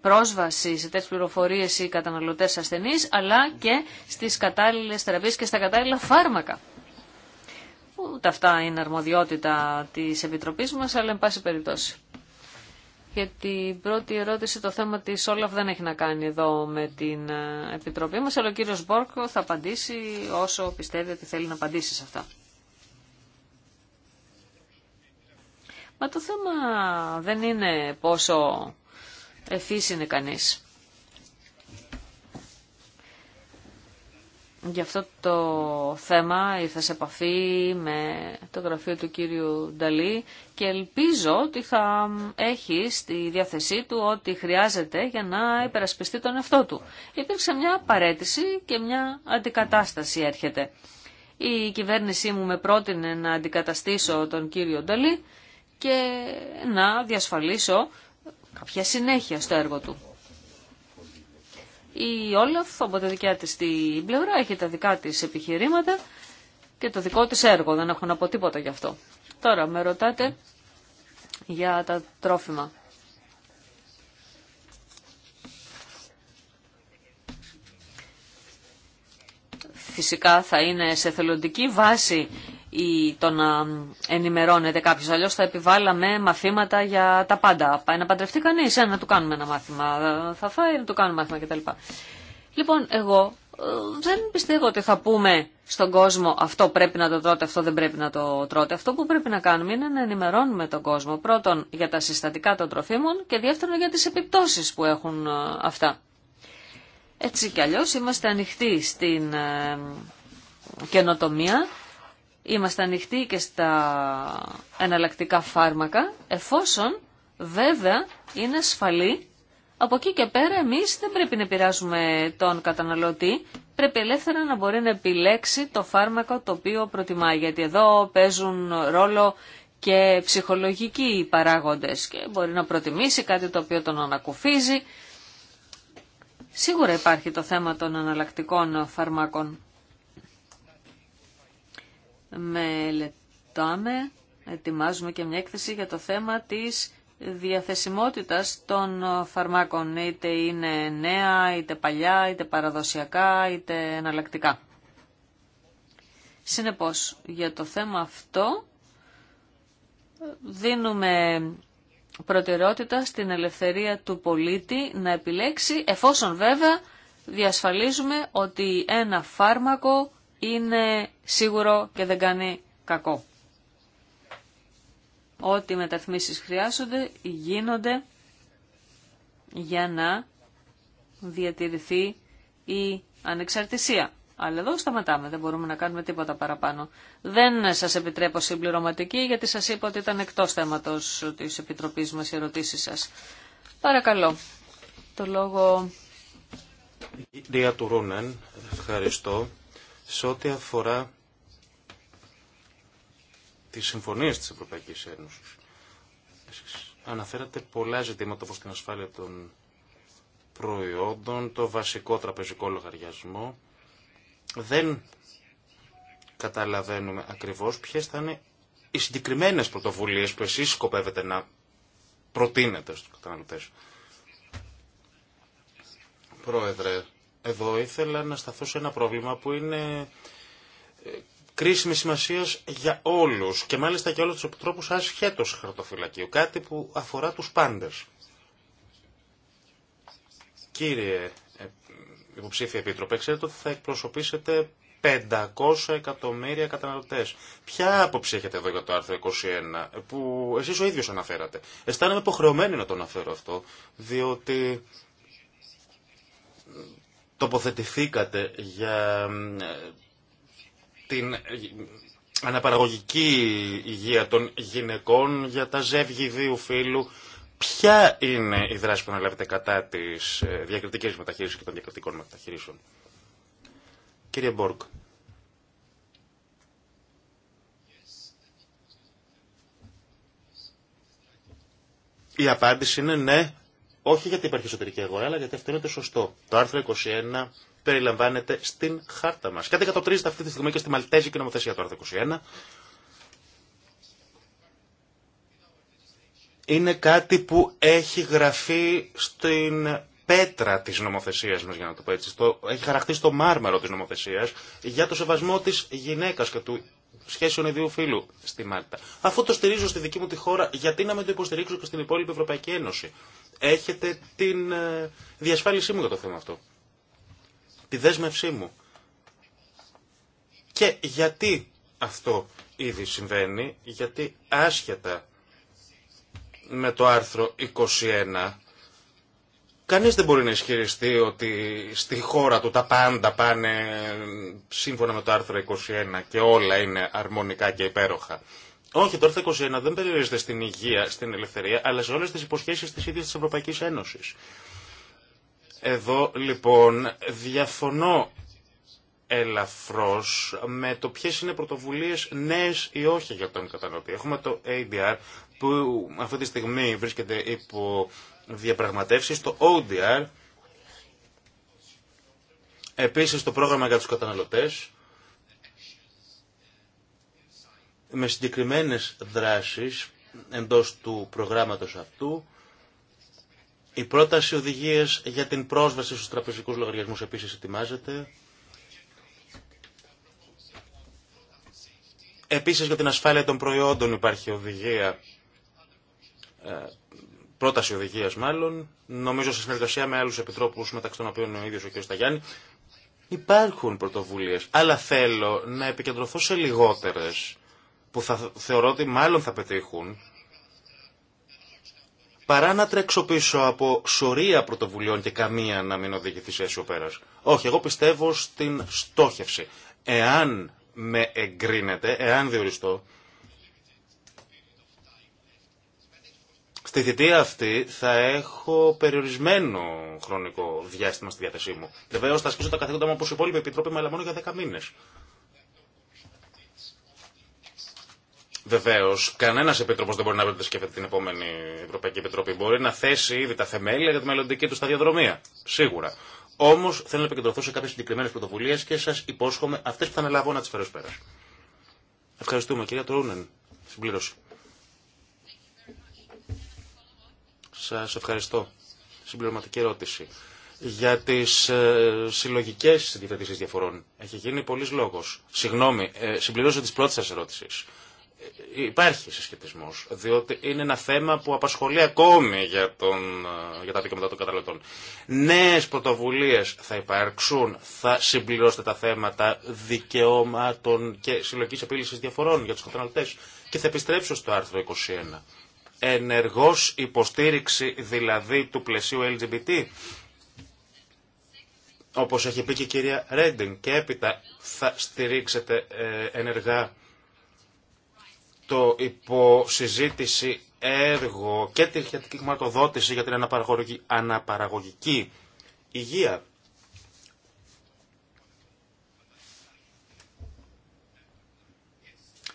πρόσβαση σε τέτοιες πληροφορίες οι καταναλωτές ασθενείς, αλλά και στις κατάλληλες θεραπείες και στα κατάλληλα φάρμακα. Ούτε αυτά είναι αρμοδιότητα της Επιτροπής μας, αλλά εν πάση περιπτώσει για την πρώτη ερώτηση το θέμα της Όλαφ δεν έχει να κάνει εδώ με την ε, Επιτροπή μας, αλλά ο κύριος Μπόρκο θα απαντήσει όσο πιστεύει ότι θέλει να απαντήσει σε αυτά. Μα το θέμα δεν είναι πόσο ευφύς είναι κανείς. Γι' αυτό το θέμα ήρθα σε επαφή με το γραφείο του κύριου Νταλή και ελπίζω ότι θα έχει στη διάθεσή του ό,τι χρειάζεται για να υπερασπιστεί τον εαυτό του. Υπήρξε μια παρέτηση και μια αντικατάσταση έρχεται. Η κυβέρνησή μου με πρότεινε να αντικαταστήσω τον κύριο Νταλή και να διασφαλίσω κάποια συνέχεια στο έργο του η Όλαφ από τη δικιά της την πλευρά έχει τα δικά της επιχειρήματα και το δικό της έργο. Δεν έχω να πω τίποτα γι' αυτό. Τώρα με ρωτάτε για τα τρόφιμα. Φυσικά θα είναι σε θελοντική βάση ή το να ενημερώνεται κάποιο. Αλλιώ θα επιβάλαμε μαθήματα για τα πάντα. Πάει να παντρευτεί κανεί, να του κάνουμε ένα μάθημα. Θα φάει να του κάνουμε μάθημα κτλ. Λοιπόν, εγώ ε, δεν πιστεύω ότι θα πούμε στον κόσμο αυτό πρέπει να το τρώτε, αυτό δεν πρέπει να το τρώτε. Αυτό που πρέπει να κάνουμε είναι να ενημερώνουμε τον κόσμο πρώτον για τα συστατικά των τροφίμων και δεύτερον για τις επιπτώσεις που έχουν ε, αυτά. Έτσι κι αλλιώς είμαστε ανοιχτοί στην ε, καινοτομία Είμαστε ανοιχτοί και στα εναλλακτικά φάρμακα, εφόσον βέβαια είναι ασφαλή. Από εκεί και πέρα εμείς δεν πρέπει να πειράζουμε τον καταναλωτή, πρέπει ελεύθερα να μπορεί να επιλέξει το φάρμακο το οποίο προτιμάει. γιατί εδώ παίζουν ρόλο και ψυχολογικοί παράγοντες και μπορεί να προτιμήσει κάτι το οποίο τον ανακουφίζει. Σίγουρα υπάρχει το θέμα των αναλλακτικών φαρμάκων μελετάμε, ετοιμάζουμε και μια έκθεση για το θέμα της διαθεσιμότητας των φαρμάκων, είτε είναι νέα, είτε παλιά, είτε παραδοσιακά, είτε εναλλακτικά. Συνεπώς, για το θέμα αυτό δίνουμε προτεραιότητα στην ελευθερία του πολίτη να επιλέξει, εφόσον βέβαια διασφαλίζουμε ότι ένα φάρμακο είναι σίγουρο και δεν κάνει κακό. Ό,τι μεταρρυθμίσεις χρειάζονται γίνονται για να διατηρηθεί η ανεξαρτησία. Αλλά εδώ σταματάμε, δεν μπορούμε να κάνουμε τίποτα παραπάνω. Δεν σας επιτρέπω συμπληρωματική γιατί σας είπα ότι ήταν εκτός θέματος της Επιτροπής μας οι ερωτήσεις σας. Παρακαλώ. Το λόγο... Δία του ευχαριστώ σε ό,τι αφορά τις συμφωνίες της Ευρωπαϊκής Ένωσης. Αναφέρατε πολλά ζητήματα όπως την ασφάλεια των προϊόντων, το βασικό τραπεζικό λογαριασμό. Δεν καταλαβαίνουμε ακριβώς ποιες θα είναι οι συγκεκριμένες πρωτοβουλίες που εσείς σκοπεύετε να προτείνετε στους καταναλωτές. Πρόεδρε, εδώ ήθελα να σταθώ σε ένα πρόβλημα που είναι ε, κρίσιμη σημασία για όλου και μάλιστα και όλου του επιτρόπου ασχέτω χαρτοφυλακίου. Κάτι που αφορά του πάντε. Κύριε ε, υποψήφια επίτροπε, ξέρετε ότι θα εκπροσωπήσετε 500 εκατομμύρια καταναλωτέ. Ποια άποψη έχετε εδώ για το άρθρο 21 ε, που εσεί ο ίδιο αναφέρατε. Αισθάνομαι υποχρεωμένη να το αναφέρω αυτό, διότι τοποθετηθήκατε για την αναπαραγωγική υγεία των γυναικών, για τα ζεύγη δύο φύλου. Ποια είναι η δράση που αναλάβετε κατά της ε, διακριτικής μεταχείρισης και των διακριτικών μεταχειρήσεων. Κύριε Μπόρκ. Η απάντηση είναι ναι, όχι γιατί υπάρχει εσωτερική αγορά, αλλά γιατί αυτό είναι το σωστό. Το άρθρο 21 περιλαμβάνεται στην χάρτα μα. Κάτι κατοπτρίζεται αυτή τη στιγμή και στη Μαλτέζικη νομοθεσία το άρθρο 21. Είναι κάτι που έχει γραφεί στην πέτρα της νομοθεσίας μας, για να το πω έτσι, Το έχει χαρακτήσει στο μάρμαρο της νομοθεσίας για το σεβασμό της γυναίκας και του σχέσεων ιδίου φίλου στη Μάλτα. Αφού το στηρίζω στη δική μου τη χώρα, γιατί να με το υποστηρίξω και στην υπόλοιπη Ευρωπαϊκή Ένωση έχετε την ε, διασφάλισή μου για το θέμα αυτό. Τη δέσμευσή μου. Και γιατί αυτό ήδη συμβαίνει, γιατί άσχετα με το άρθρο 21, κανείς δεν μπορεί να ισχυριστεί ότι στη χώρα του τα πάντα πάνε ε, σύμφωνα με το άρθρο 21 και όλα είναι αρμονικά και υπέροχα. Όχι, το άρθρο 21 δεν περιορίζεται στην υγεία, στην ελευθερία, αλλά σε όλε τι υποσχέσει τη ίδια τη Ευρωπαϊκή Ένωση. Εδώ λοιπόν διαφωνώ ελαφρώς με το ποιες είναι πρωτοβουλίες νέες ή όχι για τον καταναλωτή. Έχουμε το ADR που αυτή τη στιγμή βρίσκεται υπό διαπραγματεύσεις, το ODR, επίσης το πρόγραμμα για τους καταναλωτές, με συγκεκριμένες δράσεις εντός του προγράμματος αυτού. Η πρόταση οδηγίες για την πρόσβαση στους τραπεζικούς λογαριασμούς επίσης ετοιμάζεται. Επίσης για την ασφάλεια των προϊόντων υπάρχει οδηγία, ε, πρόταση οδηγίας μάλλον, νομίζω σε συνεργασία με άλλους επιτρόπους μεταξύ των οποίων ο ίδιος ο κ. Σταγιάννη. Υπάρχουν πρωτοβουλίες, αλλά θέλω να επικεντρωθώ σε λιγότερες που θα θεωρώ ότι μάλλον θα πετύχουν, παρά να τρέξω πίσω από σωρία πρωτοβουλειών και καμία να μην οδηγηθεί σε αίσιο Όχι, εγώ πιστεύω στην στόχευση. Εάν με εγκρίνεται, εάν διοριστώ, Στη θητεία αυτή θα έχω περιορισμένο χρονικό διάστημα στη διάθεσή μου. Βεβαίω θα ασκήσω τα καθήκοντα μου όπω οι υπόλοιποι επιτρόποι, αλλά μόνο για 10 μήνε. Βεβαίω, κανένα επίτροπο δεν μπορεί να σκέφτεται την επόμενη Ευρωπαϊκή Επιτροπή. Μπορεί να θέσει ήδη τα θεμέλια για τη μελλοντική του σταδιοδρομία. Σίγουρα. Όμω θέλω να επικεντρωθώ σε κάποιε συγκεκριμένε πρωτοβουλίε και σα υπόσχομαι αυτέ που θα αναλάβω να τι φέρω πέρα. Ευχαριστούμε, κυρία Τρούνεν. Συμπλήρωση. Σα ευχαριστώ. Συμπληρωματική ερώτηση. Για τι ε, συλλογικέ διαφορών έχει γίνει πολλή λόγο. Συγγνώμη, ε, συμπληρώσω πρώτη σα ερώτηση υπάρχει συσχετισμό, διότι είναι ένα θέμα που απασχολεί ακόμη για, τον, για τα δικαιώματα των καταναλωτών. Νέε πρωτοβουλίε θα υπάρξουν, θα συμπληρώσετε τα θέματα δικαιώματων και συλλογική επίλυση διαφορών για του καταναλωτέ. Και θα επιστρέψω στο άρθρο 21. Ενεργός υποστήριξη δηλαδή του πλαισίου LGBT όπως έχει πει και η κυρία Ρέντιν και έπειτα θα στηρίξετε ε, ενεργά το υποσυζήτηση έργο και τη σχετική χρηματοδότηση για την αναπαραγωγική, αναπαραγωγική υγεία.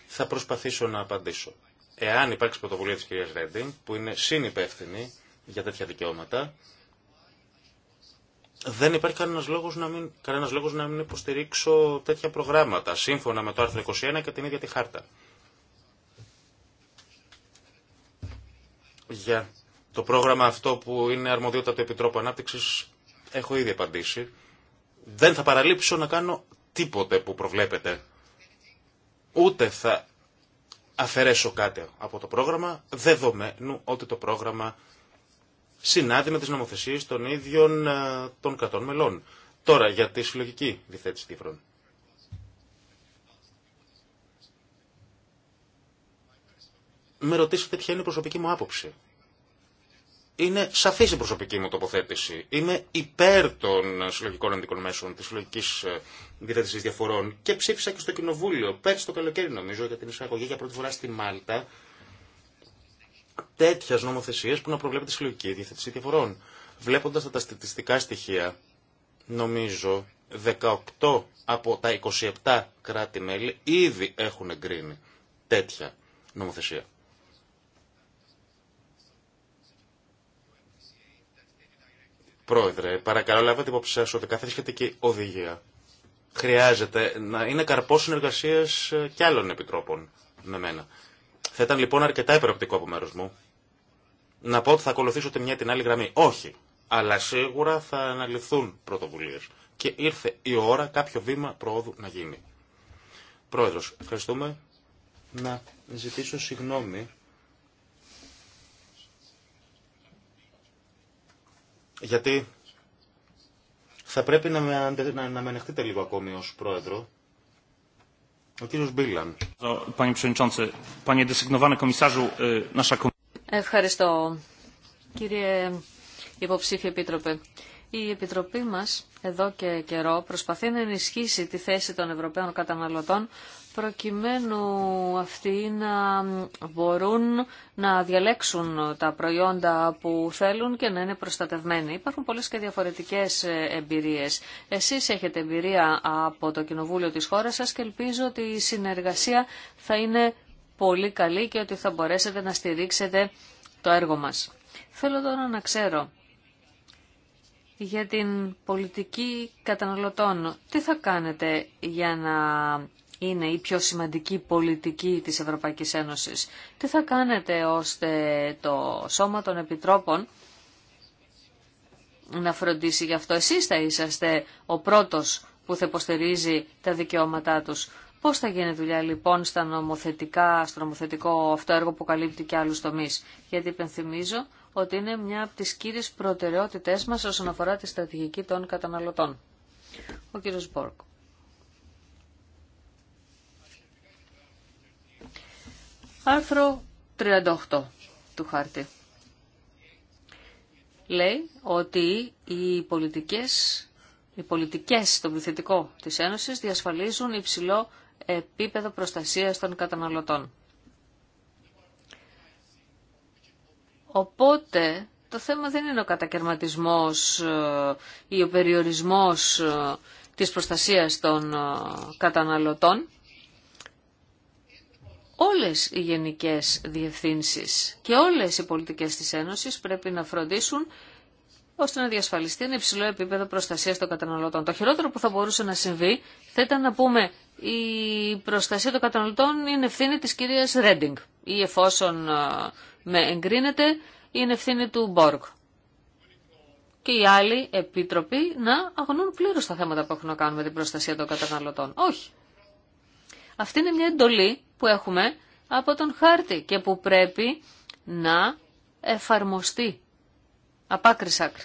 Θα προσπαθήσω να απαντήσω. Εάν υπάρξει πρωτοβουλία της κυρίας Ρέντινγκ, που είναι συνυπεύθυνη για τέτοια δικαιώματα, δεν υπάρχει κανένα λόγο να, μην, κανένας λόγος να μην υποστηρίξω τέτοια προγράμματα, σύμφωνα με το άρθρο 21 και την ίδια τη χάρτα. Για το πρόγραμμα αυτό που είναι αρμοδιότητα του Επιτρόπου Ανάπτυξης έχω ήδη απαντήσει. Δεν θα παραλείψω να κάνω τίποτε που προβλέπετε. Ούτε θα αφαιρέσω κάτι από το πρόγραμμα, δεδομένου ότι το πρόγραμμα συνάδει με τις νομοθεσίες των ίδιων ε, των κρατών μελών. Τώρα για τη συλλογική διθέτηση τύφρων. με ρωτήσετε ποια είναι η προσωπική μου άποψη. Είναι σαφή η προσωπική μου τοποθέτηση. Είμαι υπέρ των συλλογικών αντικών μέσων, τη συλλογική ε, διαθέτηση διαφορών και ψήφισα και στο Κοινοβούλιο πέρσι το καλοκαίρι, νομίζω, για την εισαγωγή για πρώτη φορά στη Μάλτα τέτοια νομοθεσία που να προβλέπει τη συλλογική διαθέτηση διαφορών. Βλέποντα τα στατιστικά στοιχεία, νομίζω 18 από τα 27 κράτη-μέλη ήδη έχουν εγκρίνει τέτοια νομοθεσία. Πρόεδρε, παρακαλώ λάβετε υπόψη σα ότι κάθε σχετική οδηγία χρειάζεται να είναι καρπό συνεργασία ε, κι άλλων επιτρόπων με μένα. Θα ήταν λοιπόν αρκετά υπεροπτικό από μέρου μου να πω ότι θα ακολουθήσω τη μια την άλλη γραμμή. Όχι. Αλλά σίγουρα θα αναλυθούν πρωτοβουλίε. Και ήρθε η ώρα κάποιο βήμα προόδου να γίνει. Πρόεδρο, ευχαριστούμε. Να ζητήσω συγγνώμη Γιατί θα πρέπει να με, να, να με ανεχτείτε λίγο ακόμη ως πρόεδρο. Ο κύριος Μπίλαν. E, Ευχαριστώ κύριε υποψήφιε επίτροπε. Η Επιτροπή μας εδώ και καιρό προσπαθεί να ενισχύσει τη θέση των Ευρωπαίων καταναλωτών προκειμένου αυτοί να μπορούν να διαλέξουν τα προϊόντα που θέλουν και να είναι προστατευμένοι. Υπάρχουν πολλές και διαφορετικές εμπειρίες. Εσείς έχετε εμπειρία από το Κοινοβούλιο της χώρας σας και ελπίζω ότι η συνεργασία θα είναι πολύ καλή και ότι θα μπορέσετε να στηρίξετε το έργο μας. Θέλω τώρα να ξέρω για την πολιτική καταναλωτών. Τι θα κάνετε για να είναι η πιο σημαντική πολιτική της Ευρωπαϊκής Ένωσης. Τι θα κάνετε ώστε το Σώμα των Επιτρόπων να φροντίσει γι' αυτό. Εσείς θα είσαστε ο πρώτος που θα υποστηρίζει τα δικαιώματά τους. Πώς θα γίνει δουλειά λοιπόν στα νομοθετικά, στο νομοθετικό αυτό έργο που καλύπτει και άλλους τομείς. Γιατί υπενθυμίζω ότι είναι μια από τις κύριες προτεραιότητές μας όσον αφορά τη στρατηγική των καταναλωτών. Ο κύριος Μπόρκ. Άρθρο 38 του χάρτη. Λέει ότι οι πολιτικές, οι πολιτικές στο πληθυντικό της Ένωσης διασφαλίζουν υψηλό επίπεδο προστασίας των καταναλωτών. Οπότε το θέμα δεν είναι ο κατακαιρματισμός ε, ή ο περιορισμός ε, της προστασίας των ε, καταναλωτών, όλες οι γενικές διευθύνσεις και όλες οι πολιτικές της Ένωσης πρέπει να φροντίσουν ώστε να διασφαλιστεί ένα υψηλό επίπεδο προστασία των καταναλωτών. Το χειρότερο που θα μπορούσε να συμβεί θα ήταν να πούμε η προστασία των καταναλωτών είναι ευθύνη της κυρίας Ρέντινγκ ή εφόσον με εγκρίνεται είναι ευθύνη του Μπόργκ. Και οι άλλοι επίτροποι να αγωνούν πλήρως τα θέματα που έχουν να κάνουν με την προστασία των καταναλωτών. Όχι, αυτή είναι μια εντολή που έχουμε από τον χάρτη και που πρέπει να εφαρμοστεί απάκρι άκρη.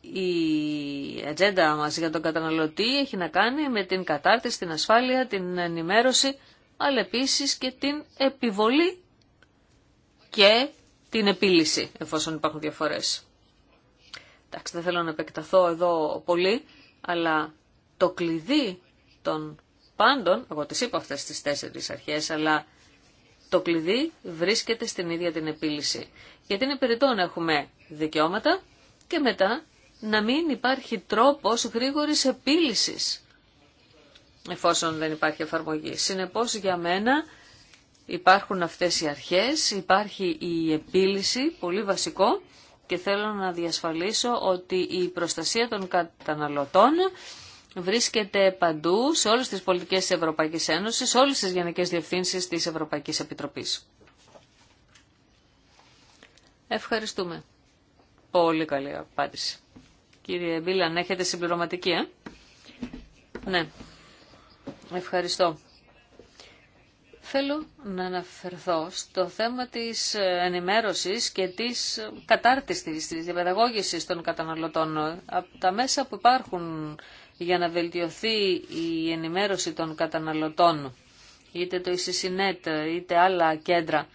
Η ατζέντα μας για τον καταναλωτή έχει να κάνει με την κατάρτιση, την ασφάλεια, την ενημέρωση, αλλά επίσης και την επιβολή και την επίλυση, εφόσον υπάρχουν διαφορές. Εντάξει, δεν θέλω να επεκταθώ εδώ πολύ, αλλά το κλειδί των Πάντων, εγώ τις είπα αυτές τις τέσσερις αρχές, αλλά το κλειδί βρίσκεται στην ίδια την επίλυση. Γιατί είναι περιττό να έχουμε δικαιώματα και μετά να μην υπάρχει τρόπος γρήγορης επίλυσης εφόσον δεν υπάρχει εφαρμογή. Συνεπώς για μένα υπάρχουν αυτές οι αρχές, υπάρχει η επίλυση, πολύ βασικό, και θέλω να διασφαλίσω ότι η προστασία των καταναλωτών βρίσκεται παντού σε όλες τις πολιτικές της Ευρωπαϊκής Ένωσης, σε όλες τις γενικές διευθύνσεις της Ευρωπαϊκής Επιτροπής. Ευχαριστούμε. Πολύ καλή απάντηση. Κύριε Μπίλαν, έχετε συμπληρωματική, ε? Ναι. Ευχαριστώ. Θέλω να αναφερθώ στο θέμα της ενημέρωσης και της κατάρτισης, της διαπαιδαγώγησης των καταναλωτών. Από τα μέσα που υπάρχουν για να βελτιωθεί η ενημέρωση των καταναλωτών, είτε το ECCNet, είτε άλλα κέντρα,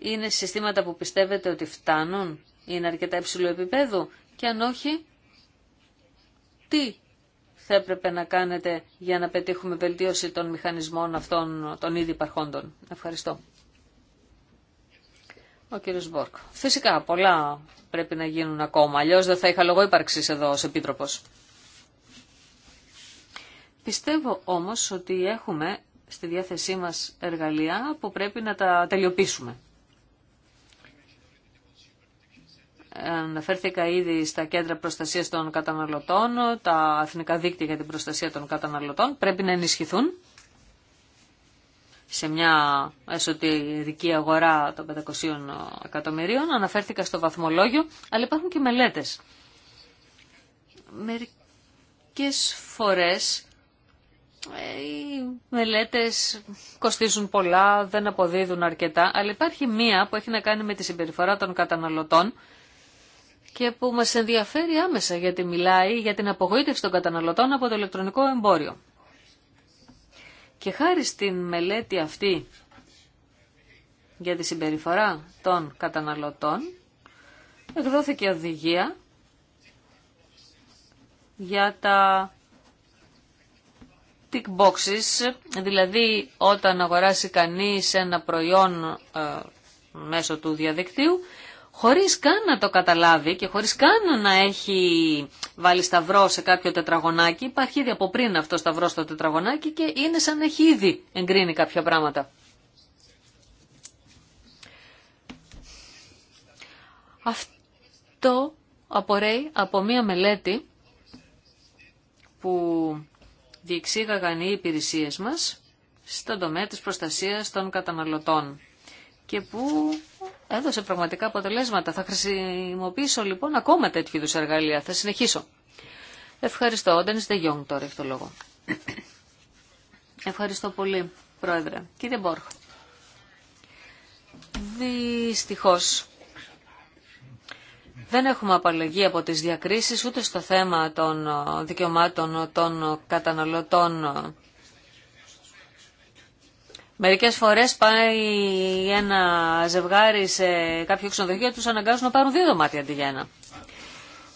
είναι συστήματα που πιστεύετε ότι φτάνουν, είναι αρκετά υψηλού επίπεδου και αν όχι, τι θα έπρεπε να κάνετε για να πετύχουμε βελτίωση των μηχανισμών αυτών των ήδη υπαρχόντων. Ευχαριστώ. Ο κύριος Μπόρκ. Φυσικά πολλά πρέπει να γίνουν ακόμα, αλλιώς δεν θα είχα λόγο εδώ ως Επίτροπος. Πιστεύω όμως ότι έχουμε στη διάθεσή μας εργαλεία που πρέπει να τα τελειοποιήσουμε. Αναφέρθηκα ήδη στα κέντρα προστασίας των καταναλωτών, τα εθνικά δίκτυα για την προστασία των καταναλωτών πρέπει να ενισχυθούν σε μια εσωτερική αγορά των 500 εκατομμυρίων. Αναφέρθηκα στο βαθμολόγιο, αλλά υπάρχουν και μελέτες. Μερικές φορές ε, οι μελέτες κοστίζουν πολλά, δεν αποδίδουν αρκετά, αλλά υπάρχει μία που έχει να κάνει με τη συμπεριφορά των καταναλωτών και που μας ενδιαφέρει άμεσα γιατί μιλάει για την απογοήτευση των καταναλωτών από το ηλεκτρονικό εμπόριο. Και χάρη στην μελέτη αυτή για τη συμπεριφορά των καταναλωτών εκδόθηκε οδηγία για τα tick boxes, δηλαδή όταν αγοράσει κανείς ένα προϊόν ε, μέσω του διαδικτύου, χωρίς καν να το καταλάβει και χωρίς καν να έχει βάλει σταυρό σε κάποιο τετραγωνάκι, υπάρχει ήδη από πριν αυτό σταυρό στο τετραγωνάκι και είναι σαν να έχει ήδη εγκρίνει κάποια πράγματα. Αυτό απορρέει από μία μελέτη που διεξήγαγαν οι υπηρεσίες μας στον τομέα της προστασίας των καταναλωτών και που έδωσε πραγματικά αποτελέσματα. Θα χρησιμοποιήσω λοιπόν ακόμα τέτοιου είδους εργαλεία. Θα συνεχίσω. Ευχαριστώ. Δεν είστε τώρα, έχει το λόγο. Ευχαριστώ πολύ, Πρόεδρε. Κύριε Μπόρχ. Δυστυχώς, δεν έχουμε απαλλαγή από τις διακρίσεις ούτε στο θέμα των ε, δικαιωμάτων των καταναλωτών. Μερικές φορές πάει ένα ζευγάρι σε κάποιο ξενοδοχείο, τους αναγκάζουν να πάρουν δύο δωμάτια αντί για ένα.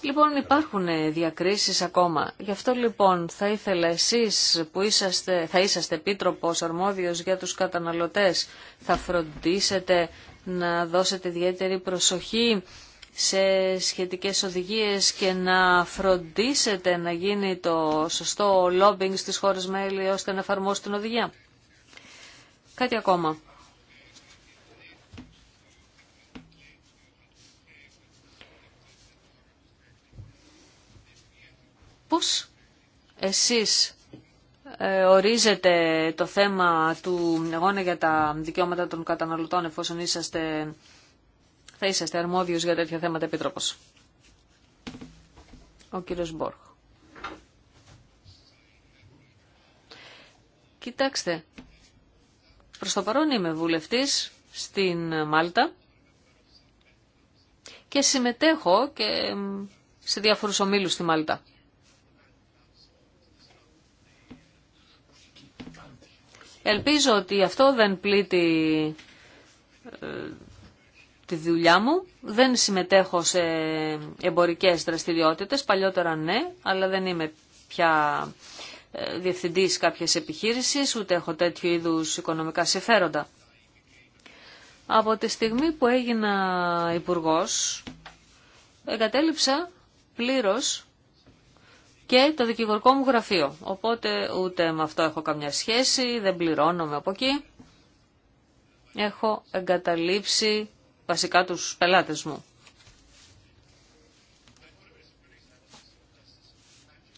Λοιπόν, υπάρχουν διακρίσεις ακόμα. Γι' αυτό λοιπόν θα ήθελα εσείς που είσαστε, θα είσαστε επίτροπος αρμόδιος για τους καταναλωτές, θα φροντίσετε να δώσετε ιδιαίτερη προσοχή σε σχετικές οδηγίες και να φροντίσετε να γίνει το σωστό lobbying στις χώρες μέλη ώστε να εφαρμόσετε την οδηγία. Κάτι ακόμα. Πώς εσείς ε, ορίζετε το θέμα του αγώνα για τα δικαιώματα των καταναλωτών εφόσον είσαστε θα είσαστε αρμόδιος για τέτοια θέματα επίτροπος. Ο κύριος Μπόρχ. Κοιτάξτε, προς το παρόν είμαι βουλευτής στην Μάλτα και συμμετέχω και σε διάφορους ομίλους στη Μάλτα. Ελπίζω ότι αυτό δεν πλήττει ε, τη δουλειά μου. Δεν συμμετέχω σε εμπορικές δραστηριότητες. Παλιότερα ναι, αλλά δεν είμαι πια ε, διευθυντής κάποιες επιχείρησης, ούτε έχω τέτοιου είδους οικονομικά συμφέροντα. Από τη στιγμή που έγινα υπουργός, εγκατέλειψα πλήρως και το δικηγορικό μου γραφείο. Οπότε ούτε με αυτό έχω καμιά σχέση, δεν πληρώνομαι από εκεί. Έχω εγκαταλείψει βασικά τους πελάτες μου.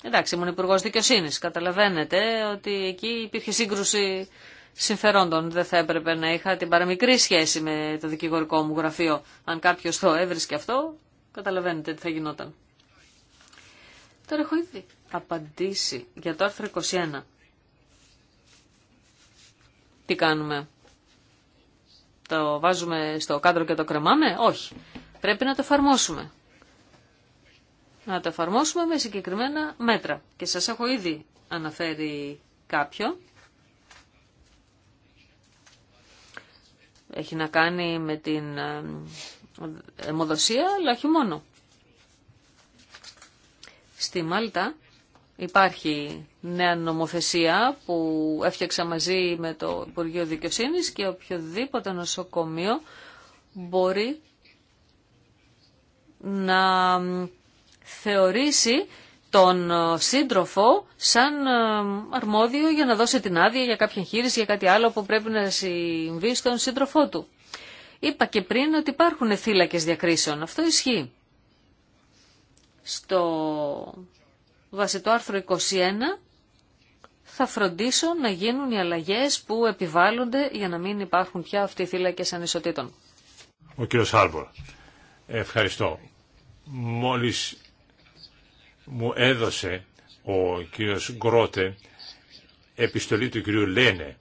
Εντάξει, ήμουν υπουργό δικαιοσύνη. Καταλαβαίνετε ότι εκεί υπήρχε σύγκρουση συμφερόντων. Δεν θα έπρεπε να είχα την παραμικρή σχέση με το δικηγορικό μου γραφείο. Αν κάποιο το έβρισκε αυτό, καταλαβαίνετε τι θα γινόταν. Τώρα έχω ήδη απαντήσει για το άρθρο 21. Τι κάνουμε. Το βάζουμε στο κάδρο και το κρεμάμε. Όχι. Πρέπει να το εφαρμόσουμε. Να το εφαρμόσουμε με συγκεκριμένα μέτρα. Και σας έχω ήδη αναφέρει κάποιο. Έχει να κάνει με την ε, αιμοδοσία, αλλά όχι μόνο. Στη Μάλτα υπάρχει νέα νομοθεσία που έφτιαξα μαζί με το Υπουργείο Δικαιοσύνης και οποιοδήποτε νοσοκομείο μπορεί να θεωρήσει τον ε, σύντροφο σαν ε, αρμόδιο για να δώσει την άδεια για κάποια εγχείρηση, για κάτι άλλο που πρέπει να συμβεί στον σύντροφό του. Είπα και πριν ότι υπάρχουν θύλακες διακρίσεων. Αυτό ισχύει. Στο βασιτό άρθρο 21 θα φροντίσω να γίνουν οι αλλαγές που επιβάλλονται για να μην υπάρχουν πια αυτοί οι θύλακες ανισοτήτων. Ο κύριος ευχαριστώ. Μόλις μου έδωσε ο κύριος Γκρότε επιστολή του κυρίου Λένε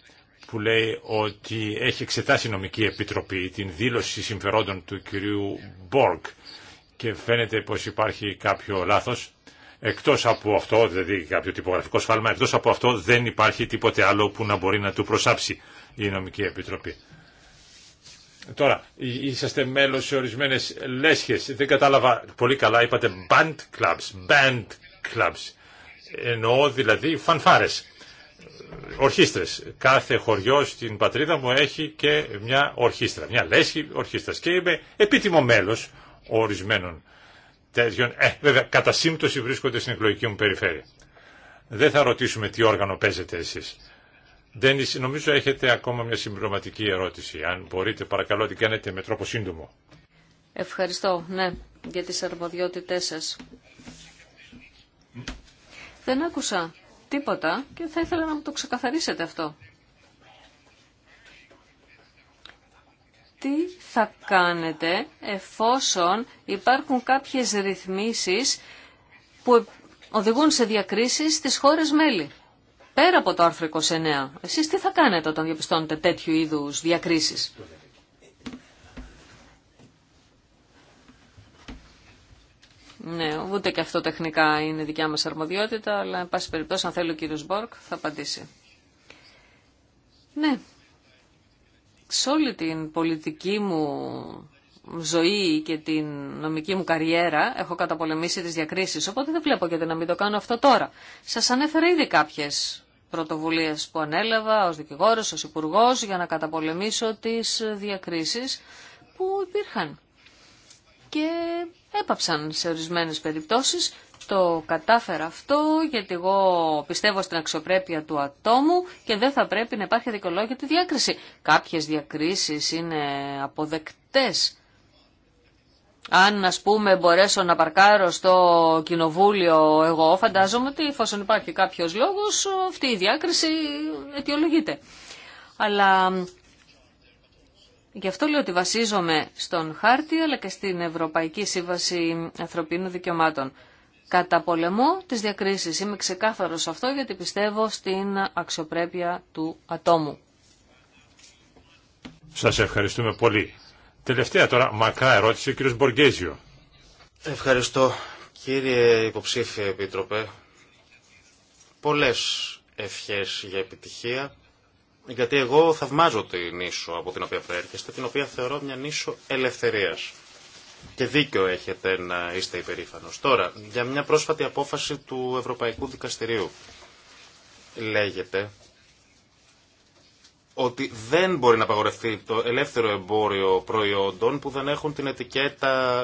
που λέει ότι έχει εξετάσει η νομική επιτροπή την δήλωση συμφερόντων του κυρίου Μπόρκ και φαίνεται πως υπάρχει κάποιο λάθος Εκτός από αυτό, δηλαδή κάποιο τυπογραφικό σφάλμα, εκτός από αυτό δεν υπάρχει τίποτε άλλο που να μπορεί να του προσάψει η Νομική Επιτροπή. Τώρα, είσαστε μέλος σε ορισμένες λέσχες. Δεν κατάλαβα πολύ καλά, είπατε band clubs, band clubs. Εννοώ δηλαδή φανφάρες, ορχήστρες. Κάθε χωριό στην πατρίδα μου έχει και μια ορχήστρα, μια λέσχη ορχήστρας. Και είμαι επίτιμο μέλος ορισμένων τέτοιων, ε, βέβαια, κατά σύμπτωση βρίσκονται στην εκλογική μου περιφέρεια. Δεν θα ρωτήσουμε τι όργανο παίζετε εσείς. Ντένις, νομίζω έχετε ακόμα μια συμπληρωματική ερώτηση. Αν μπορείτε, παρακαλώ, την κάνετε με τρόπο σύντομο. Ευχαριστώ, ναι, για τις αρμοδιότητές σας. Δεν άκουσα τίποτα και θα ήθελα να μου το ξεκαθαρίσετε αυτό. τι θα κάνετε εφόσον υπάρχουν κάποιες ρυθμίσεις που οδηγούν σε διακρίσεις στις χώρες μέλη. Πέρα από το άρθρο 29, εσείς τι θα κάνετε όταν διαπιστώνετε τέτοιου είδους διακρίσεις. Ναι, ούτε και αυτό τεχνικά είναι δικιά μας αρμοδιότητα, αλλά εν πάση περιπτώσει αν θέλει ο κύριος Μπόρκ θα απαντήσει. Ναι, σε όλη την πολιτική μου ζωή και την νομική μου καριέρα έχω καταπολεμήσει τις διακρίσεις, οπότε δεν βλέπω γιατί να μην το κάνω αυτό τώρα. Σας ανέφερα ήδη κάποιες πρωτοβουλίες που ανέλαβα ως δικηγόρος, ως υπουργό για να καταπολεμήσω τις διακρίσεις που υπήρχαν και έπαψαν σε ορισμένες περιπτώσεις το κατάφερα αυτό γιατί εγώ πιστεύω στην αξιοπρέπεια του ατόμου και δεν θα πρέπει να υπάρχει τη διάκριση. Κάποιες διακρίσεις είναι αποδεκτές. Αν, ας πούμε, μπορέσω να παρκάρω στο κοινοβούλιο εγώ, φαντάζομαι ότι εφόσον υπάρχει κάποιος λόγος, αυτή η διάκριση αιτιολογείται. Αλλά γι' αυτό λέω ότι βασίζομαι στον χάρτη, αλλά και στην Ευρωπαϊκή Σύμβαση Ανθρωπίνων Δικαιωμάτων καταπολεμώ τις διακρίσεις. Είμαι ξεκάθαρος αυτό γιατί πιστεύω στην αξιοπρέπεια του ατόμου. Σας ευχαριστούμε πολύ. Τελευταία τώρα μακρά ερώτηση ο κύριος Μποργέζιο. Ευχαριστώ κύριε υποψήφιε επίτροπε. Πολλές ευχές για επιτυχία. Γιατί εγώ θαυμάζω την νήσο από την οποία προέρχεστε, την οποία θεωρώ μια νήσο ελευθερίας. Και δίκιο έχετε να είστε υπερήφανος. Τώρα, για μια πρόσφατη απόφαση του Ευρωπαϊκού Δικαστηρίου λέγεται ότι δεν μπορεί να απαγορευτεί το ελεύθερο εμπόριο προϊόντων που δεν έχουν την ετικέτα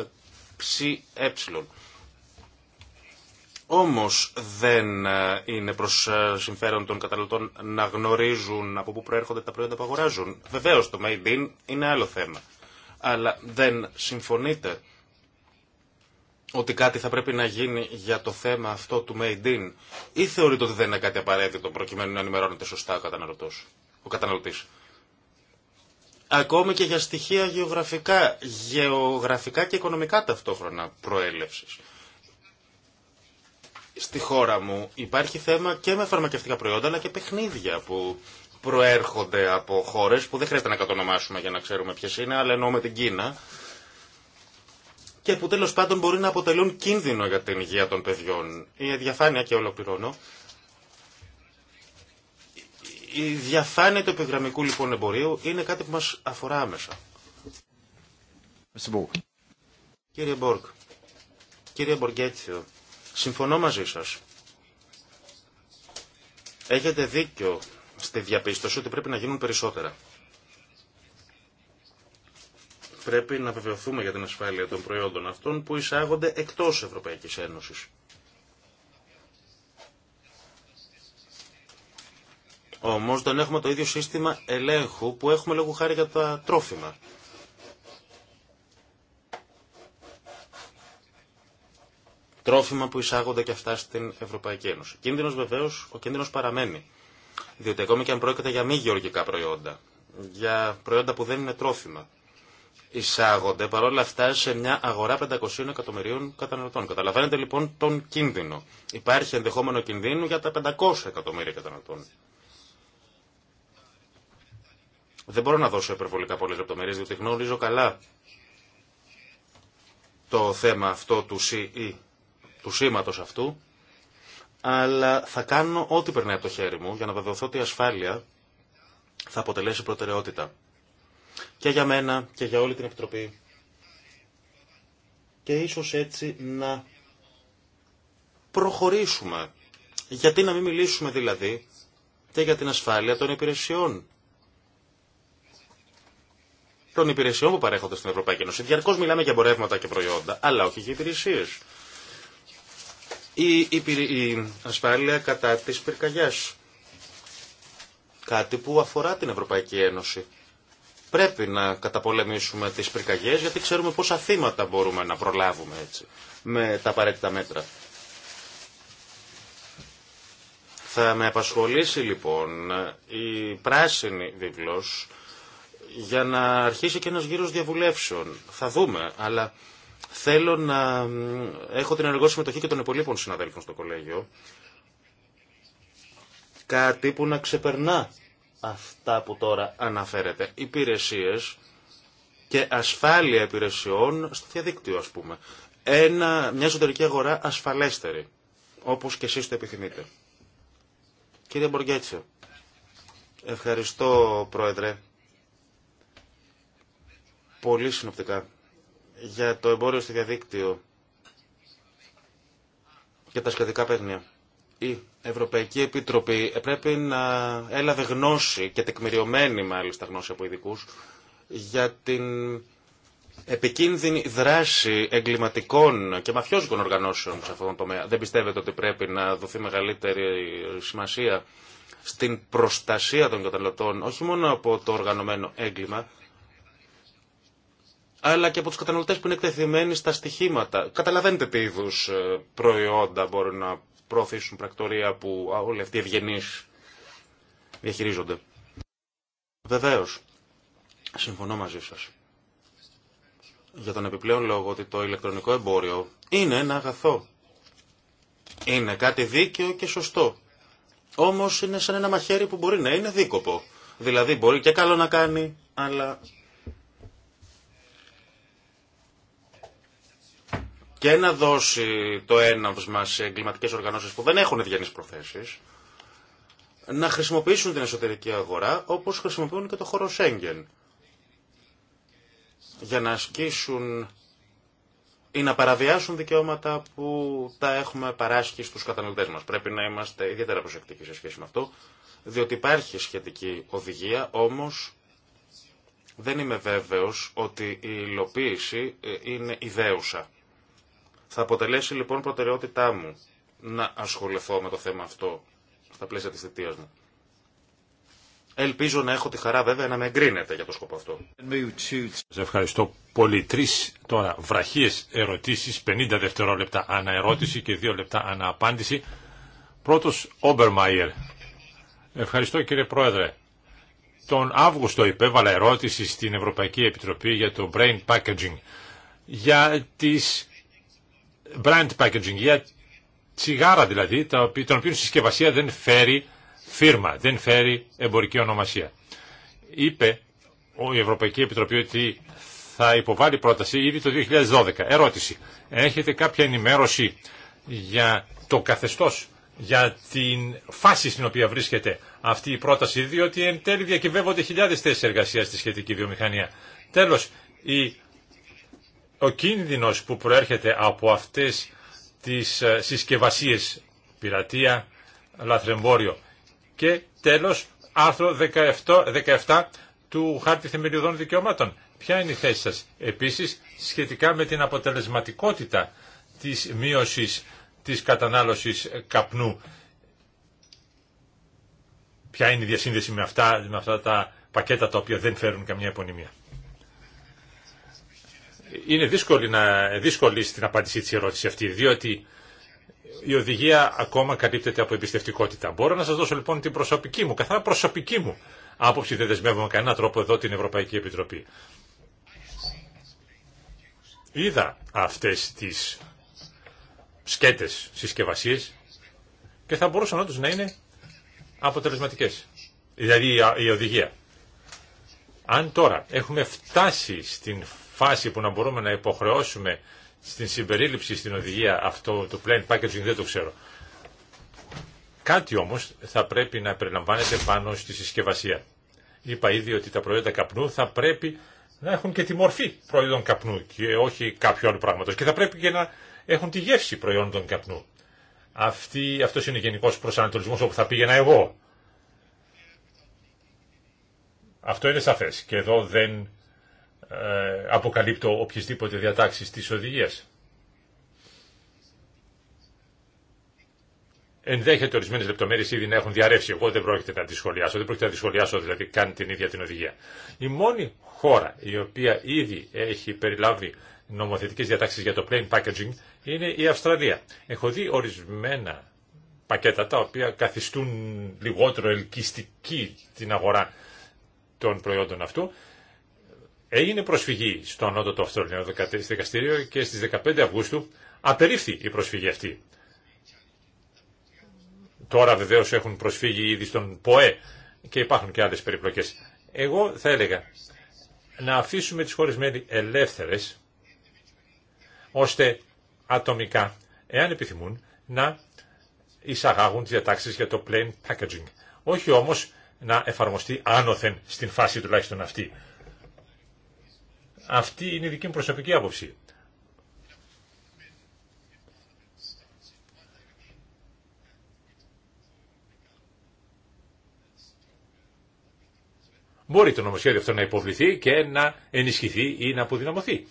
ΨΕ. Όμως δεν ε, είναι προς ε, συμφέρον των καταναλωτών να γνωρίζουν από πού προέρχονται τα προϊόντα που αγοράζουν. Βεβαίως το Made in είναι άλλο θέμα αλλά δεν συμφωνείτε ότι κάτι θα πρέπει να γίνει για το θέμα αυτό του made in ή θεωρείτε ότι δεν είναι κάτι απαραίτητο προκειμένου να ενημερώνεται σωστά ο καταναλωτής. Ο καταναλωτής. Ακόμη και για στοιχεία γεωγραφικά, γεωγραφικά και οικονομικά ταυτόχρονα προέλευσης. Στη χώρα μου υπάρχει θέμα και με φαρμακευτικά προϊόντα αλλά και παιχνίδια που προέρχονται από χώρες που δεν χρειάζεται να κατονομάσουμε για να ξέρουμε ποιες είναι, αλλά εννοούμε την Κίνα και που τέλος πάντων μπορεί να αποτελούν κίνδυνο για την υγεία των παιδιών. Η διαφάνεια και ολοκληρώνω. Η διαφάνεια του επιγραμμικού λοιπόν εμπορίου είναι κάτι που μας αφορά άμεσα. Κύριε Μπορκ, κύριε Μποργέτσιο, συμφωνώ μαζί σας. Έχετε δίκιο στη διαπίστωση ότι πρέπει να γίνουν περισσότερα. Πρέπει να βεβαιωθούμε για την ασφάλεια των προϊόντων αυτών που εισάγονται εκτός Ευρωπαϊκής Ένωσης. Όμως δεν έχουμε το ίδιο σύστημα ελέγχου που έχουμε λόγω χάρη για τα τρόφιμα. Τρόφιμα που εισάγονται και αυτά στην Ευρωπαϊκή Ένωση. Κίνδυνος βεβαίως, ο κίνδυνος παραμένει. Διότι ακόμη και αν πρόκειται για μη γεωργικά προϊόντα, για προϊόντα που δεν είναι τρόφιμα, εισάγονται παρόλα αυτά σε μια αγορά 500 εκατομμυρίων καταναλωτών. Καταλαβαίνετε λοιπόν τον κίνδυνο. Υπάρχει ενδεχόμενο κίνδυνο για τα 500 εκατομμύρια καταναλωτών. Δεν μπορώ να δώσω υπερβολικά πολλέ λεπτομέρειε, διότι γνωρίζω καλά το θέμα αυτό του, e, του σήματο αυτού αλλά θα κάνω ό,τι περνάει από το χέρι μου για να βεβαιωθώ ότι η ασφάλεια θα αποτελέσει προτεραιότητα. Και για μένα και για όλη την Επιτροπή. Και ίσως έτσι να προχωρήσουμε. Γιατί να μην μιλήσουμε δηλαδή και για την ασφάλεια των υπηρεσιών. Των υπηρεσιών που παρέχονται στην Ευρωπαϊκή Ένωση. Διαρκώ μιλάμε για εμπορεύματα και προϊόντα, αλλά όχι για υπηρεσίε ή η ασφάλεια κατά της πυρκαγιάς. Κάτι που αφορά την Ευρωπαϊκή Ένωση. Πρέπει να καταπολεμήσουμε τις πυρκαγιές γιατί ξέρουμε πόσα θύματα μπορούμε να προλάβουμε έτσι με τα απαραίτητα μέτρα. Θα με απασχολήσει λοιπόν η πράσινη δίπλος για να αρχίσει και ένας γύρος διαβουλεύσεων. Θα δούμε, αλλά Θέλω να έχω την ενεργό συμμετοχή και των υπολείπων συναδέλφων στο κολέγιο. Κάτι που να ξεπερνά αυτά που τώρα αναφέρεται. Υπηρεσίες και ασφάλεια υπηρεσιών στο διαδίκτυο ας πούμε. Ένα, μια εσωτερική αγορά ασφαλέστερη, όπως και εσείς το επιθυμείτε. Κύριε Μποργέτσιο, ευχαριστώ Πρόεδρε. Πολύ συνοπτικά για το εμπόριο στο διαδίκτυο και τα σχετικά παίγνια. Η Ευρωπαϊκή Επιτροπή πρέπει να έλαβε γνώση και τεκμηριωμένη μάλιστα γνώση από ειδικού για την επικίνδυνη δράση εγκληματικών και μαφιόζικων οργανώσεων σε αυτόν τον τομέα. Δεν πιστεύετε ότι πρέπει να δοθεί μεγαλύτερη σημασία στην προστασία των καταναλωτών όχι μόνο από το οργανωμένο έγκλημα αλλά και από τους καταναλωτές που είναι εκτεθειμένοι στα στοιχήματα. Καταλαβαίνετε τι είδου ε, προϊόντα μπορούν να προωθήσουν πρακτορία που όλοι αυτοί οι ευγενείς διαχειρίζονται. Βεβαίως, συμφωνώ μαζί σας. Για τον επιπλέον λόγο ότι το ηλεκτρονικό εμπόριο είναι ένα αγαθό. Είναι κάτι δίκαιο και σωστό. Όμως είναι σαν ένα μαχαίρι που μπορεί να είναι δίκοπο. Δηλαδή μπορεί και καλό να κάνει, αλλά και να δώσει το έναυσμα σε εγκληματικές οργανώσεις που δεν έχουν ευγενείς προθέσεις, να χρησιμοποιήσουν την εσωτερική αγορά όπως χρησιμοποιούν και το χώρο Σέγγεν για να ασκήσουν ή να παραβιάσουν δικαιώματα που τα έχουμε παράσχει στους καταναλωτές μας. Πρέπει να είμαστε ιδιαίτερα προσεκτικοί σε σχέση με αυτό, διότι υπάρχει σχετική οδηγία, όμως δεν είμαι βέβαιος ότι η υλοποίηση ε, είναι ιδέουσα. Θα αποτελέσει λοιπόν προτεραιότητά μου να ασχοληθώ με το θέμα αυτό στα πλαίσια της θητείας μου. Ελπίζω να έχω τη χαρά βέβαια να με εγκρίνετε για το σκοπό αυτό. Σε ευχαριστώ πολύ. Τρεις τώρα βραχίες ερωτήσεις, 50 δευτερόλεπτα αναερώτηση και 2 λεπτά ανααπάντηση. Πρώτος, Όμπερμαϊερ. Ευχαριστώ κύριε Πρόεδρε. Τον Αύγουστο υπέβαλα ερώτηση στην Ευρωπαϊκή Επιτροπή για το Brain Packaging για τις brand packaging, για τσιγάρα δηλαδή, οποίο η συσκευασία δεν φέρει φίρμα, δεν φέρει εμπορική ονομασία. Είπε η Ευρωπαϊκή Επιτροπή ότι θα υποβάλει πρόταση ήδη το 2012. Ερώτηση. Έχετε κάποια ενημέρωση για το καθεστώς, για την φάση στην οποία βρίσκεται αυτή η πρόταση, διότι εν τέλει διακυβεύονται χιλιάδες θέσεις εργασίας στη σχετική βιομηχανία. Τέλος, η ο κίνδυνος που προέρχεται από αυτές τις ε, συσκευασίες πειρατεία, λαθρεμπόριο και τέλος άρθρο 17, 17 του Χάρτη Θεμελιωδών Δικαιωμάτων. Ποια είναι η θέση σας επίσης σχετικά με την αποτελεσματικότητα της μείωσης της κατανάλωσης καπνού. Ποια είναι η διασύνδεση με αυτά, με αυτά τα πακέτα τα οποία δεν φέρουν καμιά επωνυμία είναι δύσκολη, να, δύσκολη στην απάντησή της ερώτηση αυτή, διότι η οδηγία ακόμα καλύπτεται από εμπιστευτικότητα. Μπορώ να σας δώσω λοιπόν την προσωπική μου, καθαρά προσωπική μου άποψη, δεν δεσμεύω με κανένα τρόπο εδώ την Ευρωπαϊκή Επιτροπή. Είδα αυτές τις σκέτες συσκευασίες και θα μπορούσαν όντως να είναι αποτελεσματικές. Δηλαδή η οδηγία. Αν τώρα έχουμε φτάσει στην φάση που να μπορούμε να υποχρεώσουμε στην συμπερίληψη στην οδηγία αυτό του plain packaging δεν το ξέρω. Κάτι όμως θα πρέπει να περιλαμβάνεται πάνω στη συσκευασία. Είπα ήδη ότι τα προϊόντα καπνού θα πρέπει να έχουν και τη μορφή προϊόντων καπνού και όχι κάποιο άλλο πράγματος. Και θα πρέπει και να έχουν τη γεύση προϊόντων καπνού. Αυτή, είναι ο γενικός προσανατολισμός όπου θα πήγαινα εγώ. Αυτό είναι σαφές και εδώ δεν ε, αποκαλύπτω οποιασδήποτε διατάξεις της οδηγίας. Ενδέχεται ορισμένε λεπτομέρειε ήδη να έχουν διαρρεύσει. Εγώ δεν πρόκειται να τη σχολιάσω, δεν πρόκειται να τη σχολιάσω δηλαδή καν την ίδια την οδηγία. Η μόνη χώρα η οποία ήδη έχει περιλάβει νομοθετικέ διατάξει για το plain packaging είναι η Αυστραλία. Έχω δει ορισμένα πακέτα τα οποία καθιστούν λιγότερο ελκυστική την αγορά των προϊόντων αυτού Έγινε προσφυγή στο ανώτατο αυτολληνικό δικαστήριο και στις 15 Αυγούστου απερίφθη η προσφυγή αυτή. Τώρα βεβαίως έχουν προσφύγει ήδη στον ΠΟΕ και υπάρχουν και άλλες περιπλοκές. Εγώ θα έλεγα να αφήσουμε τις χώρες μέλη ελεύθερες ώστε ατομικά, εάν επιθυμούν, να εισαγάγουν τις διατάξεις για το plain packaging. Όχι όμως να εφαρμοστεί άνωθεν στην φάση τουλάχιστον αυτή. Αυτή είναι η δική μου προσωπική άποψη. Μπορεί το νομοσχέδιο αυτό να υποβληθεί και να ενισχυθεί ή να αποδυναμωθεί.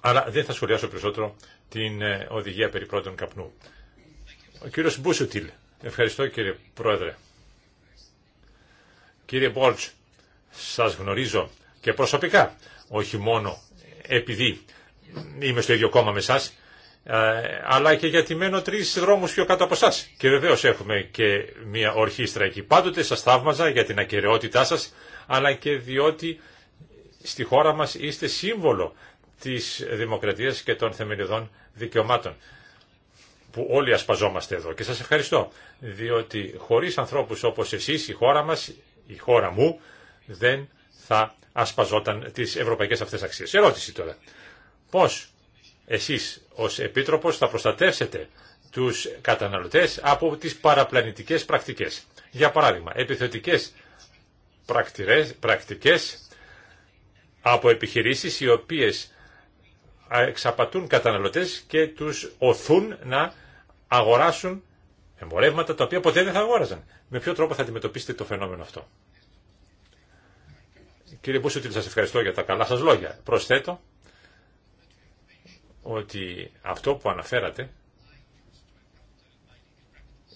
Αλλά δεν θα σχολιάσω περισσότερο την ε, οδηγία περί πρώτων καπνού. Ο κύριος Μπούσουτιλ. Ευχαριστώ κύριε Πρόεδρε. Κύριε Μπόλτς, σας γνωρίζω και προσωπικά. Όχι μόνο επειδή είμαι στο ίδιο κόμμα με εσά, ε, αλλά και γιατί μένω τρει δρόμου πιο κάτω από εσά. Και βεβαίω έχουμε και μια ορχήστρα εκεί. Πάντοτε σα θαύμαζα για την ακαιρεότητά σα, αλλά και διότι στη χώρα μα είστε σύμβολο τη δημοκρατία και των θεμελιωδών δικαιωμάτων που όλοι ασπαζόμαστε εδώ. Και σας ευχαριστώ, διότι χωρίς ανθρώπους όπως εσείς η χώρα μας, η χώρα μου, δεν θα ασπαζόταν τις ευρωπαϊκές αυτές αξίες. Ερώτηση τώρα. Πώς εσείς ως Επίτροπος θα προστατεύσετε τους καταναλωτές από τις παραπλανητικές πρακτικές. Για παράδειγμα, επιθετικέ πρακτικές από επιχειρήσεις οι οποίες εξαπατούν καταναλωτές και τους οθούν να αγοράσουν εμπορεύματα τα οποία ποτέ δεν θα αγόραζαν. Με ποιο τρόπο θα αντιμετωπίσετε το φαινόμενο αυτό. Κύριε Μπούσουτιλ, σας ευχαριστώ για τα καλά σας λόγια. Προσθέτω ότι αυτό που αναφέρατε,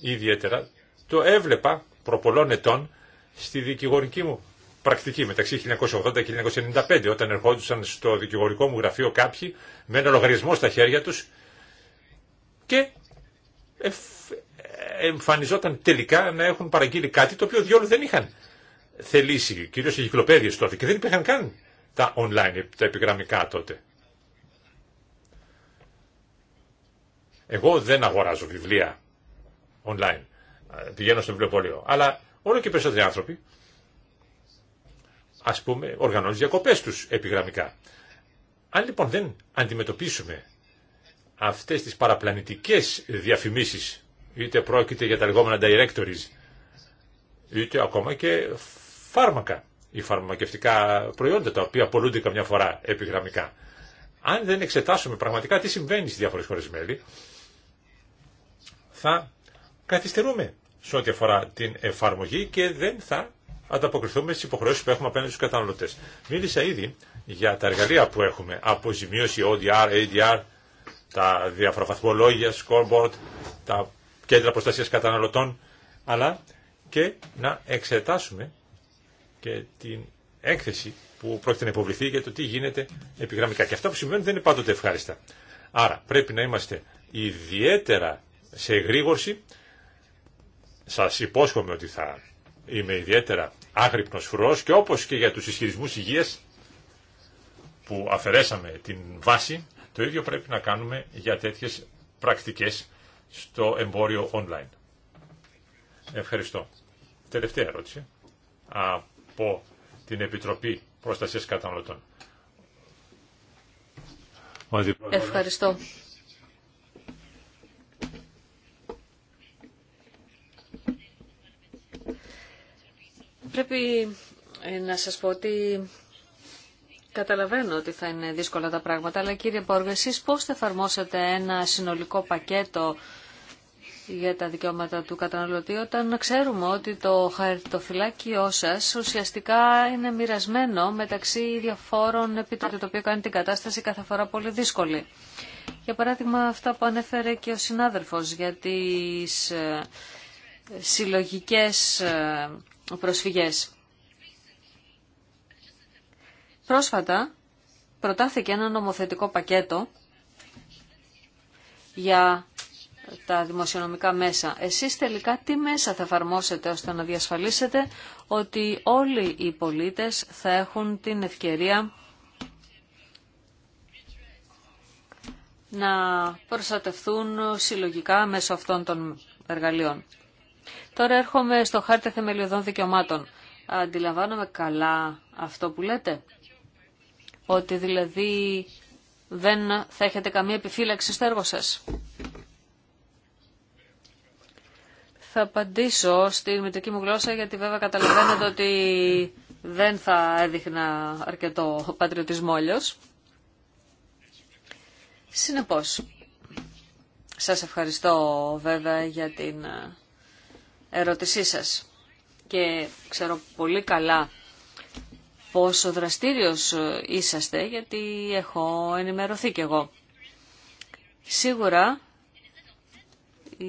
ιδιαίτερα, το έβλεπα προπολών ετών στη δικηγορική μου πρακτική μεταξύ 1980 και 1995, όταν ερχόντουσαν στο δικηγορικό μου γραφείο κάποιοι με ένα λογαριασμό στα χέρια τους και εμφανιζόταν τελικά να έχουν παραγγείλει κάτι το οποίο διόλου δεν είχαν θελήσει, κυρίως οι κυκλοπαίδειες τότε και δεν υπήρχαν καν τα online, τα επιγραμμικά τότε. Εγώ δεν αγοράζω βιβλία online, πηγαίνω στο βιβλιοπωλείο, αλλά όλο και περισσότεροι άνθρωποι ας πούμε οργανώνουν διακοπές τους επιγραμμικά. Αν λοιπόν δεν αντιμετωπίσουμε αυτές τις παραπλανητικές διαφημίσεις, είτε πρόκειται για τα λεγόμενα directories, είτε ακόμα και φάρμακα ή φαρμακευτικά προϊόντα τα οποία πολλούνται καμιά φορά επιγραμμικά. Αν δεν εξετάσουμε πραγματικά τι συμβαίνει στι διάφορε χώρε μέλη, θα καθυστερούμε σε ό,τι αφορά την εφαρμογή και δεν θα ανταποκριθούμε στι υποχρεώσει που έχουμε απέναντι στου καταναλωτέ. Μίλησα ήδη για τα εργαλεία που έχουμε, αποζημίωση ODR, ADR, τα διάφορα βαθμολόγια, scoreboard, τα κέντρα προστασία καταναλωτών, αλλά και να εξετάσουμε και την έκθεση που πρόκειται να υποβληθεί για το τι γίνεται επιγραμμικά. Και αυτά που συμβαίνουν δεν είναι πάντοτε ευχάριστα. Άρα πρέπει να είμαστε ιδιαίτερα σε εγρήγορση. Σας υπόσχομαι ότι θα είμαι ιδιαίτερα άγρυπνος φρουρός και όπως και για τους ισχυρισμούς υγείας που αφαιρέσαμε την βάση, το ίδιο πρέπει να κάνουμε για τέτοιες πρακτικές στο εμπόριο online. Ευχαριστώ. Τελευταία ερώτηση από την Επιτροπή Προστασίας Καταναλωτών. Ευχαριστώ. Πρέπει ε, να σας πω ότι καταλαβαίνω ότι θα είναι δύσκολα τα πράγματα, αλλά κύριε Πόργο, εσείς πώς θα εφαρμόσετε ένα συνολικό πακέτο για τα δικαιώματα του καταναλωτή όταν ξέρουμε ότι το χαρτοφυλάκιό σας ουσιαστικά είναι μοιρασμένο μεταξύ διαφόρων επιτρόπων το οποίο κάνει την κατάσταση κάθε φορά πολύ δύσκολη. Για παράδειγμα αυτά που ανέφερε και ο συνάδελφος για τις ε, συλλογικές ε, προσφυγές. Πρόσφατα προτάθηκε ένα νομοθετικό πακέτο για τα δημοσιονομικά μέσα. Εσείς τελικά τι μέσα θα εφαρμόσετε ώστε να διασφαλίσετε ότι όλοι οι πολίτες θα έχουν την ευκαιρία να προστατευτούν συλλογικά μέσω αυτών των εργαλείων. Τώρα έρχομαι στο χάρτη θεμελιωδών δικαιωμάτων. Αντιλαμβάνομαι καλά αυτό που λέτε. Ότι δηλαδή δεν θα έχετε καμία επιφύλαξη στο έργο σας. Θα απαντήσω στη μητρική μου γλώσσα γιατί βέβαια καταλαβαίνετε ότι δεν θα έδειχνα αρκετό πατριωτισμό αλλιώς. Συνεπώς, σας ευχαριστώ βέβαια για την ερώτησή σας και ξέρω πολύ καλά πόσο δραστήριος είσαστε γιατί έχω ενημερωθεί κι εγώ. Σίγουρα η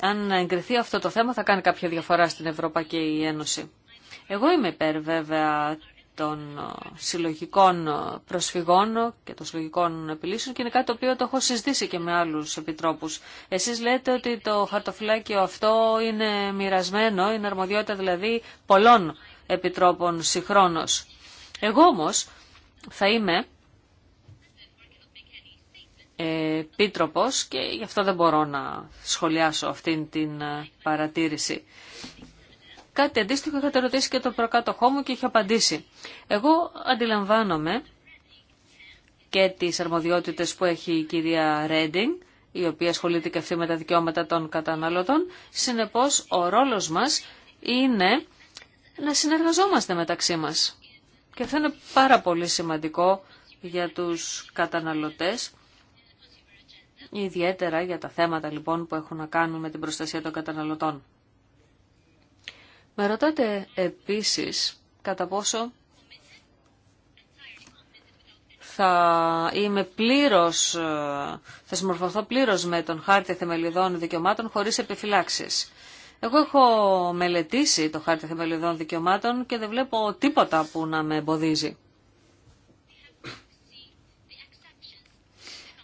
αν εγκριθεί αυτό το θέμα θα κάνει κάποια διαφορά στην Ευρωπαϊκή Ένωση. Εγώ είμαι υπέρ βέβαια των συλλογικών προσφυγών και των συλλογικών επιλύσεων και είναι κάτι το οποίο το έχω συζητήσει και με άλλους επιτρόπους. Εσείς λέτε ότι το χαρτοφυλάκιο αυτό είναι μοιρασμένο, είναι αρμοδιότητα δηλαδή πολλών επιτρόπων συγχρόνως. Εγώ όμως θα είμαι επίτροπος και γι' αυτό δεν μπορώ να σχολιάσω αυτήν την ε, παρατήρηση. Κάτι αντίστοιχο είχατε ρωτήσει και το προκάτοχό μου και είχε απαντήσει. Εγώ αντιλαμβάνομαι και τις αρμοδιότητες που έχει η κυρία Ρέντινγκ, η οποία ασχολείται και αυτή με τα δικαιώματα των καταναλωτών. Συνεπώς, ο ρόλος μας είναι να συνεργαζόμαστε μεταξύ μας. Και αυτό είναι πάρα πολύ σημαντικό για τους καταναλωτές ιδιαίτερα για τα θέματα λοιπόν που έχουν να κάνουν με την προστασία των καταναλωτών. Με ρωτάτε επίσης κατά πόσο θα είμαι πλήρως, θα συμμορφωθώ πλήρως με τον χάρτη θεμελιδών δικαιωμάτων χωρίς επιφυλάξεις. Εγώ έχω μελετήσει το χάρτη θεμελιδών δικαιωμάτων και δεν βλέπω τίποτα που να με εμποδίζει.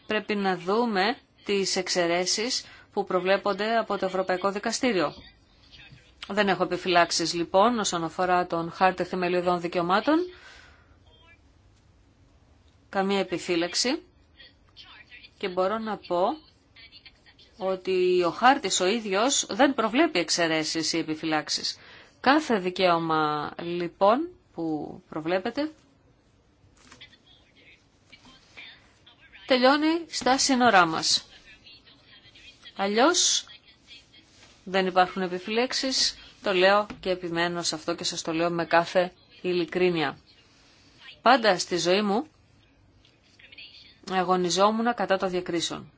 πρέπει να δούμε τις εξαιρέσεις που προβλέπονται από το Ευρωπαϊκό Δικαστήριο. Δεν έχω επιφυλάξεις λοιπόν όσον αφορά τον χάρτη θεμελιωδών δικαιωμάτων. Καμία επιφύλαξη. Και μπορώ να πω ότι ο χάρτης ο ίδιος δεν προβλέπει εξαιρέσεις ή επιφυλάξεις. Κάθε δικαίωμα λοιπόν που προβλέπεται τελειώνει στα σύνορά μας. Αλλιώς δεν υπάρχουν επιφυλέξεις, το λέω και επιμένω σε αυτό και σας το λέω με κάθε ειλικρίνεια. Πάντα στη ζωή μου αγωνιζόμουν κατά των διακρίσεων.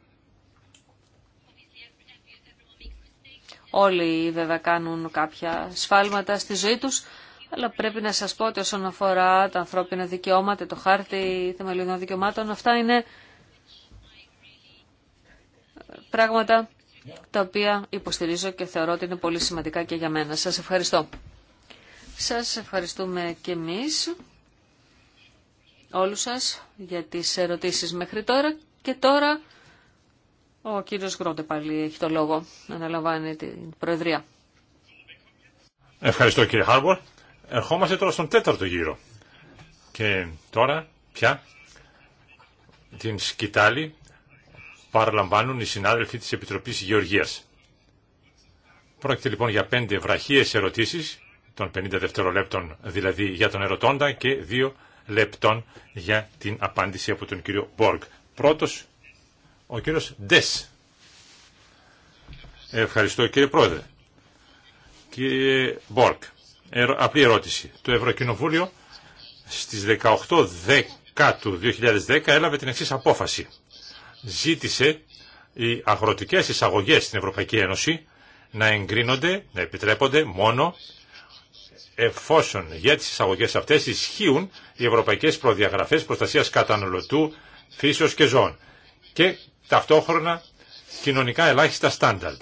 Όλοι βέβαια κάνουν κάποια σφάλματα στη ζωή τους, αλλά πρέπει να σας πω ότι όσον αφορά τα ανθρώπινα δικαιώματα, το χάρτη θεμελιωδών δικαιωμάτων, αυτά είναι πράγματα τα οποία υποστηρίζω και θεωρώ ότι είναι πολύ σημαντικά και για μένα. Σας ευχαριστώ. Σας ευχαριστούμε και εμείς όλους σας για τις ερωτήσεις μέχρι τώρα και τώρα ο κύριος Γκρόντε πάλι έχει το λόγο, να αναλαμβάνει την Προεδρία. Ευχαριστώ κύριε Χάρμπορ. Ερχόμαστε τώρα στον τέταρτο γύρο. Και τώρα πια την σκητάλη παραλαμβάνουν οι συνάδελφοι της Επιτροπής Γεωργίας. Πρόκειται λοιπόν για πέντε βραχίες ερωτήσεις, των 50 δευτερολέπτων δηλαδή για τον ερωτώντα και δύο λεπτών για την απάντηση από τον κύριο Μπόργκ. Πρώτος, ο κύριος Ντες. Ευχαριστώ κύριε Πρόεδρε. Κύριε Μπόρκ, απλή ερώτηση. Το Ευρωκοινοβούλιο στις 18 Δεκάτου 2010 έλαβε την εξής απόφαση ζήτησε οι αγροτικές εισαγωγές στην Ευρωπαϊκή Ένωση να εγκρίνονται, να επιτρέπονται μόνο εφόσον για τις εισαγωγές αυτές ισχύουν οι ευρωπαϊκές προδιαγραφές προστασίας καταναλωτού, φύσεως και ζώων και ταυτόχρονα κοινωνικά ελάχιστα στάνταρτ.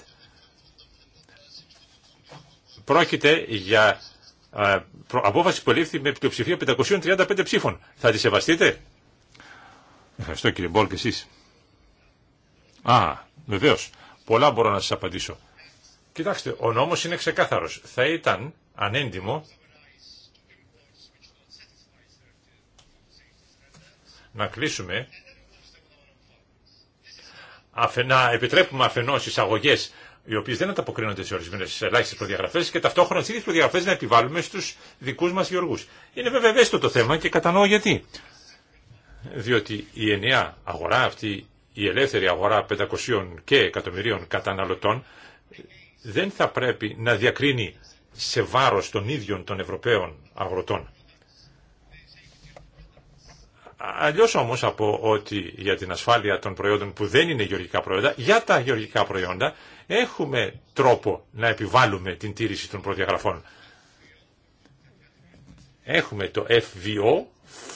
Πρόκειται για ε, απόφαση που ελήφθη με πλειοψηφία 535 ψήφων. Θα τη σεβαστείτε? Ευχαριστώ κύριε Μπόλ και εσείς. Α, βεβαίω. Πολλά μπορώ να σα απαντήσω. Κοιτάξτε, ο νόμος είναι ξεκάθαρος. Θα ήταν ανέντιμο να κλείσουμε να επιτρέπουμε αφενός εισαγωγές οι οποίες δεν ανταποκρίνονται σε ορισμένε ελάχιστε προδιαγραφές και ταυτόχρονα τι ίδιες προδιαγραφές να επιβάλλουμε στους δικούς μας γεωργούς. Είναι βέβαια ευαίσθητο το θέμα και κατανοώ γιατί. Διότι η ενιαία αγορά, αυτή η ελεύθερη αγορά 500 και εκατομμυρίων καταναλωτών δεν θα πρέπει να διακρίνει σε βάρος των ίδιων των Ευρωπαίων αγροτών. Αλλιώς όμως από ότι για την ασφάλεια των προϊόντων που δεν είναι γεωργικά προϊόντα, για τα γεωργικά προϊόντα έχουμε τρόπο να επιβάλλουμε την τήρηση των προδιαγραφών. Έχουμε το FVO,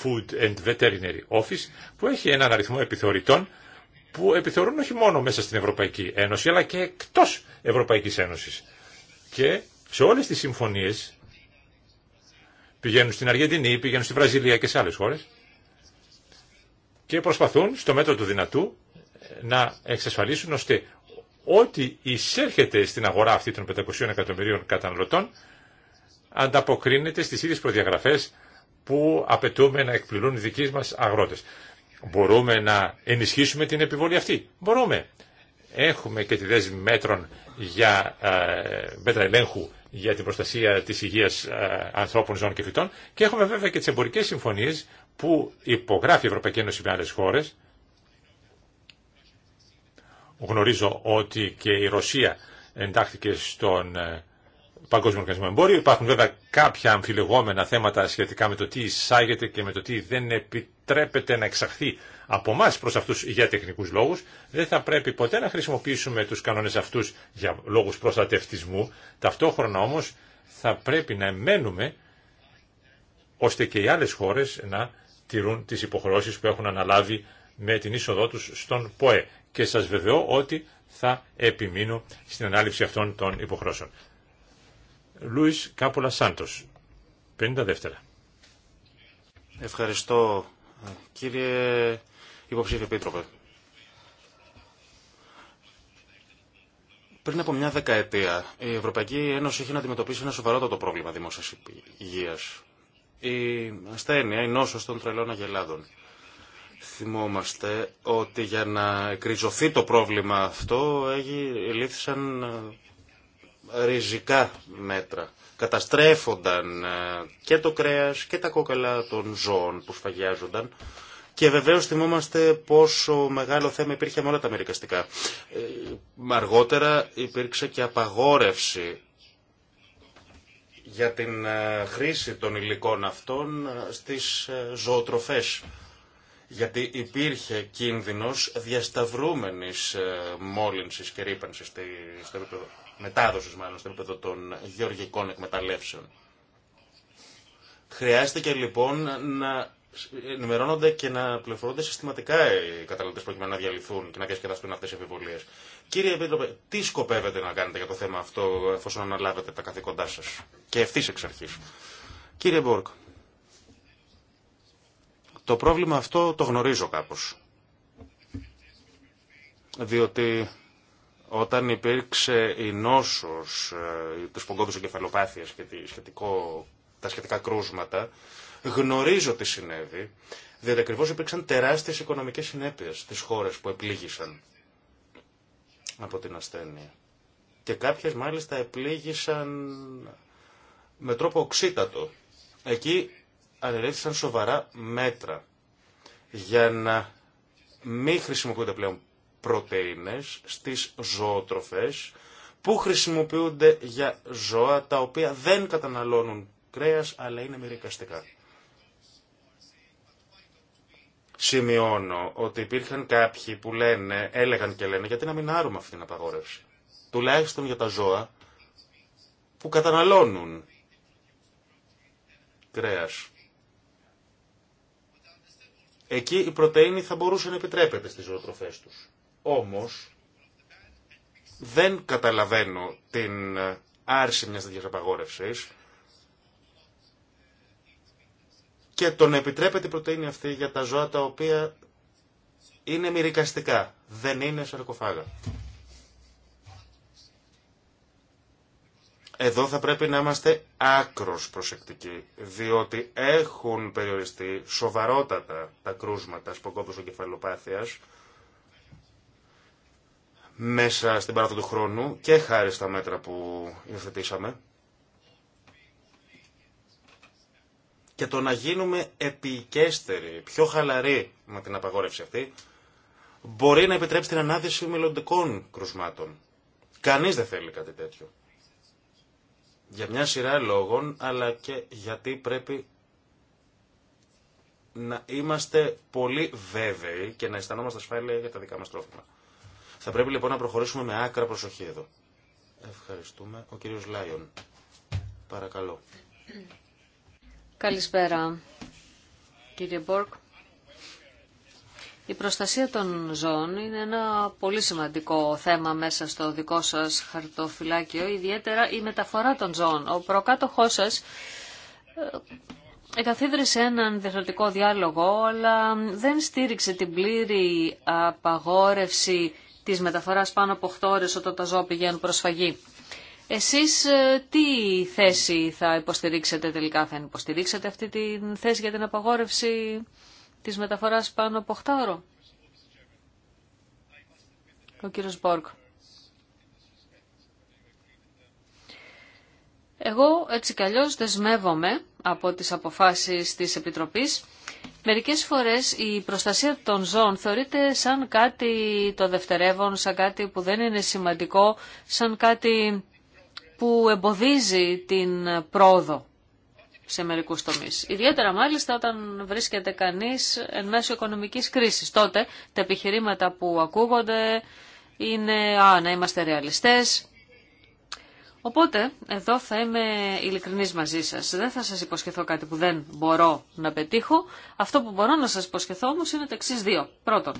Food and Veterinary Office, που έχει έναν αριθμό επιθεωρητών που επιθεωρούν όχι μόνο μέσα στην Ευρωπαϊκή Ένωση αλλά και εκτός Ευρωπαϊκής Ένωσης. Και σε όλες τις συμφωνίες πηγαίνουν στην Αργεντινή, πηγαίνουν στη Βραζιλία και σε άλλες χώρες και προσπαθούν στο μέτρο του δυνατού να εξασφαλίσουν ώστε ό,τι εισέρχεται στην αγορά αυτή των 500 εκατομμυρίων καταναλωτών ανταποκρίνεται στις ίδιες προδιαγραφές που απαιτούμε να εκπληρούν οι δικοί μας αγρότες. Μπορούμε να ενισχύσουμε την επιβολή αυτή. Μπορούμε. Έχουμε και τη δέσμη μέτρων για ε, μέτρα ελέγχου για την προστασία της υγείας ε, ανθρώπων, ζώων και φυτών και έχουμε βέβαια και τις εμπορικές συμφωνίες που υπογράφει η Ευρωπαϊκή Ένωση με άλλες χώρες. Γνωρίζω ότι και η Ρωσία εντάχθηκε στον ε, Παγκόσμιο Οργανισμό Εμπόριου. Υπάρχουν βέβαια κάποια αμφιλεγόμενα θέματα σχετικά με το τι εισάγεται και με το τι δεν επιτρέπεται τρέπεται να εξαχθεί από εμά προς αυτούς για τεχνικού λόγους, δεν θα πρέπει ποτέ να χρησιμοποιήσουμε τους κανόνες αυτούς για λόγους προστατευτισμού, ταυτόχρονα όμως θα πρέπει να μένουμε ώστε και οι άλλες χώρες να τηρούν τις υποχρεώσει που έχουν αναλάβει με την είσοδό του στον ΠΟΕ. Και σας βεβαιώ ότι θα επιμείνω στην ανάληψη αυτών των υποχρεώσεων. Λούις Κάπολα Σάντος, 50 Ευχαριστώ Κύριε Υποψήφιο Επίτροπε, πριν από μια δεκαετία η Ευρωπαϊκή Ένωση είχε να αντιμετωπίσει ένα σοβαρότατο πρόβλημα δημόσιας υγείας. Η ασθένεια, η νόσο των τρελών αγελάδων. Θυμόμαστε ότι για να εκριζωθεί το πρόβλημα αυτό λύθησαν ε, ριζικά μέτρα καταστρέφονταν ε, και το κρέας και τα κόκαλα των ζώων που σφαγιάζονταν. Και βεβαίως θυμόμαστε πόσο μεγάλο θέμα υπήρχε με όλα τα μερικαστικά. Ε, αργότερα υπήρξε και απαγόρευση για την ε, χρήση των υλικών αυτών στις ζωοτροφές. Γιατί υπήρχε κίνδυνος διασταυρούμενης μόλυνσης και ρήπανσης στο επίπεδο μετάδοσης μάλλον στο επίπεδο των γεωργικών εκμεταλλεύσεων. και λοιπόν να ενημερώνονται και να πληροφορούνται συστηματικά οι καταναλωτέ προκειμένου να διαλυθούν και να διασκεδαστούν αυτέ οι επιβολίε. Κύριε Επίτροπε, τι σκοπεύετε να κάνετε για το θέμα αυτό, εφόσον αναλάβετε τα καθήκοντά σα και ευθύ εξ αρχή. Κύριε Μπόρκ, το πρόβλημα αυτό το γνωρίζω κάπω. Διότι όταν υπήρξε η νόσος, ε, τους πογκόντους κεφαλοπάθειας και σχετικό, τα σχετικά κρούσματα, γνωρίζω τι συνέβη, διότι ακριβώ υπήρξαν τεράστιες οικονομικές συνέπειες στις χώρες που επλήγησαν από την ασθένεια. Και κάποιες μάλιστα επλήγησαν με τρόπο οξύτατο. Εκεί ανελήφθησαν σοβαρά μέτρα για να μην χρησιμοποιούνται πλέον πρωτεΐνες, στις ζωοτροφές που χρησιμοποιούνται για ζώα τα οποία δεν καταναλώνουν κρέας αλλά είναι μυρικαστικά. Σημειώνω ότι υπήρχαν κάποιοι που λένε, έλεγαν και λένε γιατί να μην άρουμε αυτή την απαγόρευση. Τουλάχιστον για τα ζώα που καταναλώνουν κρέας. Εκεί η πρωτεΐνη θα μπορούσε να επιτρέπεται στις ζωοτροφές τους. Όμως, δεν καταλαβαίνω την ε, άρση μιας τέτοιας απαγόρευσης και τον επιτρέπεται η πρωτεΐνη αυτή για τα ζώα τα οποία είναι μυρικαστικά, δεν είναι σαρκοφάγα. Εδώ θα πρέπει να είμαστε άκρος προσεκτικοί, διότι έχουν περιοριστεί σοβαρότατα τα κρούσματα σποκόδους εγκεφαλοπάθειας μέσα στην παράδοση του χρόνου και χάρη στα μέτρα που υιοθετήσαμε. Και το να γίνουμε επικέστεροι, πιο χαλαροί με την απαγόρευση αυτή, μπορεί να επιτρέψει την ανάδυση μελλοντικών κρουσμάτων. Κανείς δεν θέλει κάτι τέτοιο. Για μια σειρά λόγων, αλλά και γιατί πρέπει να είμαστε πολύ βέβαιοι και να αισθανόμαστε ασφάλεια για τα δικά μας τρόφιμα. Θα πρέπει λοιπόν να προχωρήσουμε με άκρα προσοχή εδώ. Ευχαριστούμε. Ο κύριος Λάιον. Παρακαλώ. Καλησπέρα, κύριε Μπόρκ. Η προστασία των ζώων είναι ένα πολύ σημαντικό θέμα μέσα στο δικό σας χαρτοφυλάκιο, ιδιαίτερα η μεταφορά των ζώων. Ο προκάτοχός σας ε, εγκαθίδρυσε έναν διεθνωτικό διάλογο, αλλά δεν στήριξε την πλήρη απαγόρευση Τη μεταφορά πάνω από 8 ώρε όταν τα ζώα πηγαίνουν φαγή. Εσείς ε, τι θέση θα υποστηρίξετε τελικά, θα υποστηρίξετε αυτή τη θέση για την απαγόρευση τη μεταφορά πάνω από 8 ώρο. Ο κύριος Μπόρκ. Εγώ έτσι κι αλλιώς δεσμεύομαι από τις αποφάσεις της Επιτροπής Μερικές φορές η προστασία των ζώων θεωρείται σαν κάτι το δευτερεύον, σαν κάτι που δεν είναι σημαντικό, σαν κάτι που εμποδίζει την πρόοδο σε μερικούς τομείς. Ιδιαίτερα μάλιστα όταν βρίσκεται κανείς εν μέσω οικονομικής κρίσης. Τότε τα επιχειρήματα που ακούγονται είναι «Α, να είμαστε ρεαλιστές», Οπότε, εδώ θα είμαι ειλικρινής μαζί σας. Δεν θα σας υποσχεθώ κάτι που δεν μπορώ να πετύχω. Αυτό που μπορώ να σας υποσχεθώ όμως είναι τα εξή δύο. Πρώτον,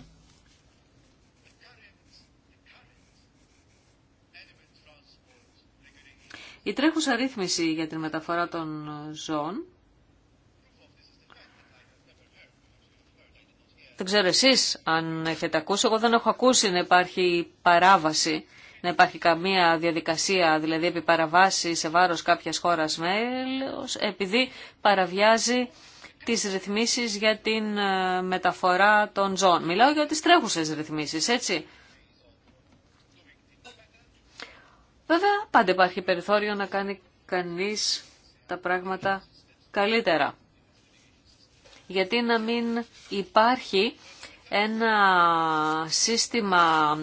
η τρέχουσα ρύθμιση για την μεταφορά των ζώων Δεν ξέρω εσείς αν έχετε ακούσει, εγώ δεν έχω ακούσει να υπάρχει παράβαση να υπάρχει καμία διαδικασία, δηλαδή επί παραβάση σε βάρος κάποιας χώρας μέλος, επειδή παραβιάζει τις ρυθμίσεις για την ε, μεταφορά των ζώων. Μιλάω για τις τρέχουσες ρυθμίσεις, έτσι. Βέβαια, πάντα υπάρχει περιθώριο να κάνει κανείς τα πράγματα καλύτερα. Γιατί να μην υπάρχει ένα σύστημα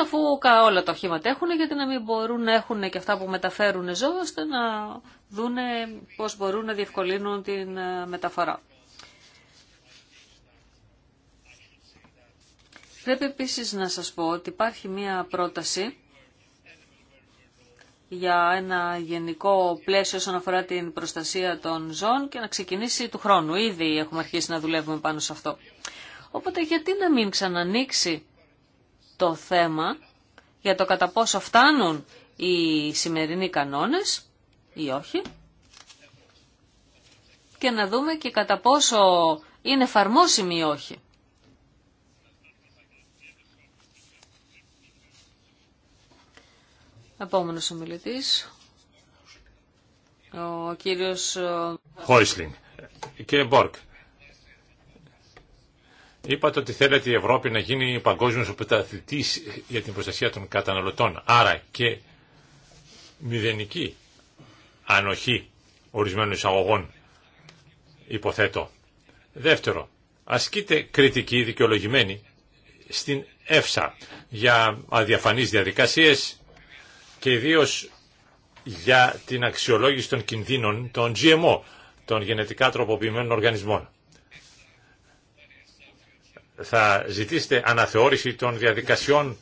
αφού όλα τα οχήματα έχουν γιατί να μην μπορούν να έχουν και αυτά που μεταφέρουν ζώα ώστε να δούνε πώς μπορούν να διευκολύνουν την ε, μεταφορά. Πρέπει επίσης να σας πω ότι υπάρχει μία πρόταση για ένα γενικό πλαίσιο όσον αφορά την προστασία των ζώων και να ξεκινήσει του χρόνου. Ήδη έχουμε αρχίσει να δουλεύουμε πάνω σε αυτό. Οπότε γιατί να μην ξανανοίξει το θέμα για το κατά πόσο φτάνουν οι σημερινοί κανόνες ή όχι και να δούμε και κατά πόσο είναι εφαρμόσιμοι ή όχι. Επόμενος ομιλητής, ο κύριος... Χόισλινγκ. Κύριε Μπόρκ, Είπατε ότι θέλετε η Ευρώπη να γίνει παγκόσμιο πρωταθλητή για την προστασία των καταναλωτών. Άρα και μηδενική ανοχή ορισμένων εισαγωγών, υποθέτω. Δεύτερο, ασκείται κριτική δικαιολογημένη στην ΕΦΣΑ για αδιαφανείς διαδικασίες και ιδίω για την αξιολόγηση των κινδύνων των GMO, των γενετικά τροποποιημένων οργανισμών θα ζητήσετε αναθεώρηση των διαδικασιών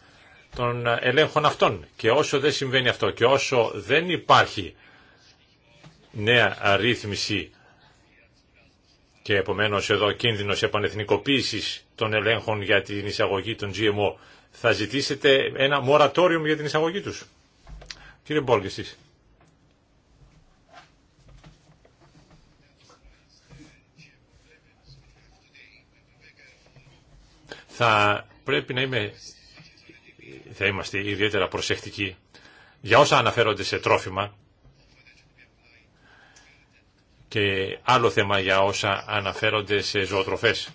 των ελέγχων αυτών. Και όσο δεν συμβαίνει αυτό και όσο δεν υπάρχει νέα αρρύθμιση και επομένως εδώ κίνδυνος επανεθνικοποίησης των ελέγχων για την εισαγωγή των GMO, θα ζητήσετε ένα μορατόριο για την εισαγωγή τους. Κύριε Μπόλγκ, θα πρέπει να, είμαι, θα είμαστε ιδιαίτερα προσεκτικοί για όσα αναφέρονται σε τρόφιμα και άλλο θέμα για όσα αναφέρονται σε ζωοτροφές.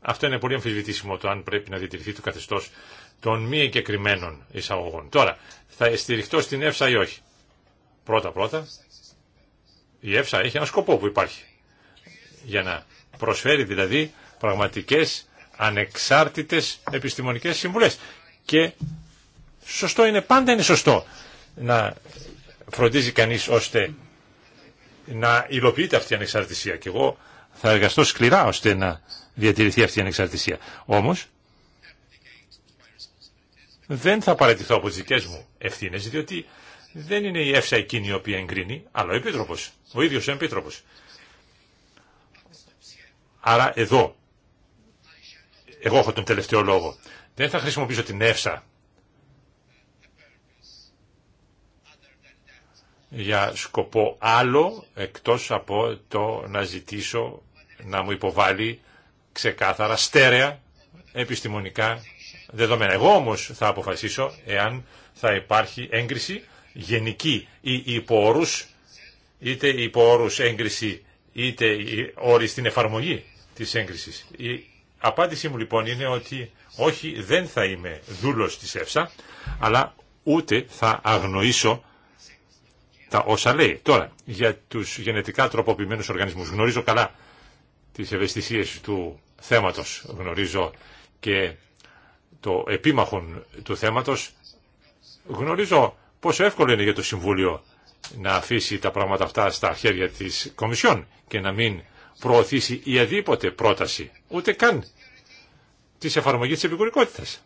Αυτό είναι πολύ αμφισβητήσιμο το αν πρέπει να διατηρηθεί το καθεστώς των μη εγκεκριμένων εισαγωγών. Τώρα, θα στηριχτώ στην ΕΦΣΑ ή όχι. Πρώτα-πρώτα, η ΕΦΣΑ έχει ένα σκοπό που υπάρχει για να προσφέρει δηλαδή πραγματικές ανεξάρτητες επιστημονικές συμβουλές. Και σωστό είναι, πάντα είναι σωστό να φροντίζει κανείς ώστε να υλοποιείται αυτή η ανεξαρτησία. Και εγώ θα εργαστώ σκληρά ώστε να διατηρηθεί αυτή η ανεξαρτησία. Όμως, δεν θα παρατηθώ από τις δικές μου ευθύνες, διότι δεν είναι η ΕΦΣΑ εκείνη η οποία εγκρίνει, αλλά ο Επίτροπος, ο ίδιος ο Επίτροπος. Άρα εδώ εγώ έχω τον τελευταίο λόγο. Δεν θα χρησιμοποιήσω την εύσα για σκοπό άλλο εκτός από το να ζητήσω να μου υποβάλει ξεκάθαρα στέρεα επιστημονικά δεδομένα. Εγώ όμως θα αποφασίσω εάν θα υπάρχει έγκριση γενική ή υπό όρους, είτε υπό όρους έγκριση είτε όροι στην εφαρμογή της έγκρισης. η υπο ειτε υπο εγκριση ειτε όρη στην εφαρμογη της εγκρισης Απάντησή μου λοιπόν είναι ότι όχι δεν θα είμαι δούλος της ΕΦΣΑ, αλλά ούτε θα αγνοήσω τα όσα λέει. Τώρα, για τους γενετικά τροποποιημένους οργανισμούς. Γνωρίζω καλά τις ευαισθησίες του θέματος. Γνωρίζω και το επίμαχον του θέματος. Γνωρίζω πόσο εύκολο είναι για το Συμβούλιο να αφήσει τα πράγματα αυτά στα χέρια της Κομισιόν και να μην προωθήσει η αδίποτε πρόταση, ούτε καν της εφαρμογή της επικουρικότητας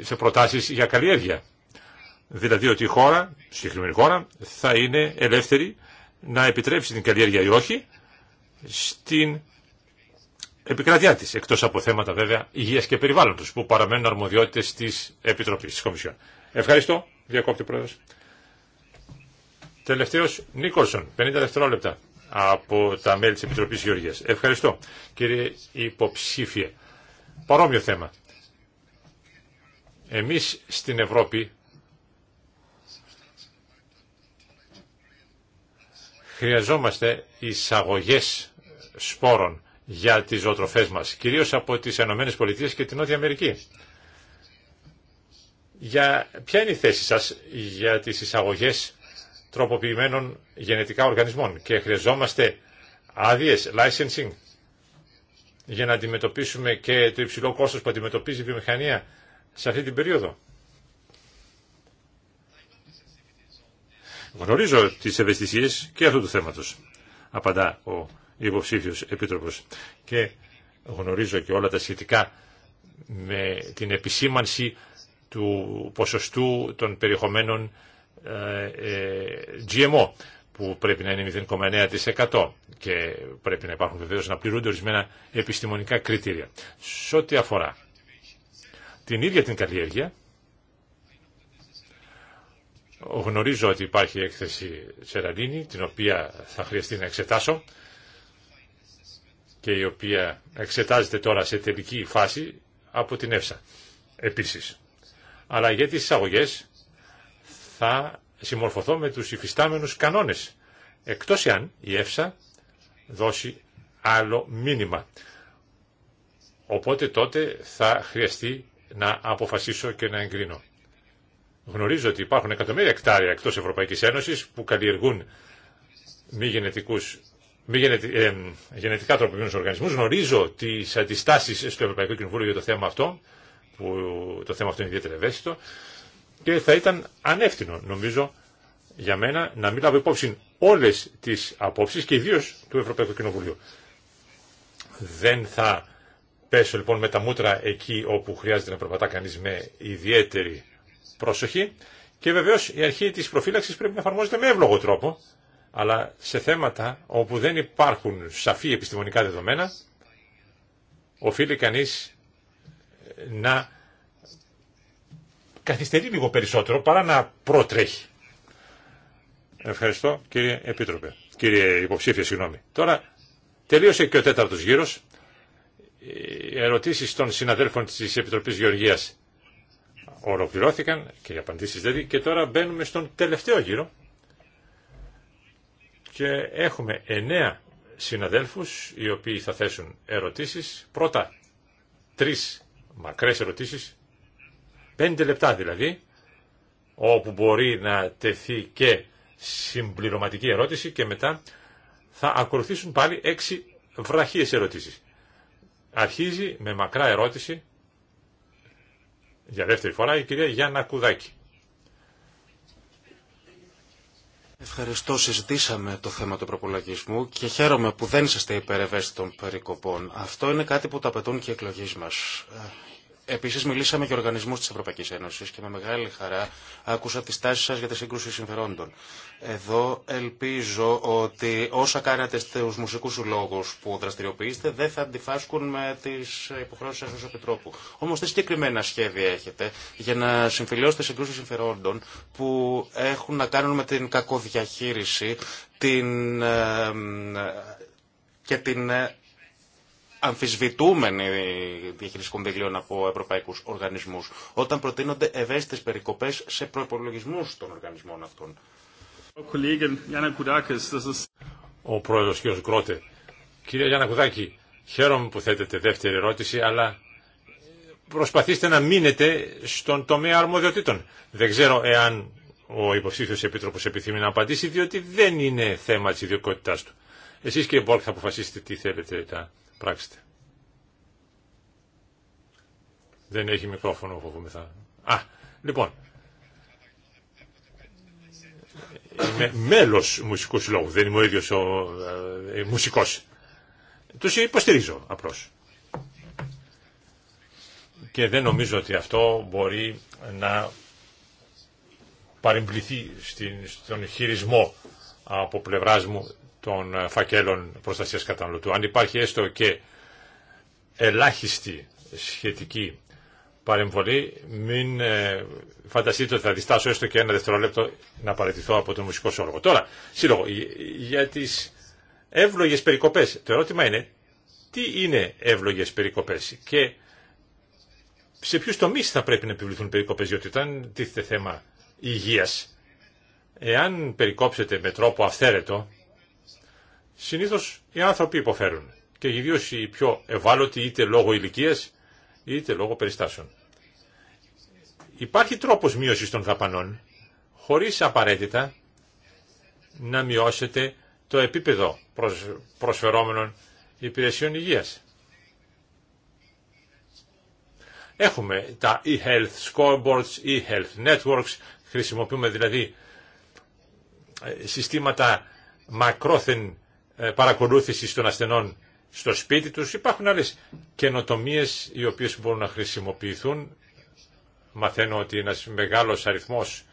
σε προτάσεις για καλλιέργεια. Δηλαδή ότι η χώρα, η συγκεκριμένη χώρα, θα είναι ελεύθερη να επιτρέψει την καλλιέργεια ή όχι στην επικρατειά της, εκτός από θέματα βέβαια υγείας και περιβάλλοντος που παραμένουν αρμοδιότητες της Επιτροπής της Κομισιόν. Ευχαριστώ, διακόπτη πρόεδρος. Τελευταίος Νίκολσον, 50 δευτερόλεπτα από τα μέλη της Επιτροπής Γεωργίας. Ευχαριστώ. Κύριε υποψήφιε, παρόμοιο θέμα. Εμείς στην Ευρώπη χρειαζόμαστε εισαγωγές σπόρων για τις ζωοτροφές μας, κυρίως από τις ΗΠΑ και την Νότια Αμερική. Για, ποια είναι η θέση σας για τις εισαγωγές τροποποιημένων γενετικά οργανισμών και χρειαζόμαστε άδειε licensing για να αντιμετωπίσουμε και το υψηλό κόστος που αντιμετωπίζει η βιομηχανία σε αυτή την περίοδο. Γνωρίζω τις ευαισθησίες και αυτού του θέματος, απαντά ο υποψήφιο επίτροπος. Και γνωρίζω και όλα τα σχετικά με την επισήμανση του ποσοστού των περιεχομένων ε, ε, GMO που πρέπει να είναι 0,9% και πρέπει να υπάρχουν βεβαίω να πληρούνται ορισμένα επιστημονικά κριτήρια. Σε ό,τι αφορά την ίδια την καλλιέργεια, γνωρίζω ότι υπάρχει έκθεση Σεραλίνη την οποία θα χρειαστεί να εξετάσω και η οποία εξετάζεται τώρα σε τελική φάση από την ΕΦΣΑ επίσης. Αλλά για τις εισαγωγές θα συμμορφωθώ με τους υφιστάμενους κανόνες, εκτός εάν η ΕΦΣΑ δώσει άλλο μήνυμα. Οπότε τότε θα χρειαστεί να αποφασίσω και να εγκρίνω. Γνωρίζω ότι υπάρχουν εκατομμύρια εκτάρια εκτός Ευρωπαϊκής Ένωσης που καλλιεργούν μη, γενετικούς, μη ε, γενετικά τροποποιημένους οργανισμούς. Γνωρίζω τις αντιστάσεις στο Ευρωπαϊκό Κοινοβούλιο για το θέμα αυτό, που το θέμα αυτό είναι ιδιαίτερα ευαίσθητο και θα ήταν ανεύθυνο νομίζω για μένα να μην λάβω υπόψη όλες τις απόψεις και ιδίω του Ευρωπαϊκού Κοινοβουλίου. Δεν θα πέσω λοιπόν με τα μούτρα εκεί όπου χρειάζεται να προπατά κανείς με ιδιαίτερη προσοχή και βεβαίως η αρχή της προφύλαξης πρέπει να εφαρμόζεται με εύλογο τρόπο αλλά σε θέματα όπου δεν υπάρχουν σαφή επιστημονικά δεδομένα οφείλει κανείς να καθυστερεί λίγο περισσότερο παρά να προτρέχει. Ευχαριστώ κύριε Επίτροπε. Κύριε Υποψήφια, συγγνώμη. Τώρα τελείωσε και ο τέταρτος γύρος. Οι ερωτήσεις των συναδέλφων της Επιτροπής Γεωργίας ολοκληρώθηκαν και οι απαντήσεις δηλαδή και τώρα μπαίνουμε στον τελευταίο γύρο και έχουμε εννέα συναδέλφους οι οποίοι θα θέσουν ερωτήσεις. Πρώτα τρεις μακρές ερωτήσεις Πέντε λεπτά δηλαδή, όπου μπορεί να τεθεί και συμπληρωματική ερώτηση και μετά θα ακολουθήσουν πάλι έξι βραχίες ερωτήσεις. Αρχίζει με μακρά ερώτηση για δεύτερη φορά η κυρία Γιάννα Κουδάκη. Ευχαριστώ. Συζητήσαμε το θέμα του προπολογισμού και χαίρομαι που δεν είσαστε υπερευαίσθητων περικοπών. Αυτό είναι κάτι που τα απαιτούν και οι εκλογέ μα. Ε, Επίση, μιλήσαμε για οργανισμού τη Ευρωπαϊκή Ένωση και με μεγάλη χαρά άκουσα τι τάσει σα για τη σύγκρουση συμφερόντων. Εδώ ελπίζω ότι όσα κάνατε στου μουσικούς συλλόγου που δραστηριοποιήσετε δεν θα αντιφάσκουν με τις υποχρεώσεις σα ω Επιτρόπου. Όμω, τι συγκεκριμένα σχέδια έχετε για να συμφιλειώσετε συγκρούσεις συμφερόντων που έχουν να κάνουν με την κακοδιαχείριση την, ε, ε, και την ε, αμφισβητούμενη διαχείριση κονδυλίων από ευρωπαϊκού οργανισμού, όταν προτείνονται ευαίσθητε περικοπέ σε προπολογισμού των οργανισμών αυτών. Ο πρόεδρο κ. Γκρότε. Κύριε Γιάννα Κουδάκη, χαίρομαι που θέτετε δεύτερη ερώτηση, αλλά προσπαθήστε να μείνετε στον τομέα αρμοδιοτήτων. Δεν ξέρω εάν ο υποψήφιο Επίτροπο επιθυμεί να απαντήσει, διότι δεν είναι θέμα τη ιδιωτικότητά του. Εσεί κύριε Μπόρκ θα αποφασίσετε τι θέλετε τα Πράξτε. Δεν έχει μικρόφωνο, θα. Α, λοιπόν. Είμαι μέλος μουσικού συλλόγου, δεν είμαι ο ίδιος ο ε, μουσικός. Τους υποστηρίζω απλώς. Και δεν νομίζω ότι αυτό μπορεί να παρεμπληθεί στην, στον χειρισμό από πλευράς μου των ε, φακέλων προστασίας καταναλωτού. Αν υπάρχει έστω και ελάχιστη σχετική παρεμβολή, μην ε, φανταστείτε ότι θα διστάσω έστω και ένα δευτερόλεπτο να παραιτηθώ από τον μουσικό σύλλογο. Τώρα, σύλλογο, για τις εύλογες περικοπές. Το ερώτημα είναι, τι είναι εύλογες περικοπές και σε ποιου τομεί θα πρέπει να επιβληθούν περικοπές, διότι όταν τίθεται θέμα υγείας, εάν περικόψετε με τρόπο αυθαίρετο, Συνήθως οι άνθρωποι υποφέρουν και ιδίω οι πιο ευάλωτοι είτε λόγω ηλικία είτε λόγω περιστάσεων. Υπάρχει τρόπος μείωσης των δαπανών χωρίς απαραίτητα να μειώσετε το επίπεδο προσφερόμενων υπηρεσιών υγείας. Έχουμε τα e-health scoreboards, e-health networks, χρησιμοποιούμε δηλαδή ε, συστήματα μακρόθεν ε, παρακολούθηση των ασθενών στο σπίτι τους. Υπάρχουν άλλες καινοτομίες οι οποίες μπορούν να χρησιμοποιηθούν. Μαθαίνω ότι ένας μεγάλος αριθμός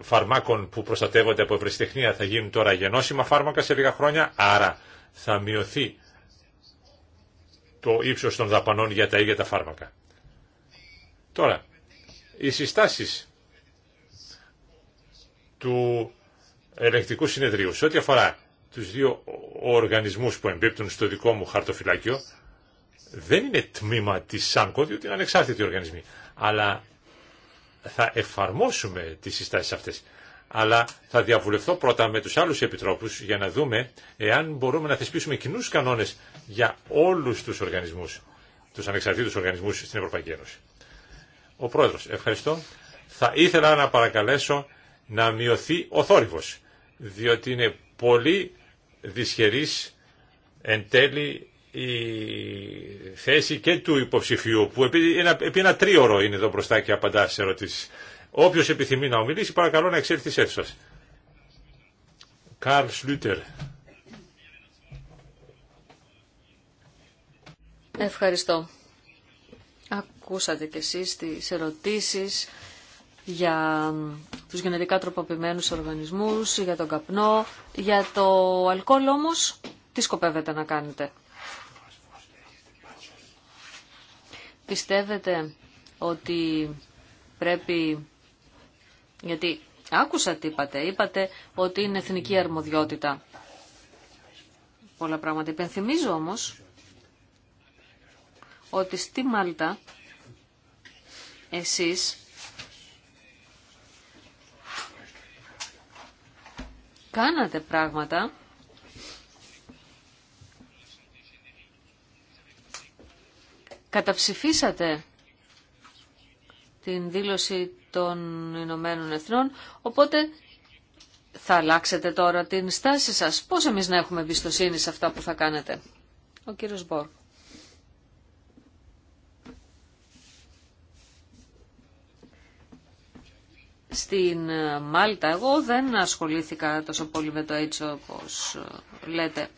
φαρμάκων που προστατεύονται από ευρεσιτεχνία θα γίνουν τώρα γενώσιμα φάρμακα σε λίγα χρόνια, άρα θα μειωθεί το ύψος των δαπανών για τα ίδια τα φάρμακα. Τώρα, οι συστάσεις του ελεγκτικού συνεδρίου. Σε ό,τι αφορά τους δύο οργανισμούς που εμπίπτουν στο δικό μου χαρτοφυλάκιο, δεν είναι τμήμα της ΣΑΝΚΟ, διότι είναι ανεξάρτητοι οργανισμοί. Αλλά θα εφαρμόσουμε τις συστάσεις αυτές. Αλλά θα διαβουλευτώ πρώτα με τους άλλους επιτρόπους για να δούμε εάν μπορούμε να θεσπίσουμε κοινού κανόνες για όλους τους οργανισμούς, τους ανεξαρτήτους οργανισμούς στην Ευρωπαϊκή Ένωση. Ο Πρόεδρος, ευχαριστώ. Θα ήθελα να παρακαλέσω να μειωθεί ο θόρυβος, διότι είναι πολύ δυσχερής εν τέλει η θέση και του υποψηφίου που επί ένα, επί τρίωρο είναι εδώ μπροστά και απαντά σε ερωτήσεις. Όποιος επιθυμεί να ομιλήσει παρακαλώ να εξέλθει σε αίθουσας. Καρλ Σλούτερ. Ευχαριστώ. Ακούσατε κι εσείς τις ερωτήσεις για τους γενετικά τροποποιημένους οργανισμούς, για τον καπνό, για το αλκοόλ όμως, τι σκοπεύετε να κάνετε. Πιστεύετε ότι πρέπει, γιατί άκουσα τι είπατε, είπατε ότι είναι εθνική αρμοδιότητα. Πολλά πράγματα. Υπενθυμίζω όμως ότι στη Μάλτα εσείς Κάνατε πράγματα καταψηφίσατε την δήλωση των Ηνωμένων Εθνών, οπότε θα αλλάξετε τώρα την στάση σας. Πώς εμείς να έχουμε εμπιστοσύνη σε αυτά που θα κάνετε. Ο κύριος Μπόρκ. Στην ε, Μάλτα εγώ δεν ασχολήθηκα τόσο πολύ με το AIDS όπως ε, λέτε.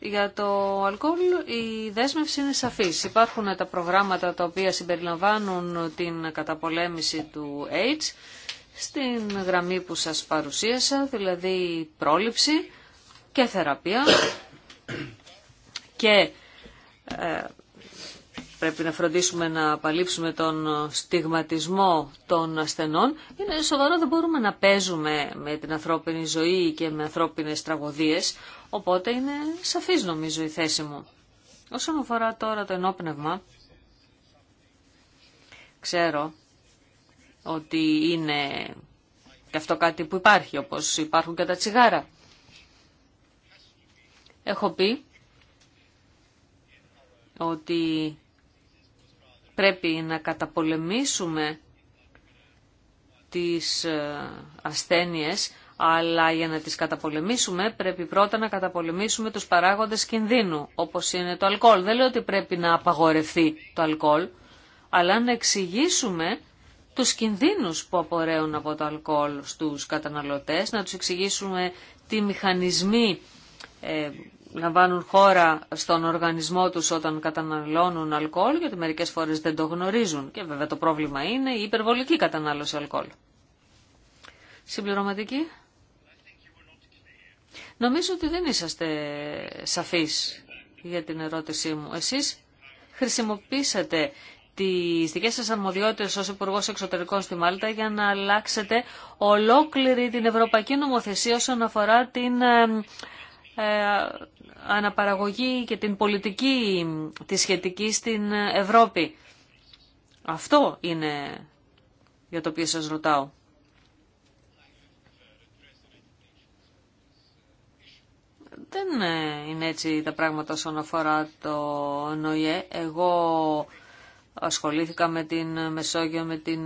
Για το αλκοόλ η δέσμευση είναι σαφής. Υπάρχουν τα προγράμματα τα οποία συμπεριλαμβάνουν την καταπολέμηση του AIDS στην γραμμή που σας παρουσίασα, δηλαδή πρόληψη και θεραπεία και ε, πρέπει να φροντίσουμε να απαλείψουμε τον στιγματισμό των ασθενών. Είναι σοβαρό, δεν μπορούμε να παίζουμε με την ανθρώπινη ζωή και με ανθρώπινες τραγωδίες, οπότε είναι σαφής νομίζω η θέση μου. Όσον αφορά τώρα το ενόπνευμα, ξέρω ότι είναι και αυτό κάτι που υπάρχει, όπως υπάρχουν και τα τσιγάρα. Έχω πει ότι πρέπει να καταπολεμήσουμε τις ε, ασθένειες, αλλά για να τις καταπολεμήσουμε πρέπει πρώτα να καταπολεμήσουμε τους παράγοντες κινδύνου, όπως είναι το αλκοόλ. Δεν λέω ότι πρέπει να απαγορευτεί το αλκοόλ, αλλά να εξηγήσουμε τους κινδύνους που απορρέουν από το αλκοόλ στους καταναλωτές, να τους εξηγήσουμε τι μηχανισμοί ε, λαμβάνουν χώρα στον οργανισμό τους όταν καταναλώνουν αλκοόλ, γιατί μερικές φορές δεν το γνωρίζουν. Και βέβαια το πρόβλημα είναι η υπερβολική κατανάλωση αλκοόλ. Συμπληρωματική. Νομίζω ότι δεν είσαστε σαφείς για την ερώτησή μου. Εσείς χρησιμοποίησατε τις δικές σας αρμοδιότητες ως Υπουργός Εξωτερικών στη Μάλτα για να αλλάξετε ολόκληρη την Ευρωπαϊκή Νομοθεσία όσον αφορά την ε, ε, αναπαραγωγή και την πολιτική τη σχετική στην Ευρώπη. Αυτό είναι για το οποίο σας ρωτάω. Δεν είναι έτσι τα πράγματα όσον αφορά το ΝΟΙΕ. Εγώ ασχολήθηκα με την Μεσόγειο, με την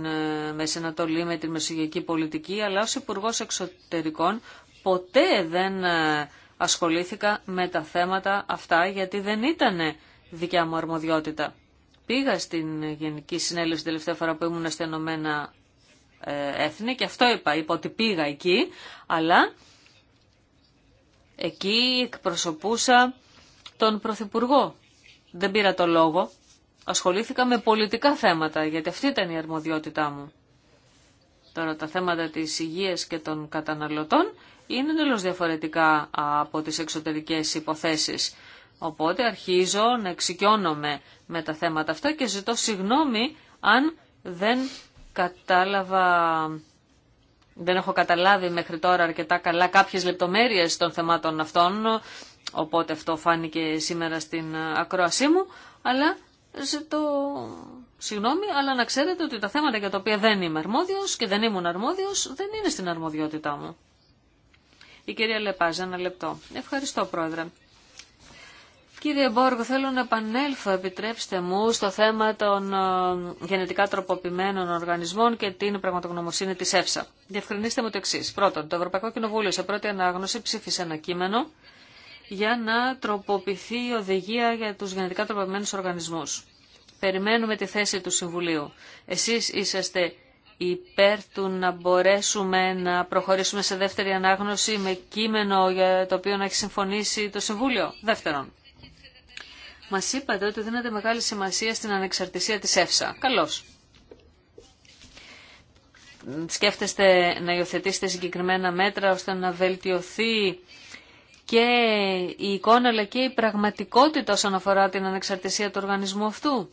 Μέση Ανατολή, με την Μεσογειακή πολιτική, αλλά ως υπουργός Εξωτερικών ποτέ δεν ασχολήθηκα με τα θέματα αυτά γιατί δεν ήταν δικιά μου αρμοδιότητα. Πήγα στην Γενική Συνέλευση τελευταία φορά που ήμουν στα Ηνωμένα ε, Έθνη και αυτό είπα, είπα ότι πήγα εκεί, αλλά εκεί εκπροσωπούσα τον Πρωθυπουργό. Δεν πήρα το λόγο. Ασχολήθηκα με πολιτικά θέματα, γιατί αυτή ήταν η αρμοδιότητά μου. Τώρα τα θέματα της υγείας και των καταναλωτών είναι εντελώ διαφορετικά από τις εξωτερικές υποθέσεις. Οπότε αρχίζω να εξοικειώνομαι με τα θέματα αυτά και ζητώ συγγνώμη αν δεν κατάλαβα... Δεν έχω καταλάβει μέχρι τώρα αρκετά καλά κάποιες λεπτομέρειες των θεμάτων αυτών, οπότε αυτό φάνηκε σήμερα στην ακρόασή μου, αλλά ζητώ συγγνώμη, αλλά να ξέρετε ότι τα θέματα για τα οποία δεν είμαι αρμόδιος και δεν ήμουν αρμόδιος δεν είναι στην αρμοδιότητά μου. Η κυρία Λεπάζ, ένα λεπτό. Ευχαριστώ, Πρόεδρε. Κύριε Μπόργο, θέλω να επανέλθω, επιτρέψτε μου, στο θέμα των ε, γενετικά τροποποιημένων οργανισμών και την πραγματογνωμοσύνη της ΕΦΣΑ. Διευκρινίστε μου το εξή. Πρώτον, το Ευρωπαϊκό Κοινοβούλιο σε πρώτη ανάγνωση ψήφισε ένα κείμενο για να τροποποιηθεί η οδηγία για τους γενετικά τροποποιημένους οργανισμούς. Περιμένουμε τη θέση του Συμβουλίου. Εσείς είσαστε υπέρ του να μπορέσουμε να προχωρήσουμε σε δεύτερη ανάγνωση με κείμενο για το οποίο να έχει συμφωνήσει το Συμβούλιο. Δεύτερον, μας είπατε ότι δίνεται μεγάλη σημασία στην ανεξαρτησία της ΕΦΣΑ. Καλώς. Σκέφτεστε να υιοθετήσετε συγκεκριμένα μέτρα ώστε να βελτιωθεί και η εικόνα αλλά και η πραγματικότητα όσον αφορά την ανεξαρτησία του οργανισμού αυτού.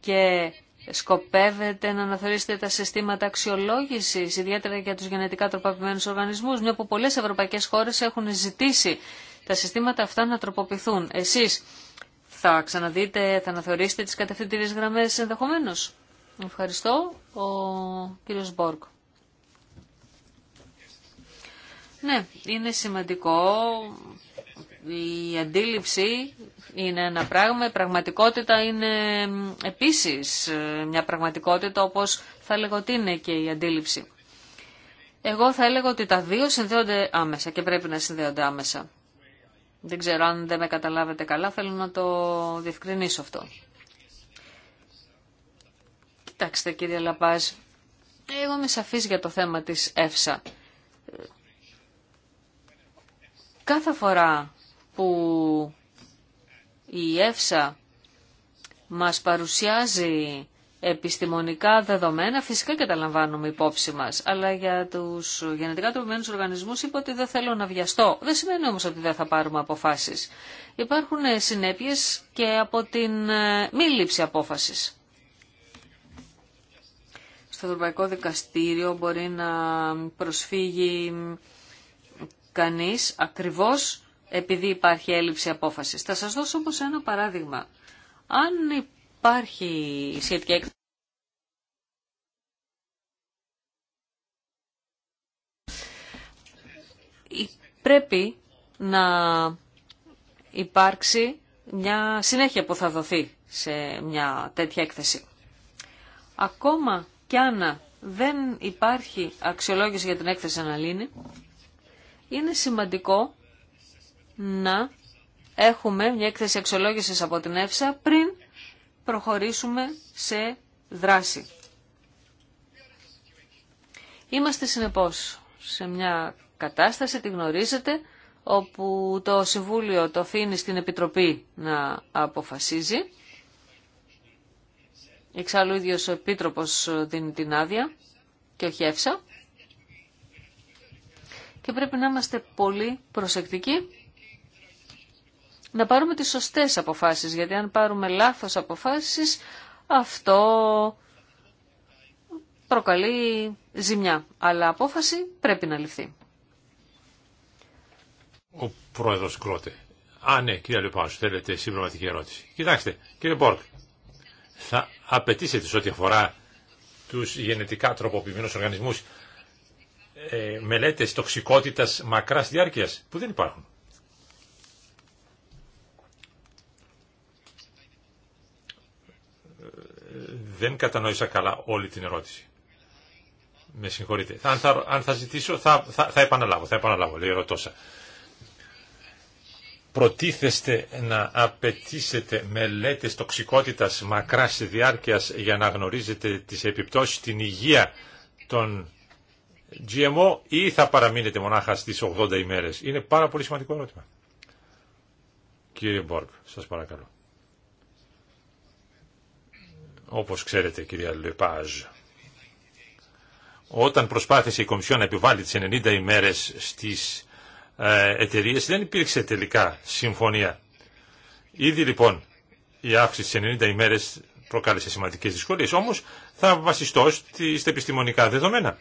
Και Σκοπεύετε να αναθεωρήσετε τα συστήματα αξιολόγηση, ιδιαίτερα για του γενετικά τροποποιημένου οργανισμού, μια που πολλέ ευρωπαϊκέ χώρε έχουν ζητήσει τα συστήματα αυτά να τροποποιηθούν. Εσεί θα ξαναδείτε, θα αναθεωρήσετε τι κατευθυντήριε γραμμέ ενδεχομένω. Ευχαριστώ. Ο κύριος Μπόρκ. Ναι, είναι σημαντικό η αντίληψη είναι ένα πράγμα, η πραγματικότητα είναι επίσης ε, μια πραγματικότητα όπως θα λέγω ότι είναι και η αντίληψη. Εγώ θα έλεγα ότι τα δύο συνδέονται άμεσα και πρέπει να συνδέονται άμεσα. Δεν ξέρω αν δεν με καταλάβετε καλά, θέλω να το διευκρινίσω αυτό. Κοιτάξτε κύριε Λαπάζ, εγώ είμαι σαφής για το θέμα της ΕΦΣΑ. Κάθε φορά που η ΕΦΣΑ μας παρουσιάζει επιστημονικά δεδομένα, φυσικά και τα λαμβάνουμε υπόψη μας, αλλά για τους γενετικά τροπημένους οργανισμούς είπα ότι δεν θέλω να βιαστώ. Δεν σημαίνει όμως ότι δεν θα πάρουμε αποφάσεις. Υπάρχουν συνέπειες και από την ε, μη λήψη απόφασης. Στο Ευρωπαϊκό Δικαστήριο μπορεί να προσφύγει κανείς ακριβώς επειδή υπάρχει έλλειψη απόφαση. Θα σας δώσω όμω ένα παράδειγμα. Αν υπάρχει σχετική έκθεση, πρέπει να υπάρξει μια συνέχεια που θα δοθεί σε μια τέτοια έκθεση. Ακόμα κι αν δεν υπάρχει αξιολόγηση για την έκθεση αναλύνη είναι σημαντικό να έχουμε μια έκθεση αξιολόγησης από την ΕΦΣΑ πριν προχωρήσουμε σε δράση. Είμαστε συνεπώς σε μια κατάσταση, τη γνωρίζετε, όπου το Συμβούλιο το αφήνει στην Επιτροπή να αποφασίζει. Εξάλλου ο ίδιος ο Επίτροπος δίνει την άδεια και όχι ΕΦΣΑ. Και πρέπει να είμαστε πολύ προσεκτικοί να πάρουμε τις σωστές αποφάσεις, γιατί αν πάρουμε λάθος αποφάσεις, αυτό προκαλεί ζημιά. Αλλά απόφαση πρέπει να ληφθεί. Ο πρόεδρος Κρότε. Α, ναι, κύριε Λεπάνος, θέλετε συμπληρωματική ερώτηση. Κοιτάξτε, κύριε Μπόρκ, θα απαιτήσετε σε ό,τι αφορά τους γενετικά τροποποιημένους οργανισμούς ε, μελέτες τοξικότητας μακράς διάρκειας, που δεν υπάρχουν. Δεν κατανόησα καλά όλη την ερώτηση. Με συγχωρείτε. Αν θα, αν θα ζητήσω, θα, θα, θα επαναλάβω, θα επαναλάβω, λέει ρωτώσα. Προτίθεστε να απαιτήσετε μελέτες τοξικότητας μακράς διάρκειας για να γνωρίζετε τις επιπτώσεις στην υγεία των GMO ή θα παραμείνετε μονάχα στις 80 ημέρες. Είναι πάρα πολύ σημαντικό ερώτημα. Κύριε Μπόρκ, σας παρακαλώ. Όπως ξέρετε κυρία Λεπάζ, όταν προσπάθησε η Κομισιόν να επιβάλλει τις 90 ημέρες στις ε, εταιρείε δεν υπήρξε τελικά συμφωνία. Ήδη λοιπόν η αύξηση στις 90 ημέρες προκάλεσε σημαντικές δυσκολίες, όμως θα βασιστώ στις επιστημονικά δεδομένα.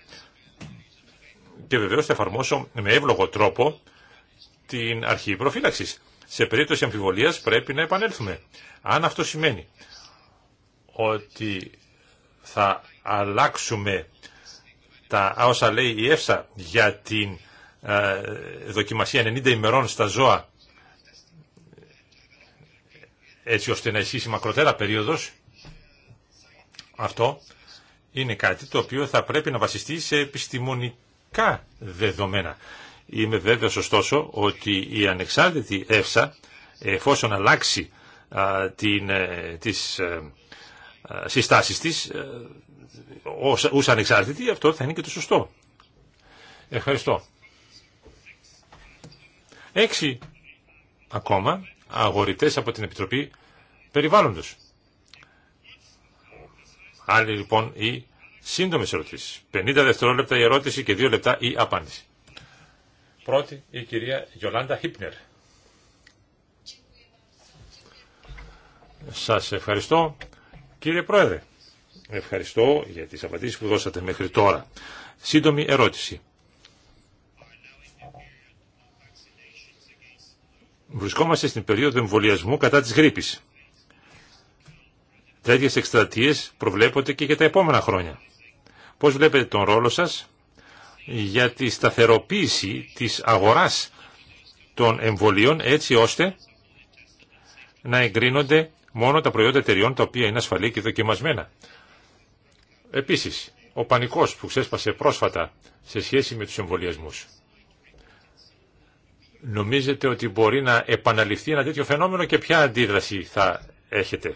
Και βεβαίως θα εφαρμόσω με εύλογο τρόπο την αρχή προφύλαξης. Σε περίπτωση αμφιβολίας πρέπει να επανέλθουμε. Αν αυτό σημαίνει ότι θα αλλάξουμε τα όσα λέει η ΕΦΣΑ για την ε, δοκιμασία 90 ημερών στα ζώα έτσι ώστε να ισχύσει μακροτέρα περίοδος αυτό είναι κάτι το οποίο θα πρέπει να βασιστεί σε επιστημονικά δεδομένα. Είμαι βέβαιος ωστόσο ότι η ανεξάρτητη ΕΦΣΑ εφόσον αλλάξει την, ε, ε, ε, συστάσει τη, ε, ω ανεξάρτητη, αυτό θα είναι και το σωστό. Ευχαριστώ. Έξι ακόμα αγορητέ από την Επιτροπή περιβάλλοντο. Άλλοι λοιπόν οι σύντομε ερωτήσει. 50 δευτερόλεπτα η ερώτηση και 2 λεπτά η απάντηση. Πρώτη η κυρία Γιολάντα Χίπνερ. Σας ευχαριστώ. Κύριε Πρόεδρε, ευχαριστώ για τις απαντήσεις που δώσατε μέχρι τώρα. Σύντομη ερώτηση. Βρισκόμαστε στην περίοδο εμβολιασμού κατά της γρήπης. Τέτοιες εκστρατείες προβλέπονται και για τα επόμενα χρόνια. Πώς βλέπετε τον ρόλο σας για τη σταθεροποίηση της αγοράς των εμβολίων έτσι ώστε να εγκρίνονται μόνο τα προϊόντα εταιριών τα οποία είναι ασφαλή και δοκιμασμένα. Επίσης, ο πανικός που ξέσπασε πρόσφατα σε σχέση με τους εμβολιασμού. Νομίζετε ότι μπορεί να επαναληφθεί ένα τέτοιο φαινόμενο και ποια αντίδραση θα έχετε.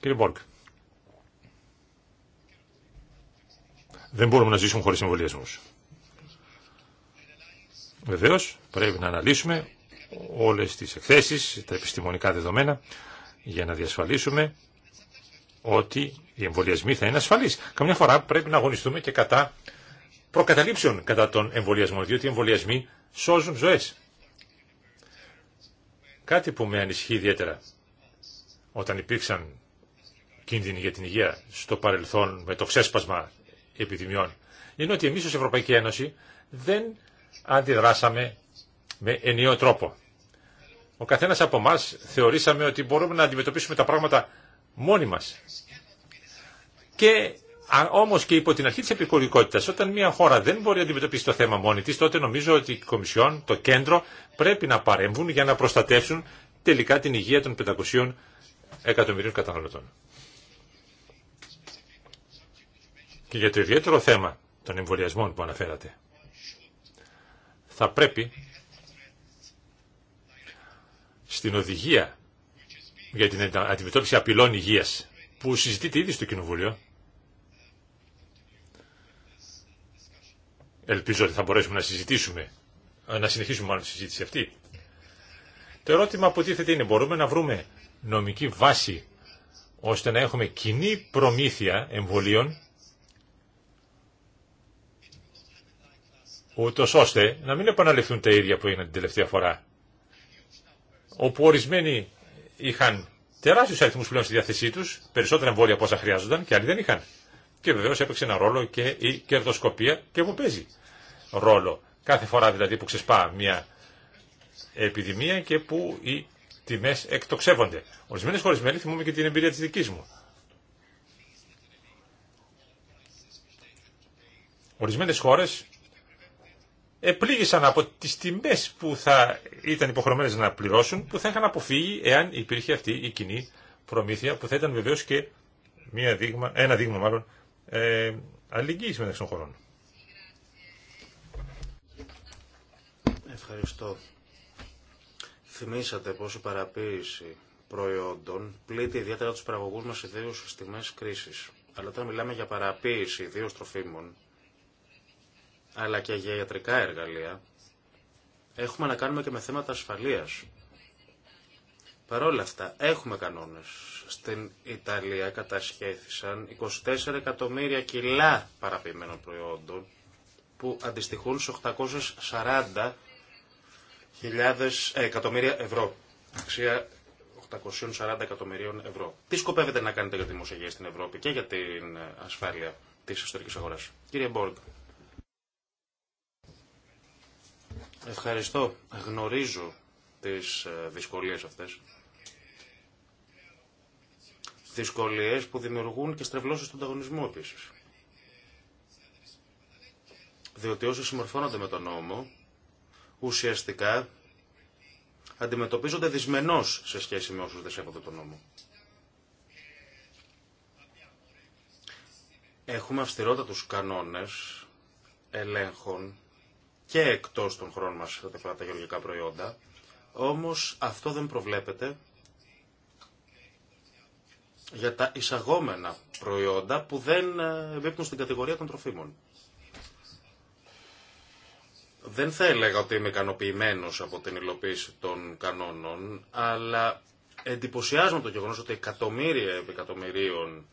Κύριε Μπόρκ. Δεν μπορούμε να ζήσουμε χωρίς εμβολιασμούς. Βεβαίως, πρέπει να αναλύσουμε όλες τις εκθέσεις, τα επιστημονικά δεδομένα, για να διασφαλίσουμε ότι οι εμβολιασμοί θα είναι ασφαλείς. Καμιά φορά πρέπει να αγωνιστούμε και κατά προκαταλήψεων κατά τον εμβολιασμό διότι οι εμβολιασμοί σώζουν ζωές. Κάτι που με ανισχύει ιδιαίτερα όταν υπήρξαν κίνδυνοι για την υγεία στο παρελθόν με το ξέσπασμα επιδημιών, είναι ότι εμείς ως Ευρωπαϊκή Ένωση δεν αντιδράσαμε με ενιαίο τρόπο. Ο καθένας από εμά θεωρήσαμε ότι μπορούμε να αντιμετωπίσουμε τα πράγματα μόνοι μας. Και όμως και υπό την αρχή της επικουρικότητας, όταν μια χώρα δεν μπορεί να αντιμετωπίσει το θέμα μόνη της, τότε νομίζω ότι η Κομισιόν, το κέντρο, πρέπει να παρέμβουν για να προστατεύσουν τελικά την υγεία των 500 εκατομμυρίων καταναλωτών. Και για το ιδιαίτερο θέμα των εμβολιασμών που αναφέρατε, θα πρέπει στην οδηγία για την αντιμετώπιση απειλών υγείας που συζητείται ήδη στο Κοινοβούλιο. Ελπίζω ότι θα μπορέσουμε να συζητήσουμε, ε, να συνεχίσουμε μάλλον τη συζήτηση αυτή. Το ερώτημα που τίθεται είναι μπορούμε να βρούμε νομική βάση ώστε να έχουμε κοινή προμήθεια εμβολίων ούτως ώστε να μην επαναληφθούν τα ίδια που έγιναν την τελευταία φορά όπου ορισμένοι είχαν τεράστιου αριθμού πλέον στη διάθεσή τους, περισσότερα εμβόλια από όσα χρειάζονταν και άλλοι δεν είχαν. Και βεβαίω έπαιξε ένα ρόλο και η κερδοσκοπία και που παίζει ρόλο. Κάθε φορά δηλαδή που ξεσπά μια επιδημία και που οι τιμές εκτοξεύονται. Ορισμένες χώρες μέλη θυμούμε και την εμπειρία τη δική μου. Ορισμένε χώρε επλήγησαν από τις τιμές που θα ήταν υποχρεωμένες να πληρώσουν, που θα είχαν αποφύγει εάν υπήρχε αυτή η κοινή προμήθεια, που θα ήταν βεβαίως και μία δείγμα, ένα δείγμα μάλλον ε, αλληλεγγύης μεταξύ των χωρών. Ευχαριστώ. Θυμήσατε πως η παραποίηση προϊόντων πλήττει ιδιαίτερα τους παραγωγούς μας ιδίως στις τιμές κρίσης. Αλλά όταν μιλάμε για παραποίηση ιδίως τροφίμων, αλλά και για ιατρικά εργαλεία, έχουμε να κάνουμε και με θέματα ασφαλείας. Παρόλα αυτά, έχουμε κανόνες. Στην Ιταλία κατασχέθησαν 24 εκατομμύρια κιλά παραποιημένων προϊόντων, που αντιστοιχούν σε 840 ε, εκατομμύρια ευρώ. Αξία 840 εκατομμυρίων ευρώ. Τι σκοπεύετε να κάνετε για τη δημοσιογεία στην Ευρώπη και για την ε, ασφάλεια της ιστορικής αγοράς. Κύριε Μπόργκ. Ευχαριστώ. Γνωρίζω τις ε, δυσκολίες αυτές. Δυσκολίες που δημιουργούν και στρεβλώσεις του ανταγωνισμού επίσης. Διότι όσοι συμμορφώνονται με τον νόμο, ουσιαστικά αντιμετωπίζονται δυσμενώς σε σχέση με όσους δεν σέβονται τον νόμο. Έχουμε αυστηρότατους κανόνες ελέγχων και εκτός των χρόνων μας αυτά τα γεωργικά προϊόντα. Όμως αυτό δεν προβλέπεται για τα εισαγόμενα προϊόντα που δεν ε, εμπίπτουν στην κατηγορία των τροφίμων. Δεν θα έλεγα ότι είμαι ικανοποιημένο από την υλοποίηση των κανόνων, αλλά εντυπωσιάζομαι το γεγονό ότι εκατομμύρια επί εκατομμυρίων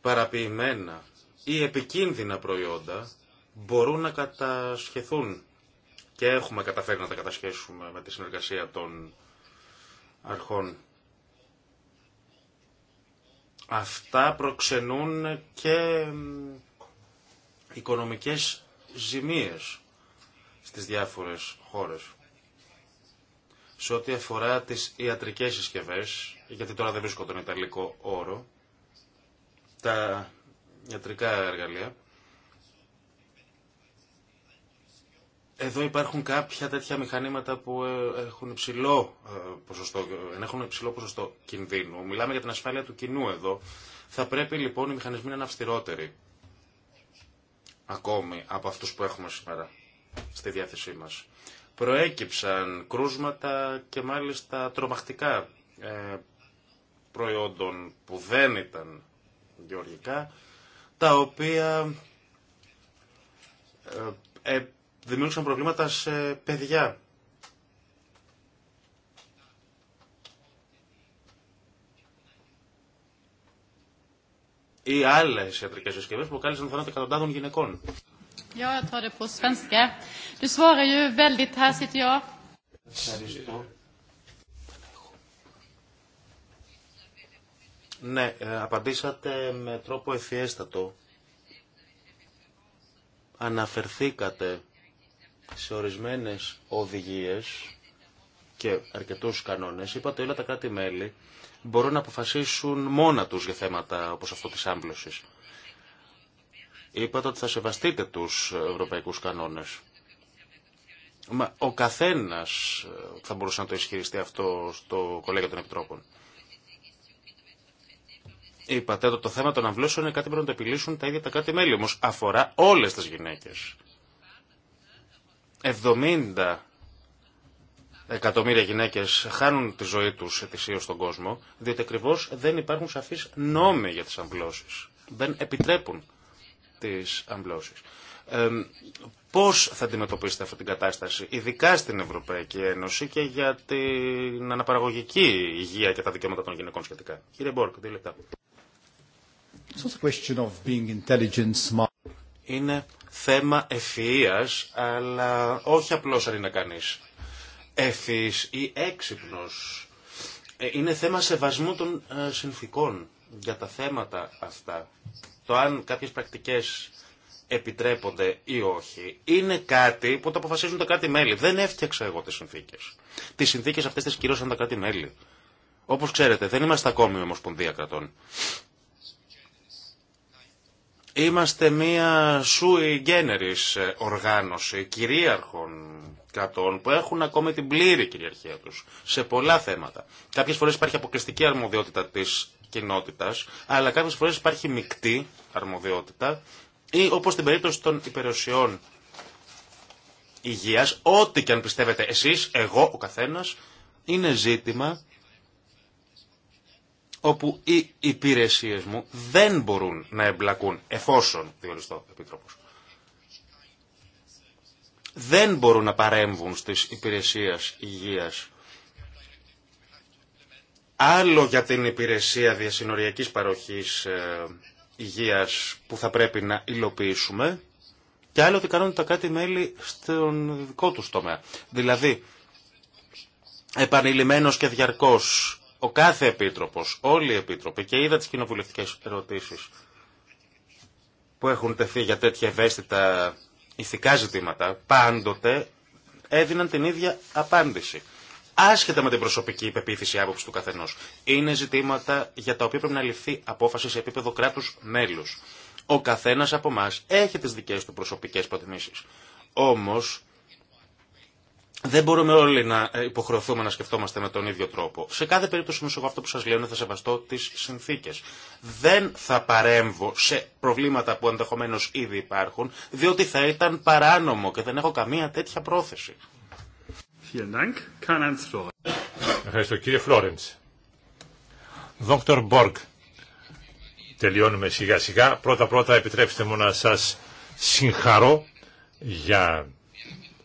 παραποιημένα ή επικίνδυνα προϊόντα μπορούν να κατασχεθούν και έχουμε καταφέρει να τα κατασχέσουμε με τη συνεργασία των αρχών. Αυτά προξενούν και οικονομικές ζημίες στις διάφορες χώρες. Σε ό,τι αφορά τις ιατρικές συσκευές, γιατί τώρα δεν βρίσκω τον Ιταλικό όρο, τα ιατρικά εργαλεία, Εδώ υπάρχουν κάποια τέτοια μηχανήματα που ε, έχουν υψηλό ε, ποσοστό, ε, έχουν υψηλό ποσοστό κινδύνου. Μιλάμε για την ασφάλεια του κοινού εδώ. Θα πρέπει λοιπόν οι μηχανισμοί να είναι αυστηρότεροι ακόμη από αυτούς που έχουμε σήμερα στη διάθεσή μας. Προέκυψαν κρούσματα και μάλιστα τρομακτικά προϊόντων που δεν ήταν γεωργικά, τα οποία δημιούργησαν προβλήματα σε παιδιά. Ή άλλε ιατρικέ συσκευέ που κάλεσαν θανάτου εκατοντάδων γυναικών. Ναι, ε, απαντήσατε με τρόπο ευφιέστατο. Αναφερθήκατε σε ορισμένες οδηγίες και αρκετούς κανόνες, είπατε όλα τα κράτη-μέλη μπορούν να αποφασίσουν μόνα τους για θέματα όπως αυτό της άμπλωσης. Είπατε ότι θα σεβαστείτε τους ευρωπαϊκούς κανόνες. Μα ο καθένας ε, θα μπορούσε να το ισχυριστεί αυτό στο κολέγιο των επιτρόπων. Είπατε ότι το θέμα των αμβλώσεων είναι κάτι που πρέπει να το επιλύσουν τα ίδια τα κράτη-μέλη, όμως αφορά όλες τις γυναίκες. 70 εκατομμύρια γυναίκες χάνουν τη ζωή τους ετησίως στον κόσμο, διότι ακριβώ δεν υπάρχουν σαφείς νόμοι για τις αμπλώσεις. Δεν επιτρέπουν τις αμπλώσεις. Ε, πώς θα αντιμετωπίσετε αυτή την κατάσταση, ειδικά στην Ευρωπαϊκή Ένωση και για την αναπαραγωγική υγεία και τα δικαιώματα των γυναικών σχετικά. Κύριε Μπόρκ, δύο λεπτά. Είναι θέμα ευφυΐας, αλλά όχι απλώς αν είναι κανείς ευφυής ή έξυπνος. Ε, είναι θέμα σεβασμού των ε, συνθήκων για τα θέματα αυτά. Το αν κάποιες πρακτικές επιτρέπονται ή όχι, είναι κάτι που το αποφασίζουν τα κράτη-μέλη. Δεν έφτιαξα εγώ τις συνθήκες. Τις συνθήκες αυτές τις κυρώσαν τα κράτη-μέλη. Όπως ξέρετε, δεν είμαστε ακόμη ομοσπονδία κρατών. Είμαστε μία σούι generis ε, οργάνωση κυρίαρχων κρατών που έχουν ακόμη την πλήρη κυριαρχία τους σε πολλά θέματα. Κάποιες φορές υπάρχει αποκλειστική αρμοδιότητα της κοινότητας, αλλά κάποιες φορές υπάρχει μεικτή αρμοδιότητα ή όπως στην περίπτωση των υπηρεσιών υγείας, ό,τι και αν πιστεύετε εσείς, εγώ, ο καθένας, είναι ζήτημα όπου οι υπηρεσίες μου δεν μπορούν να εμπλακούν εφόσον διοριστώ επίτροπος. Δεν μπορούν να παρέμβουν στις υπηρεσίες υγείας. Άλλο για την υπηρεσία διασυνοριακής παροχής ε, υγείας που θα πρέπει να υλοποιήσουμε και άλλο ότι κάνουν τα κάτι μέλη στον δικό τους τομέα. Δηλαδή, επανειλημμένος και διαρκώς ο κάθε επίτροπος, όλοι οι επίτροποι και είδα τις κοινοβουλευτικέ ερωτήσεις που έχουν τεθεί για τέτοια ευαίσθητα ηθικά ζητήματα, πάντοτε έδιναν την ίδια απάντηση. Άσχετα με την προσωπική υπεποίθηση άποψη του καθενό. Είναι ζητήματα για τα οποία πρέπει να ληφθεί απόφαση σε επίπεδο κράτου μέλου. Ο καθένα από εμά έχει τι δικέ του προσωπικέ προτιμήσει. Όμω δεν μπορούμε όλοι να ε, υποχρεωθούμε να σκεφτόμαστε με τον ίδιο τρόπο. Σε κάθε περίπτωση όμω εγώ αυτό που σα λέω είναι θα σεβαστώ τι συνθήκε. Δεν θα παρέμβω σε προβλήματα που ενδεχομένω ήδη υπάρχουν, διότι θα ήταν παράνομο και δεν έχω καμία τέτοια πρόθεση. Ευχαριστώ κύριε Φλόρεντ. Δόκτωρ Μπόρκ, τελειώνουμε σιγά σιγά. Πρώτα πρώτα επιτρέψτε μου να σας συγχαρώ για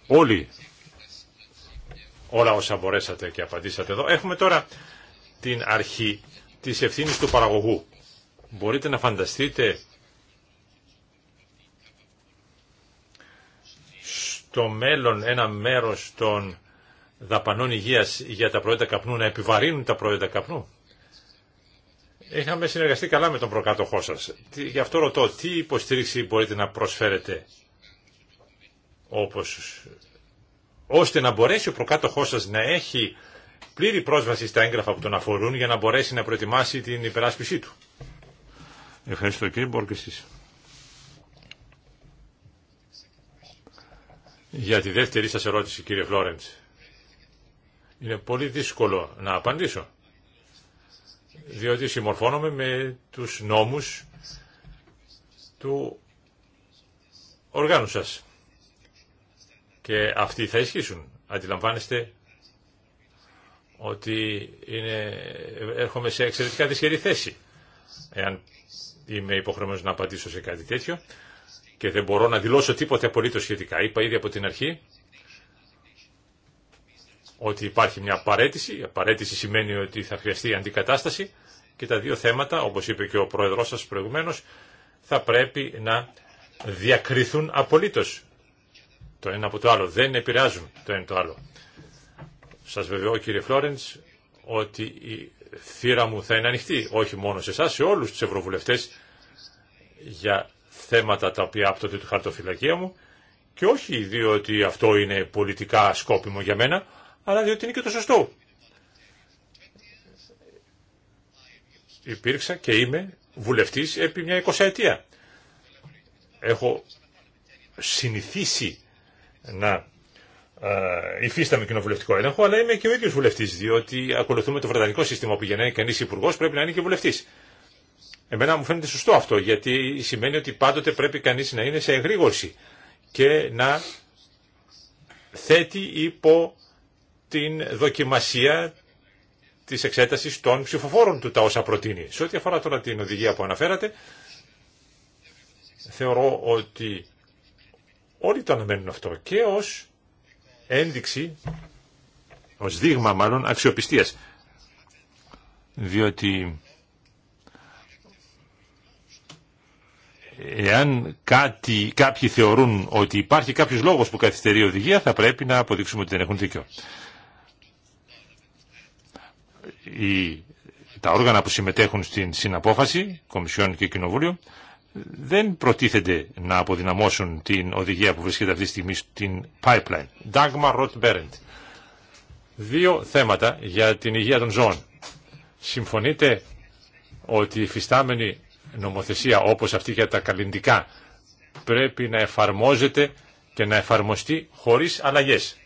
όλη όλα όσα μπορέσατε και απαντήσατε εδώ. Έχουμε τώρα την αρχή της ευθύνης του παραγωγού. Μπορείτε να φανταστείτε στο μέλλον ένα μέρος των δαπανών υγείας για τα προϊόντα καπνού να επιβαρύνουν τα προϊόντα καπνού. Είχαμε συνεργαστεί καλά με τον προκάτοχό σας. Γι' αυτό ρωτώ, τι υποστήριξη μπορείτε να προσφέρετε όπως ώστε να μπορέσει ο προκάτοχός σας να έχει πλήρη πρόσβαση στα έγγραφα που τον αφορούν για να μπορέσει να προετοιμάσει την υπεράσπιση του. Ευχαριστώ κύριε εσείς. Για τη δεύτερη σας ερώτηση κύριε Φλόρεντς. Είναι πολύ δύσκολο να απαντήσω. Διότι συμμορφώνομαι με τους νόμους του οργάνου σας και αυτοί θα ισχύσουν. Αντιλαμβάνεστε ότι είναι, έρχομαι σε εξαιρετικά δυσχερή θέση. Εάν είμαι υποχρεωμένος να απαντήσω σε κάτι τέτοιο και δεν μπορώ να δηλώσω τίποτε απολύτω σχετικά. Είπα ήδη από την αρχή ότι υπάρχει μια παρέτηση. Η παρέτηση σημαίνει ότι θα χρειαστεί αντικατάσταση και τα δύο θέματα, όπως είπε και ο πρόεδρός σας προηγουμένως, θα πρέπει να διακριθούν απολύτως το ένα από το άλλο. Δεν επηρεάζουν το ένα το άλλο. Σας βεβαιώ κύριε Φλόρεντς ότι η θύρα μου θα είναι ανοιχτή, όχι μόνο σε εσά, σε όλους τους ευρωβουλευτές για θέματα τα οποία άπτονται του χαρτοφυλακία μου και όχι διότι αυτό είναι πολιτικά σκόπιμο για μένα, αλλά διότι είναι και το σωστό. Υπήρξα και είμαι βουλευτής επί μια εικοσαετία. Έχω συνηθίσει να υφίσταμε κοινοβουλευτικό έλεγχο, αλλά είμαι και ο ίδιο βουλευτή, διότι ακολουθούμε το βρετανικό σύστημα που για να είναι κανεί υπουργό πρέπει να είναι και βουλευτή. Εμένα μου φαίνεται σωστό αυτό, γιατί σημαίνει ότι πάντοτε πρέπει κανεί να είναι σε εγρήγορση και να θέτει υπό την δοκιμασία τη εξέταση των ψηφοφόρων του τα όσα προτείνει. Σε ό,τι αφορά τώρα την οδηγία που αναφέρατε, θεωρώ ότι Όλοι το αναμένουν αυτό και ως ένδειξη, ως δείγμα μάλλον αξιοπιστίας. Διότι εάν κάτι, κάποιοι θεωρούν ότι υπάρχει κάποιος λόγος που καθυστερεί η οδηγία θα πρέπει να αποδείξουμε ότι δεν έχουν δίκιο. τα όργανα που συμμετέχουν στην συναπόφαση, Κομισιόν και Κοινοβούλιο, δεν προτίθεται να αποδυναμώσουν την οδηγία που βρίσκεται αυτή τη στιγμή στην pipeline. Dagmar Δύο θέματα για την υγεία των ζώων. Συμφωνείτε ότι η φυστάμενη νομοθεσία όπως αυτή για τα καλλιντικά πρέπει να εφαρμόζεται και να εφαρμοστεί χωρίς αλλαγές.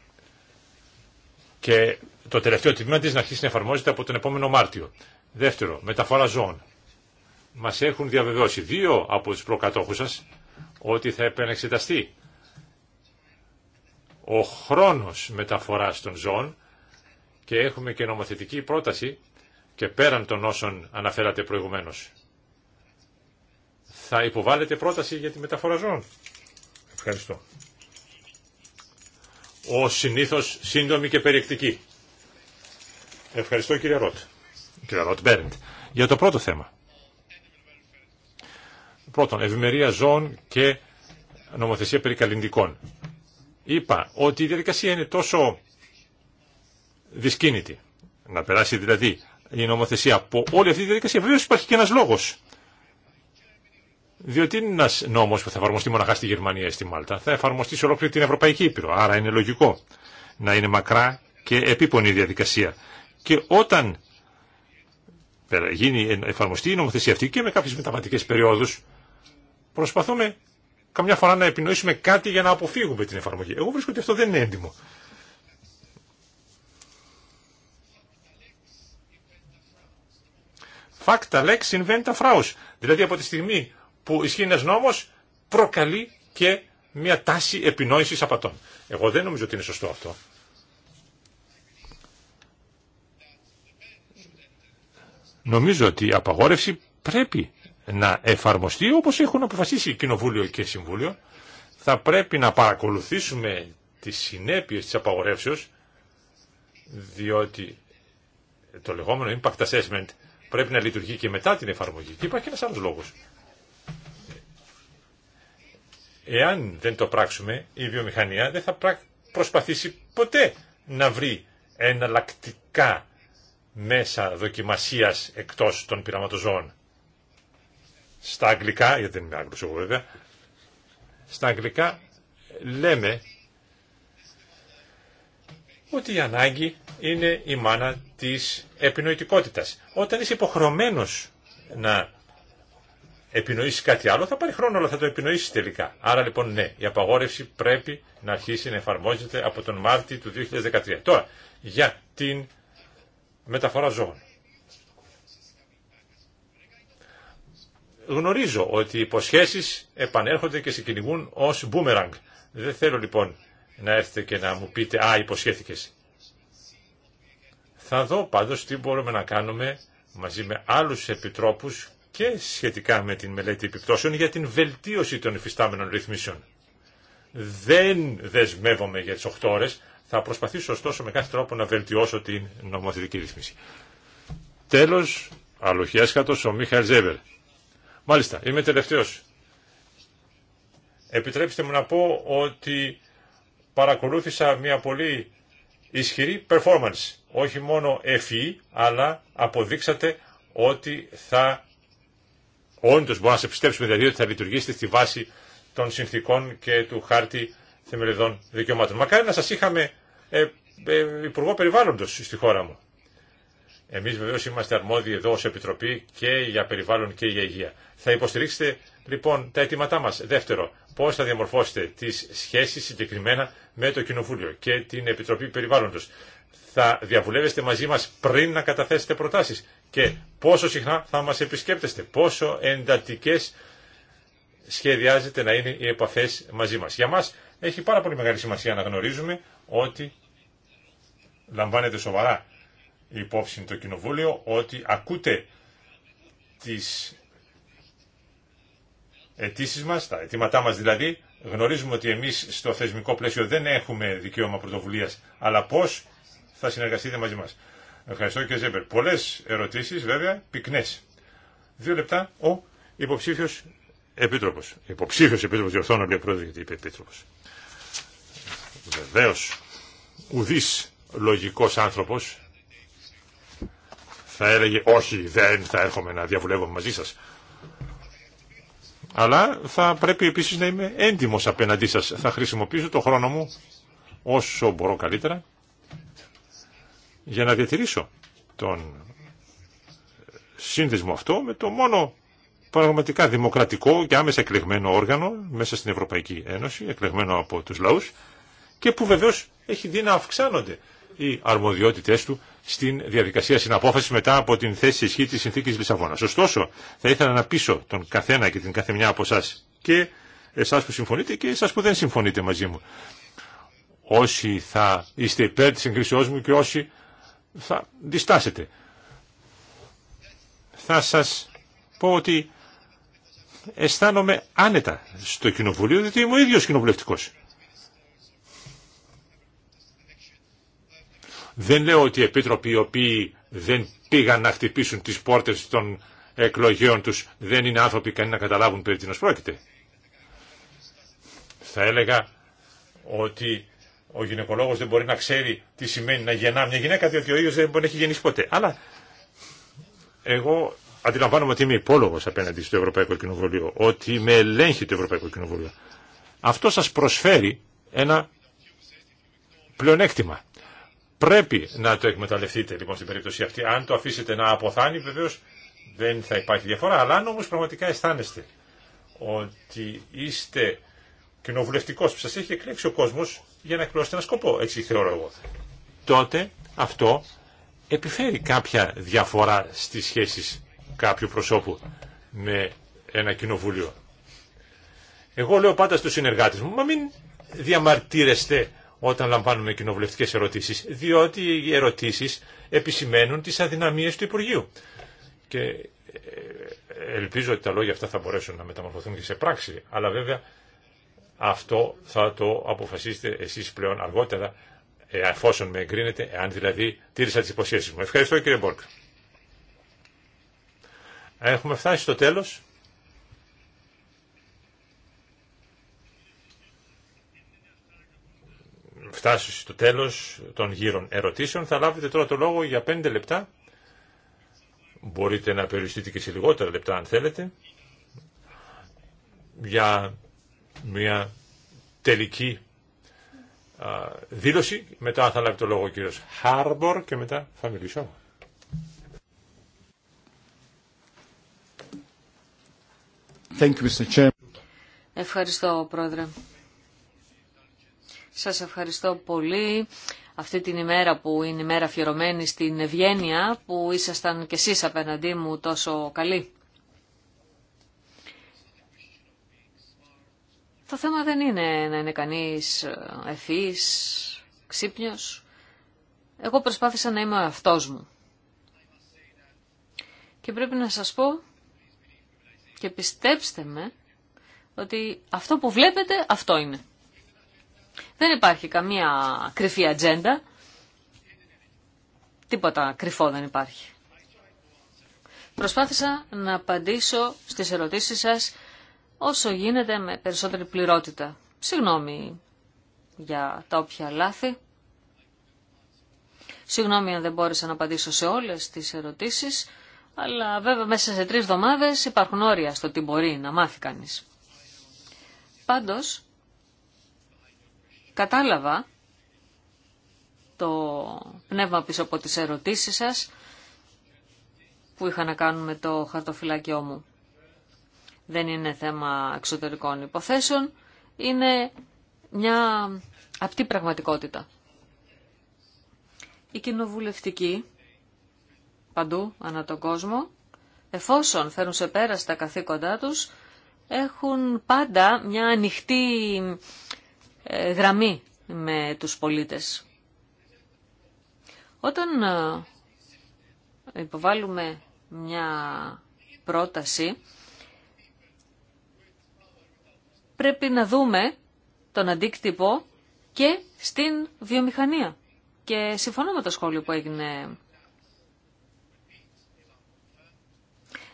Και το τελευταίο τμήμα της να αρχίσει να εφαρμόζεται από τον επόμενο Μάρτιο. Δεύτερο, μεταφορά ζώων μας έχουν διαβεβαιώσει δύο από τους προκατόχους σας ότι θα επενεξεταστεί ο χρόνος μεταφοράς των ζώων και έχουμε και νομοθετική πρόταση και πέραν των όσων αναφέρατε προηγουμένως. Θα υποβάλλετε πρόταση για τη μεταφορά ζώων. Ευχαριστώ. Ο συνήθως σύντομη και περιεκτική. Ευχαριστώ κύριε Ρότ. Κύριε Ρότ Μπέρντ. Για το πρώτο θέμα. Πρώτον, ευημερία ζώων και νομοθεσία περί καλλιντικών. Είπα ότι η διαδικασία είναι τόσο δυσκίνητη. Να περάσει δηλαδή η νομοθεσία από όλη αυτή τη διαδικασία. Βεβαίω υπάρχει και ένα λόγο. Διότι είναι ένα νόμο που θα εφαρμοστεί μοναχά στη Γερμανία ή στη Μάλτα. Θα εφαρμοστεί σε ολόκληρη την Ευρωπαϊκή Ήπειρο. Άρα είναι λογικό να είναι μακρά και επίπονη η διαδικασία. Και όταν γίνει, ε, εφαρμοστεί η νομοθεσία αυτή και με κάποιε μεταβατικέ περιόδου, προσπαθούμε καμιά φορά να επινοήσουμε κάτι για να αποφύγουμε την εφαρμογή. Εγώ βρίσκω ότι αυτό δεν είναι έντιμο. Φάκτα λέξ inventa fraus. Δηλαδή από τη στιγμή που ισχύει ένα νόμο, προκαλεί και μια τάση επινόησης απατών. Εγώ δεν νομίζω ότι είναι σωστό αυτό. Νομίζω ότι η απαγόρευση πρέπει να εφαρμοστεί όπως έχουν αποφασίσει Κοινοβούλιο και Συμβούλιο. Θα πρέπει να παρακολουθήσουμε τις συνέπειες της απαγορεύσεως διότι το λεγόμενο impact assessment πρέπει να λειτουργεί και μετά την εφαρμογή. Και υπάρχει ένας άλλος λόγος. Εάν δεν το πράξουμε, η βιομηχανία δεν θα προσπαθήσει ποτέ να βρει εναλλακτικά μέσα δοκιμασίας εκτός των πειραματοζώων. Στα αγγλικά, γιατί δεν είμαι Άγγλος εγώ βέβαια, στα αγγλικά λέμε ότι η ανάγκη είναι η μάνα της επινοητικότητας. Όταν είσαι υποχρεωμένος να επινοήσει κάτι άλλο, θα πάρει χρόνο, αλλά θα το επινοήσει τελικά. Άρα λοιπόν, ναι, η απαγόρευση πρέπει να αρχίσει να εφαρμόζεται από τον Μάρτιο του 2013. Τώρα, για την μεταφορά ζώων. γνωρίζω ότι οι υποσχέσεις επανέρχονται και σε κυνηγούν ως μπούμεραγκ. Δεν θέλω λοιπόν να έρθετε και να μου πείτε «Α, υποσχέθηκες». Θα δω πάντως τι μπορούμε να κάνουμε μαζί με άλλους επιτρόπους και σχετικά με την μελέτη επιπτώσεων για την βελτίωση των υφιστάμενων ρυθμίσεων. Δεν δεσμεύομαι για τις 8 ώρες, θα προσπαθήσω ωστόσο με κάθε τρόπο να βελτιώσω την νομοθετική ρύθμιση. Τέλος, αλοχιάσκατος ο Μίχαλ Ζέβερ. Μάλιστα, είμαι τελευταίο. Επιτρέψτε μου να πω ότι παρακολούθησα μια πολύ ισχυρή performance. Όχι μόνο FE, αλλά αποδείξατε ότι θα όντω μπορούμε να σε πιστέψουμε δηλαδή ότι θα λειτουργήσετε στη βάση των συνθήκων και του χάρτη θεμελιδών δικαιωμάτων. Μακάρι να σας είχαμε ε, ε, Υπουργό Περιβάλλοντος στη χώρα μου. Εμεί βεβαίω είμαστε αρμόδιοι εδώ ως Επιτροπή και για περιβάλλον και για υγεία. Θα υποστηρίξετε λοιπόν τα αιτήματά μα. Δεύτερο, πώ θα διαμορφώσετε τι σχέσει συγκεκριμένα με το Κοινοβούλιο και την Επιτροπή περιβάλλοντο. Θα διαβουλεύεστε μαζί μα πριν να καταθέσετε προτάσει και πόσο συχνά θα μα επισκέπτεστε, πόσο εντατικέ σχεδιάζεται να είναι οι επαφέ μαζί μα. Για μα έχει πάρα πολύ μεγάλη σημασία να γνωρίζουμε ότι λαμβάνεται σοβαρά υπόψη το Κοινοβούλιο ότι ακούτε τις αιτήσει μας, τα αιτήματά μας δηλαδή, γνωρίζουμε ότι εμείς στο θεσμικό πλαίσιο δεν έχουμε δικαίωμα πρωτοβουλίας, αλλά πώς θα συνεργαστείτε μαζί μας. Ευχαριστώ και Ζέμπερ. Πολλές ερωτήσεις βέβαια, πυκνές. Δύο λεπτά, ο υποψήφιος επίτροπος. Υποψήφιος επίτροπος, διορθώνω λέει πρόεδρος γιατί είπε επίτροπος. Βεβαίως, ουδής λογικός άνθρωπος θα έλεγε όχι δεν θα έρχομαι να διαβουλεύω μαζί σας. Αλλά θα πρέπει επίσης να είμαι έντιμος απέναντί σας. Θα χρησιμοποιήσω το χρόνο μου όσο μπορώ καλύτερα για να διατηρήσω τον σύνδεσμο αυτό με το μόνο πραγματικά δημοκρατικό και άμεσα εκλεγμένο όργανο μέσα στην Ευρωπαϊκή Ένωση, εκλεγμένο από τους λαούς και που βεβαίως έχει δει να αυξάνονται οι αρμοδιότητες του στην διαδικασία συναπόφαση μετά από την θέση ισχύ τη συνθήκη Λισαβόνα. Ωστόσο, θα ήθελα να πείσω τον καθένα και την καθεμιά από εσά και εσά που συμφωνείτε και εσά που δεν συμφωνείτε μαζί μου. Όσοι θα είστε υπέρ τη εγκρίσεώ μου και όσοι θα διστάσετε. Θα σα πω ότι αισθάνομαι άνετα στο κοινοβουλίο, διότι είμαι ο ίδιο κοινοβουλευτικό. Δεν λέω ότι οι επίτροποι οι οποίοι δεν πήγαν να χτυπήσουν τις πόρτες των εκλογέων τους δεν είναι άνθρωποι κανεί να καταλάβουν περί τίνος πρόκειται. Θα έλεγα ότι ο γυναικολόγος δεν μπορεί να ξέρει τι σημαίνει να γεννά μια γυναίκα διότι ο ίδιος δεν μπορεί να έχει γεννήσει ποτέ. Αλλά εγώ αντιλαμβάνομαι ότι είμαι υπόλογος απέναντι στο Ευρωπαϊκό Κοινοβουλίο, ότι με ελέγχει το Ευρωπαϊκό Κοινοβουλίο. Αυτό σας προσφέρει ένα πλεονέκτημα. Πρέπει να το εκμεταλλευτείτε λοιπόν στην περίπτωση αυτή. Αν το αφήσετε να αποθάνει βεβαίως δεν θα υπάρχει διαφορά. Αλλά αν όμως πραγματικά αισθάνεστε ότι είστε κοινοβουλευτικός που σας έχει εκλέξει ο κόσμος για να εκπληρώσετε ένα σκοπό, έτσι θεωρώ εγώ, τότε αυτό επιφέρει κάποια διαφορά στις σχέσεις κάποιου προσώπου με ένα κοινοβούλιο. Εγώ λέω πάντα στους συνεργάτες μου, μα μην διαμαρτύρεστε όταν λαμβάνουμε κοινοβουλευτικέ ερωτήσεις, διότι οι ερωτήσεις επισημαίνουν τις αδυναμίες του Υπουργείου. Και ε, ελπίζω ότι τα λόγια αυτά θα μπορέσουν να μεταμορφωθούν και σε πράξη, αλλά βέβαια αυτό θα το αποφασίσετε εσείς πλέον αργότερα, εφόσον με εγκρίνετε, εάν δηλαδή τήρησα τι υποσχέσεις μου. Ευχαριστώ κύριε Μπόρκ. Έχουμε φτάσει στο τέλος φτάσει στο τέλος των γύρων ερωτήσεων. Θα λάβετε τώρα το λόγο για πέντε λεπτά. Μπορείτε να περιοριστείτε και σε λιγότερα λεπτά αν θέλετε. Για μια τελική δήλωση. Μετά θα λάβει το λόγο ο κύριος Χάρμπορ και μετά θα μιλήσω. Thank you, Mr. Ευχαριστώ, Πρόεδρε. Σας ευχαριστώ πολύ αυτή την ημέρα που είναι μέρα αφιερωμένη στην Ευγένεια που ήσασταν κι εσείς απέναντί μου τόσο καλή. Το θέμα δεν είναι να είναι κανείς ε, ευφύης, ξύπνιος. Εγώ προσπάθησα να είμαι ο μου. Και πρέπει να σας πω και πιστέψτε με ότι αυτό που βλέπετε αυτό είναι. Δεν υπάρχει καμία κρυφή ατζέντα. Τίποτα κρυφό δεν υπάρχει. Προσπάθησα να απαντήσω στις ερωτήσεις σας όσο γίνεται με περισσότερη πληρότητα. Συγγνώμη για τα όποια λάθη. Συγγνώμη αν δεν μπόρεσα να απαντήσω σε όλες τις ερωτήσεις, αλλά βέβαια μέσα σε τρεις εβδομάδες υπάρχουν όρια στο τι μπορεί να μάθει κανείς. Πάντως, Κατάλαβα το πνεύμα πίσω από τις ερωτήσεις σας που είχα να κάνω με το χαρτοφυλάκιό μου. Δεν είναι θέμα εξωτερικών υποθέσεων, είναι μια απτή πραγματικότητα. Οι κοινοβουλευτικοί παντού ανά τον κόσμο, εφόσον φέρουν σε πέρα στα καθήκοντά τους, έχουν πάντα μια ανοιχτή ε, γραμμή με τους πολίτες. Όταν ε, υποβάλλουμε μια πρόταση, πρέπει να δούμε τον αντίκτυπο και στην βιομηχανία. Και συμφωνώ με το σχόλιο που έγινε.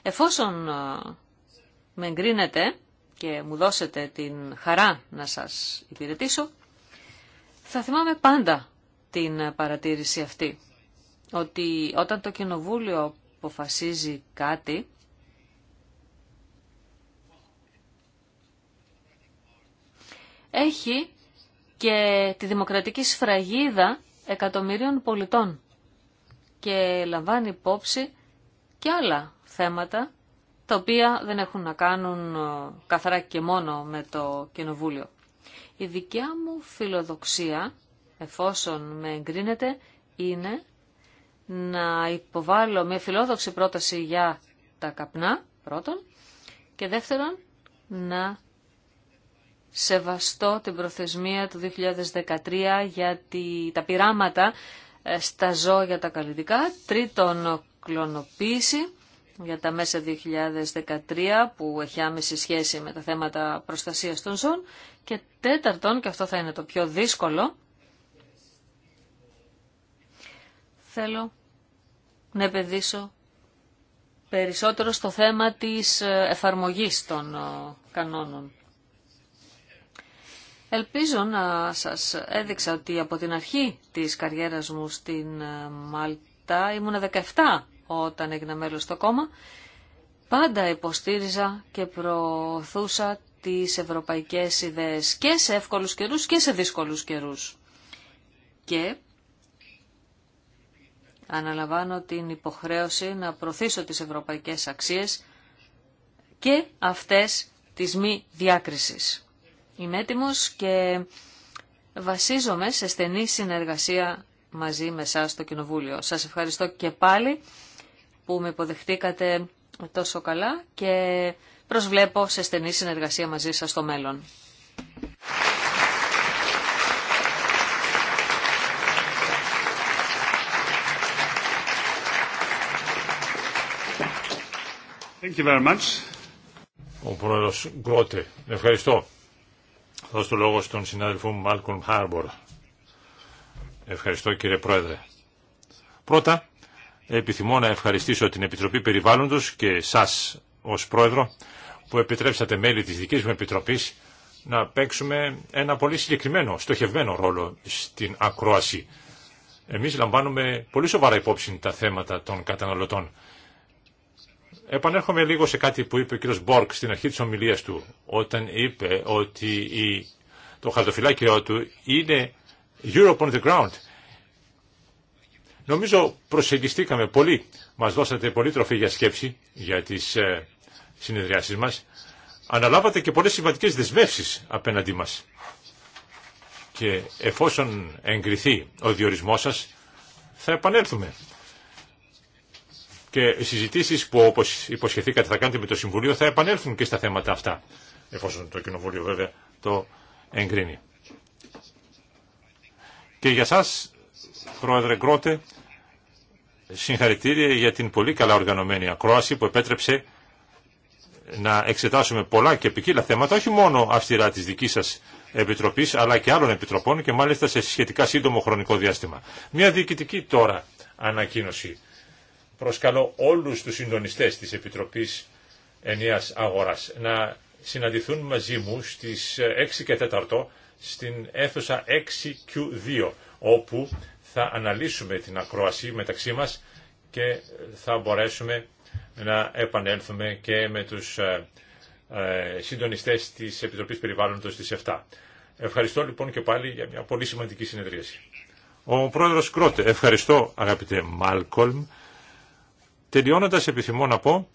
Εφόσον ε, με εγκρίνεται, και μου δώσετε την χαρά να σας υπηρετήσω, θα θυμάμαι πάντα την παρατήρηση αυτή, ότι όταν το Κοινοβούλιο αποφασίζει κάτι, έχει και τη δημοκρατική σφραγίδα εκατομμυρίων πολιτών και λαμβάνει υπόψη και άλλα θέματα τα οποία δεν έχουν να κάνουν ε, καθαρά και μόνο με το Κοινοβούλιο. Η δικιά μου φιλοδοξία, εφόσον με εγκρίνεται, είναι να υποβάλω μια φιλόδοξη πρόταση για τα καπνά, πρώτον, και δεύτερον, να σεβαστώ την προθεσμία του 2013 για τα πειράματα ε, στα ζώα για τα καλλιτικά, τρίτον κλωνοποίηση για τα μέσα 2013 που έχει άμεση σχέση με τα θέματα προστασίας των ζών και τέταρτον, και αυτό θα είναι το πιο δύσκολο, θέλω να επενδύσω περισσότερο στο θέμα της ε, εφαρμογής των ε, κανόνων. Ελπίζω να σας έδειξα ότι από την αρχή της καριέρας μου στην ε, Μάλτα ήμουν 17 όταν έγινα μέλος στο κόμμα, πάντα υποστήριζα και προωθούσα τις ευρωπαϊκές ιδέες και σε εύκολους καιρούς και σε δύσκολους καιρούς. Και αναλαμβάνω την υποχρέωση να προωθήσω τις ευρωπαϊκές αξίες και αυτές της μη διάκρισης. Είμαι έτοιμος και βασίζομαι σε στενή συνεργασία μαζί με εσάς στο Κοινοβούλιο. Σας ευχαριστώ και πάλι που με υποδεχτήκατε τόσο καλά και προσβλέπω σε στενή συνεργασία μαζί σας στο μέλλον. Thank you very much. Ο πρόεδρος Γκρότε. Ευχαριστώ. Θα δώσω το λόγο στον συνάδελφό μου Μάλκον Χάρμπορ. Ευχαριστώ κύριε πρόεδρε. Πρώτα, επιθυμώ να ευχαριστήσω την Επιτροπή Περιβάλλοντος και σας ως Πρόεδρο που επιτρέψατε μέλη της δικής μου Επιτροπής να παίξουμε ένα πολύ συγκεκριμένο, στοχευμένο ρόλο στην ακρόαση. Εμείς λαμβάνουμε πολύ σοβαρά υπόψη τα θέματα των καταναλωτών. Επανέρχομαι λίγο σε κάτι που είπε ο κ. Μπόρκ στην αρχή της ομιλίας του, όταν είπε ότι το χαρτοφυλάκιό του είναι Europe on the ground, Νομίζω προσεγγιστήκαμε πολύ. Μας δώσατε πολύ τροφή για σκέψη για τις ε, συνεδριάσεις μας. Αναλάβατε και πολλές σημαντικές δεσμεύσεις απέναντί μας. Και εφόσον εγκριθεί ο διορισμός σας, θα επανέλθουμε. Και οι συζητήσεις που όπως υποσχεθήκατε θα κάνετε με το Συμβουλίο θα επανέλθουν και στα θέματα αυτά. Εφόσον το Κοινοβούλιο βέβαια το εγκρίνει. Και για σας, Πρόεδρε Γκρότε, συγχαρητήρια για την πολύ καλά οργανωμένη ακρόαση που επέτρεψε να εξετάσουμε πολλά και ποικίλα θέματα, όχι μόνο αυστηρά της δικής σας Επιτροπής, αλλά και άλλων επιτροπών και μάλιστα σε σχετικά σύντομο χρονικό διάστημα. Μια διοικητική τώρα ανακοίνωση. Προσκαλώ όλους τους συντονιστές της Επιτροπής ενία Αγοράς να συναντηθούν μαζί μου στις 6 και 4 στην αίθουσα 6Q2, όπου θα αναλύσουμε την ακρόαση μεταξύ μας και θα μπορέσουμε να επανέλθουμε και με τους ε, ε, συντονιστές της Επιτροπής Περιβάλλοντος της 7. Ευχαριστώ λοιπόν και πάλι για μια πολύ σημαντική συνεδρίαση. Ο πρόεδρος Κρότε, ευχαριστώ αγαπητέ Μάλκολμ. Τελειώνοντας επιθυμώ να πω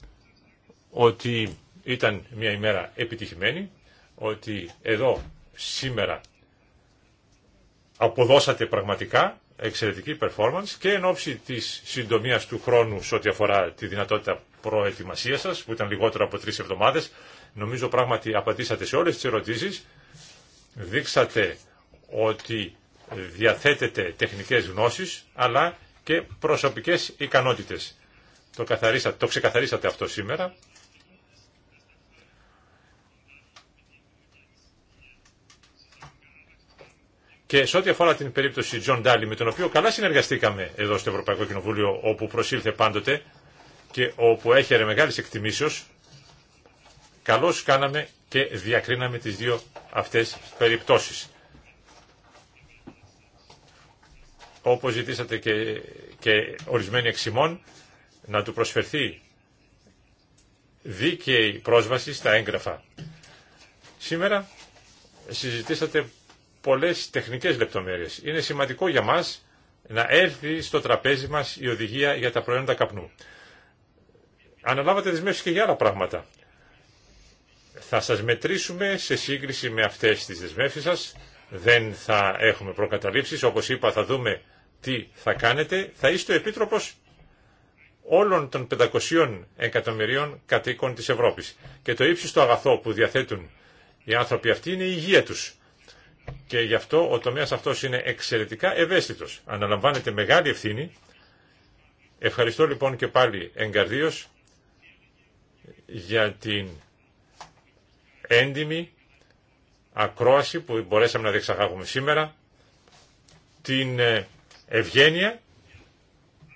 ότι ήταν μια ημέρα επιτυχημένη, ότι εδώ σήμερα αποδώσατε πραγματικά εξαιρετική performance και εν ώψη της συντομίας του χρόνου σε ό,τι αφορά τη δυνατότητα προετοιμασίας σας, που ήταν λιγότερο από τρεις εβδομάδες. Νομίζω πράγματι απαντήσατε σε όλες τις ερωτήσεις. Δείξατε ότι διαθέτετε τεχνικές γνώσεις, αλλά και προσωπικές ικανότητες. Το, καθαρίσατε, το ξεκαθαρίσατε αυτό σήμερα Και σε ό,τι αφορά την περίπτωση Τζον Ντάλι, με τον οποίο καλά συνεργαστήκαμε εδώ στο Ευρωπαϊκό Κοινοβούλιο, όπου προσήλθε πάντοτε και όπου έχερε μεγάλη εκτιμήσεω, καλώ κάναμε και διακρίναμε τι δύο αυτέ περιπτώσει. Όπω ζητήσατε και, και ορισμένοι εξημών, να του προσφερθεί δίκαιη πρόσβαση στα έγγραφα. Σήμερα συζητήσατε πολλές τεχνικές λεπτομέρειες. Είναι σημαντικό για μας να έρθει στο τραπέζι μας η οδηγία για τα προϊόντα καπνού. Αναλάβατε δεσμεύσεις και για άλλα πράγματα. Θα σας μετρήσουμε σε σύγκριση με αυτές τις δεσμεύσεις σας. Δεν θα έχουμε προκαταλήψεις. Όπως είπα θα δούμε τι θα κάνετε. Θα είστε ο Επίτροπος όλων των 500 εκατομμυρίων κατοίκων της Ευρώπης. Και το ύψιστο αγαθό που διαθέτουν οι άνθρωποι αυτοί είναι η υγεία τους. Και γι' αυτό ο τομέας αυτός είναι εξαιρετικά ευαίσθητος. Αναλαμβάνεται μεγάλη ευθύνη. Ευχαριστώ λοιπόν και πάλι εγκαρδίως για την έντιμη ακρόαση που μπορέσαμε να διεξαγάγουμε σήμερα, την ε, ευγένεια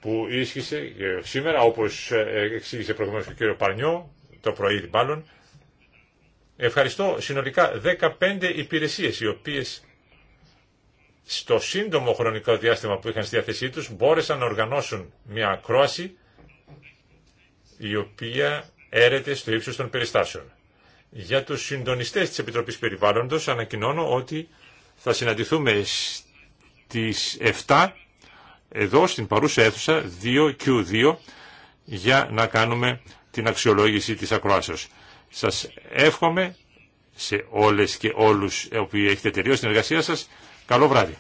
που ίσχυσε ε, σήμερα, όπως ε, εξήγησε προηγουμένως ο κύριο Παρνιό, το πρωί μάλλον, Ευχαριστώ συνολικά 15 υπηρεσίες οι οποίες στο σύντομο χρονικό διάστημα που είχαν στη διάθεσή τους μπόρεσαν να οργανώσουν μια ακρόαση η οποία έρεται στο ύψος των περιστάσεων. Για τους συντονιστές της Επιτροπής Περιβάλλοντος ανακοινώνω ότι θα συναντηθούμε στις 7 εδώ στην παρούσα αίθουσα 2Q2 για να κάνουμε την αξιολόγηση της ακροάσεως. Σας εύχομαι σε όλες και όλους οι οποίοι έχετε τελειώσει την εργασία σας. Καλό βράδυ.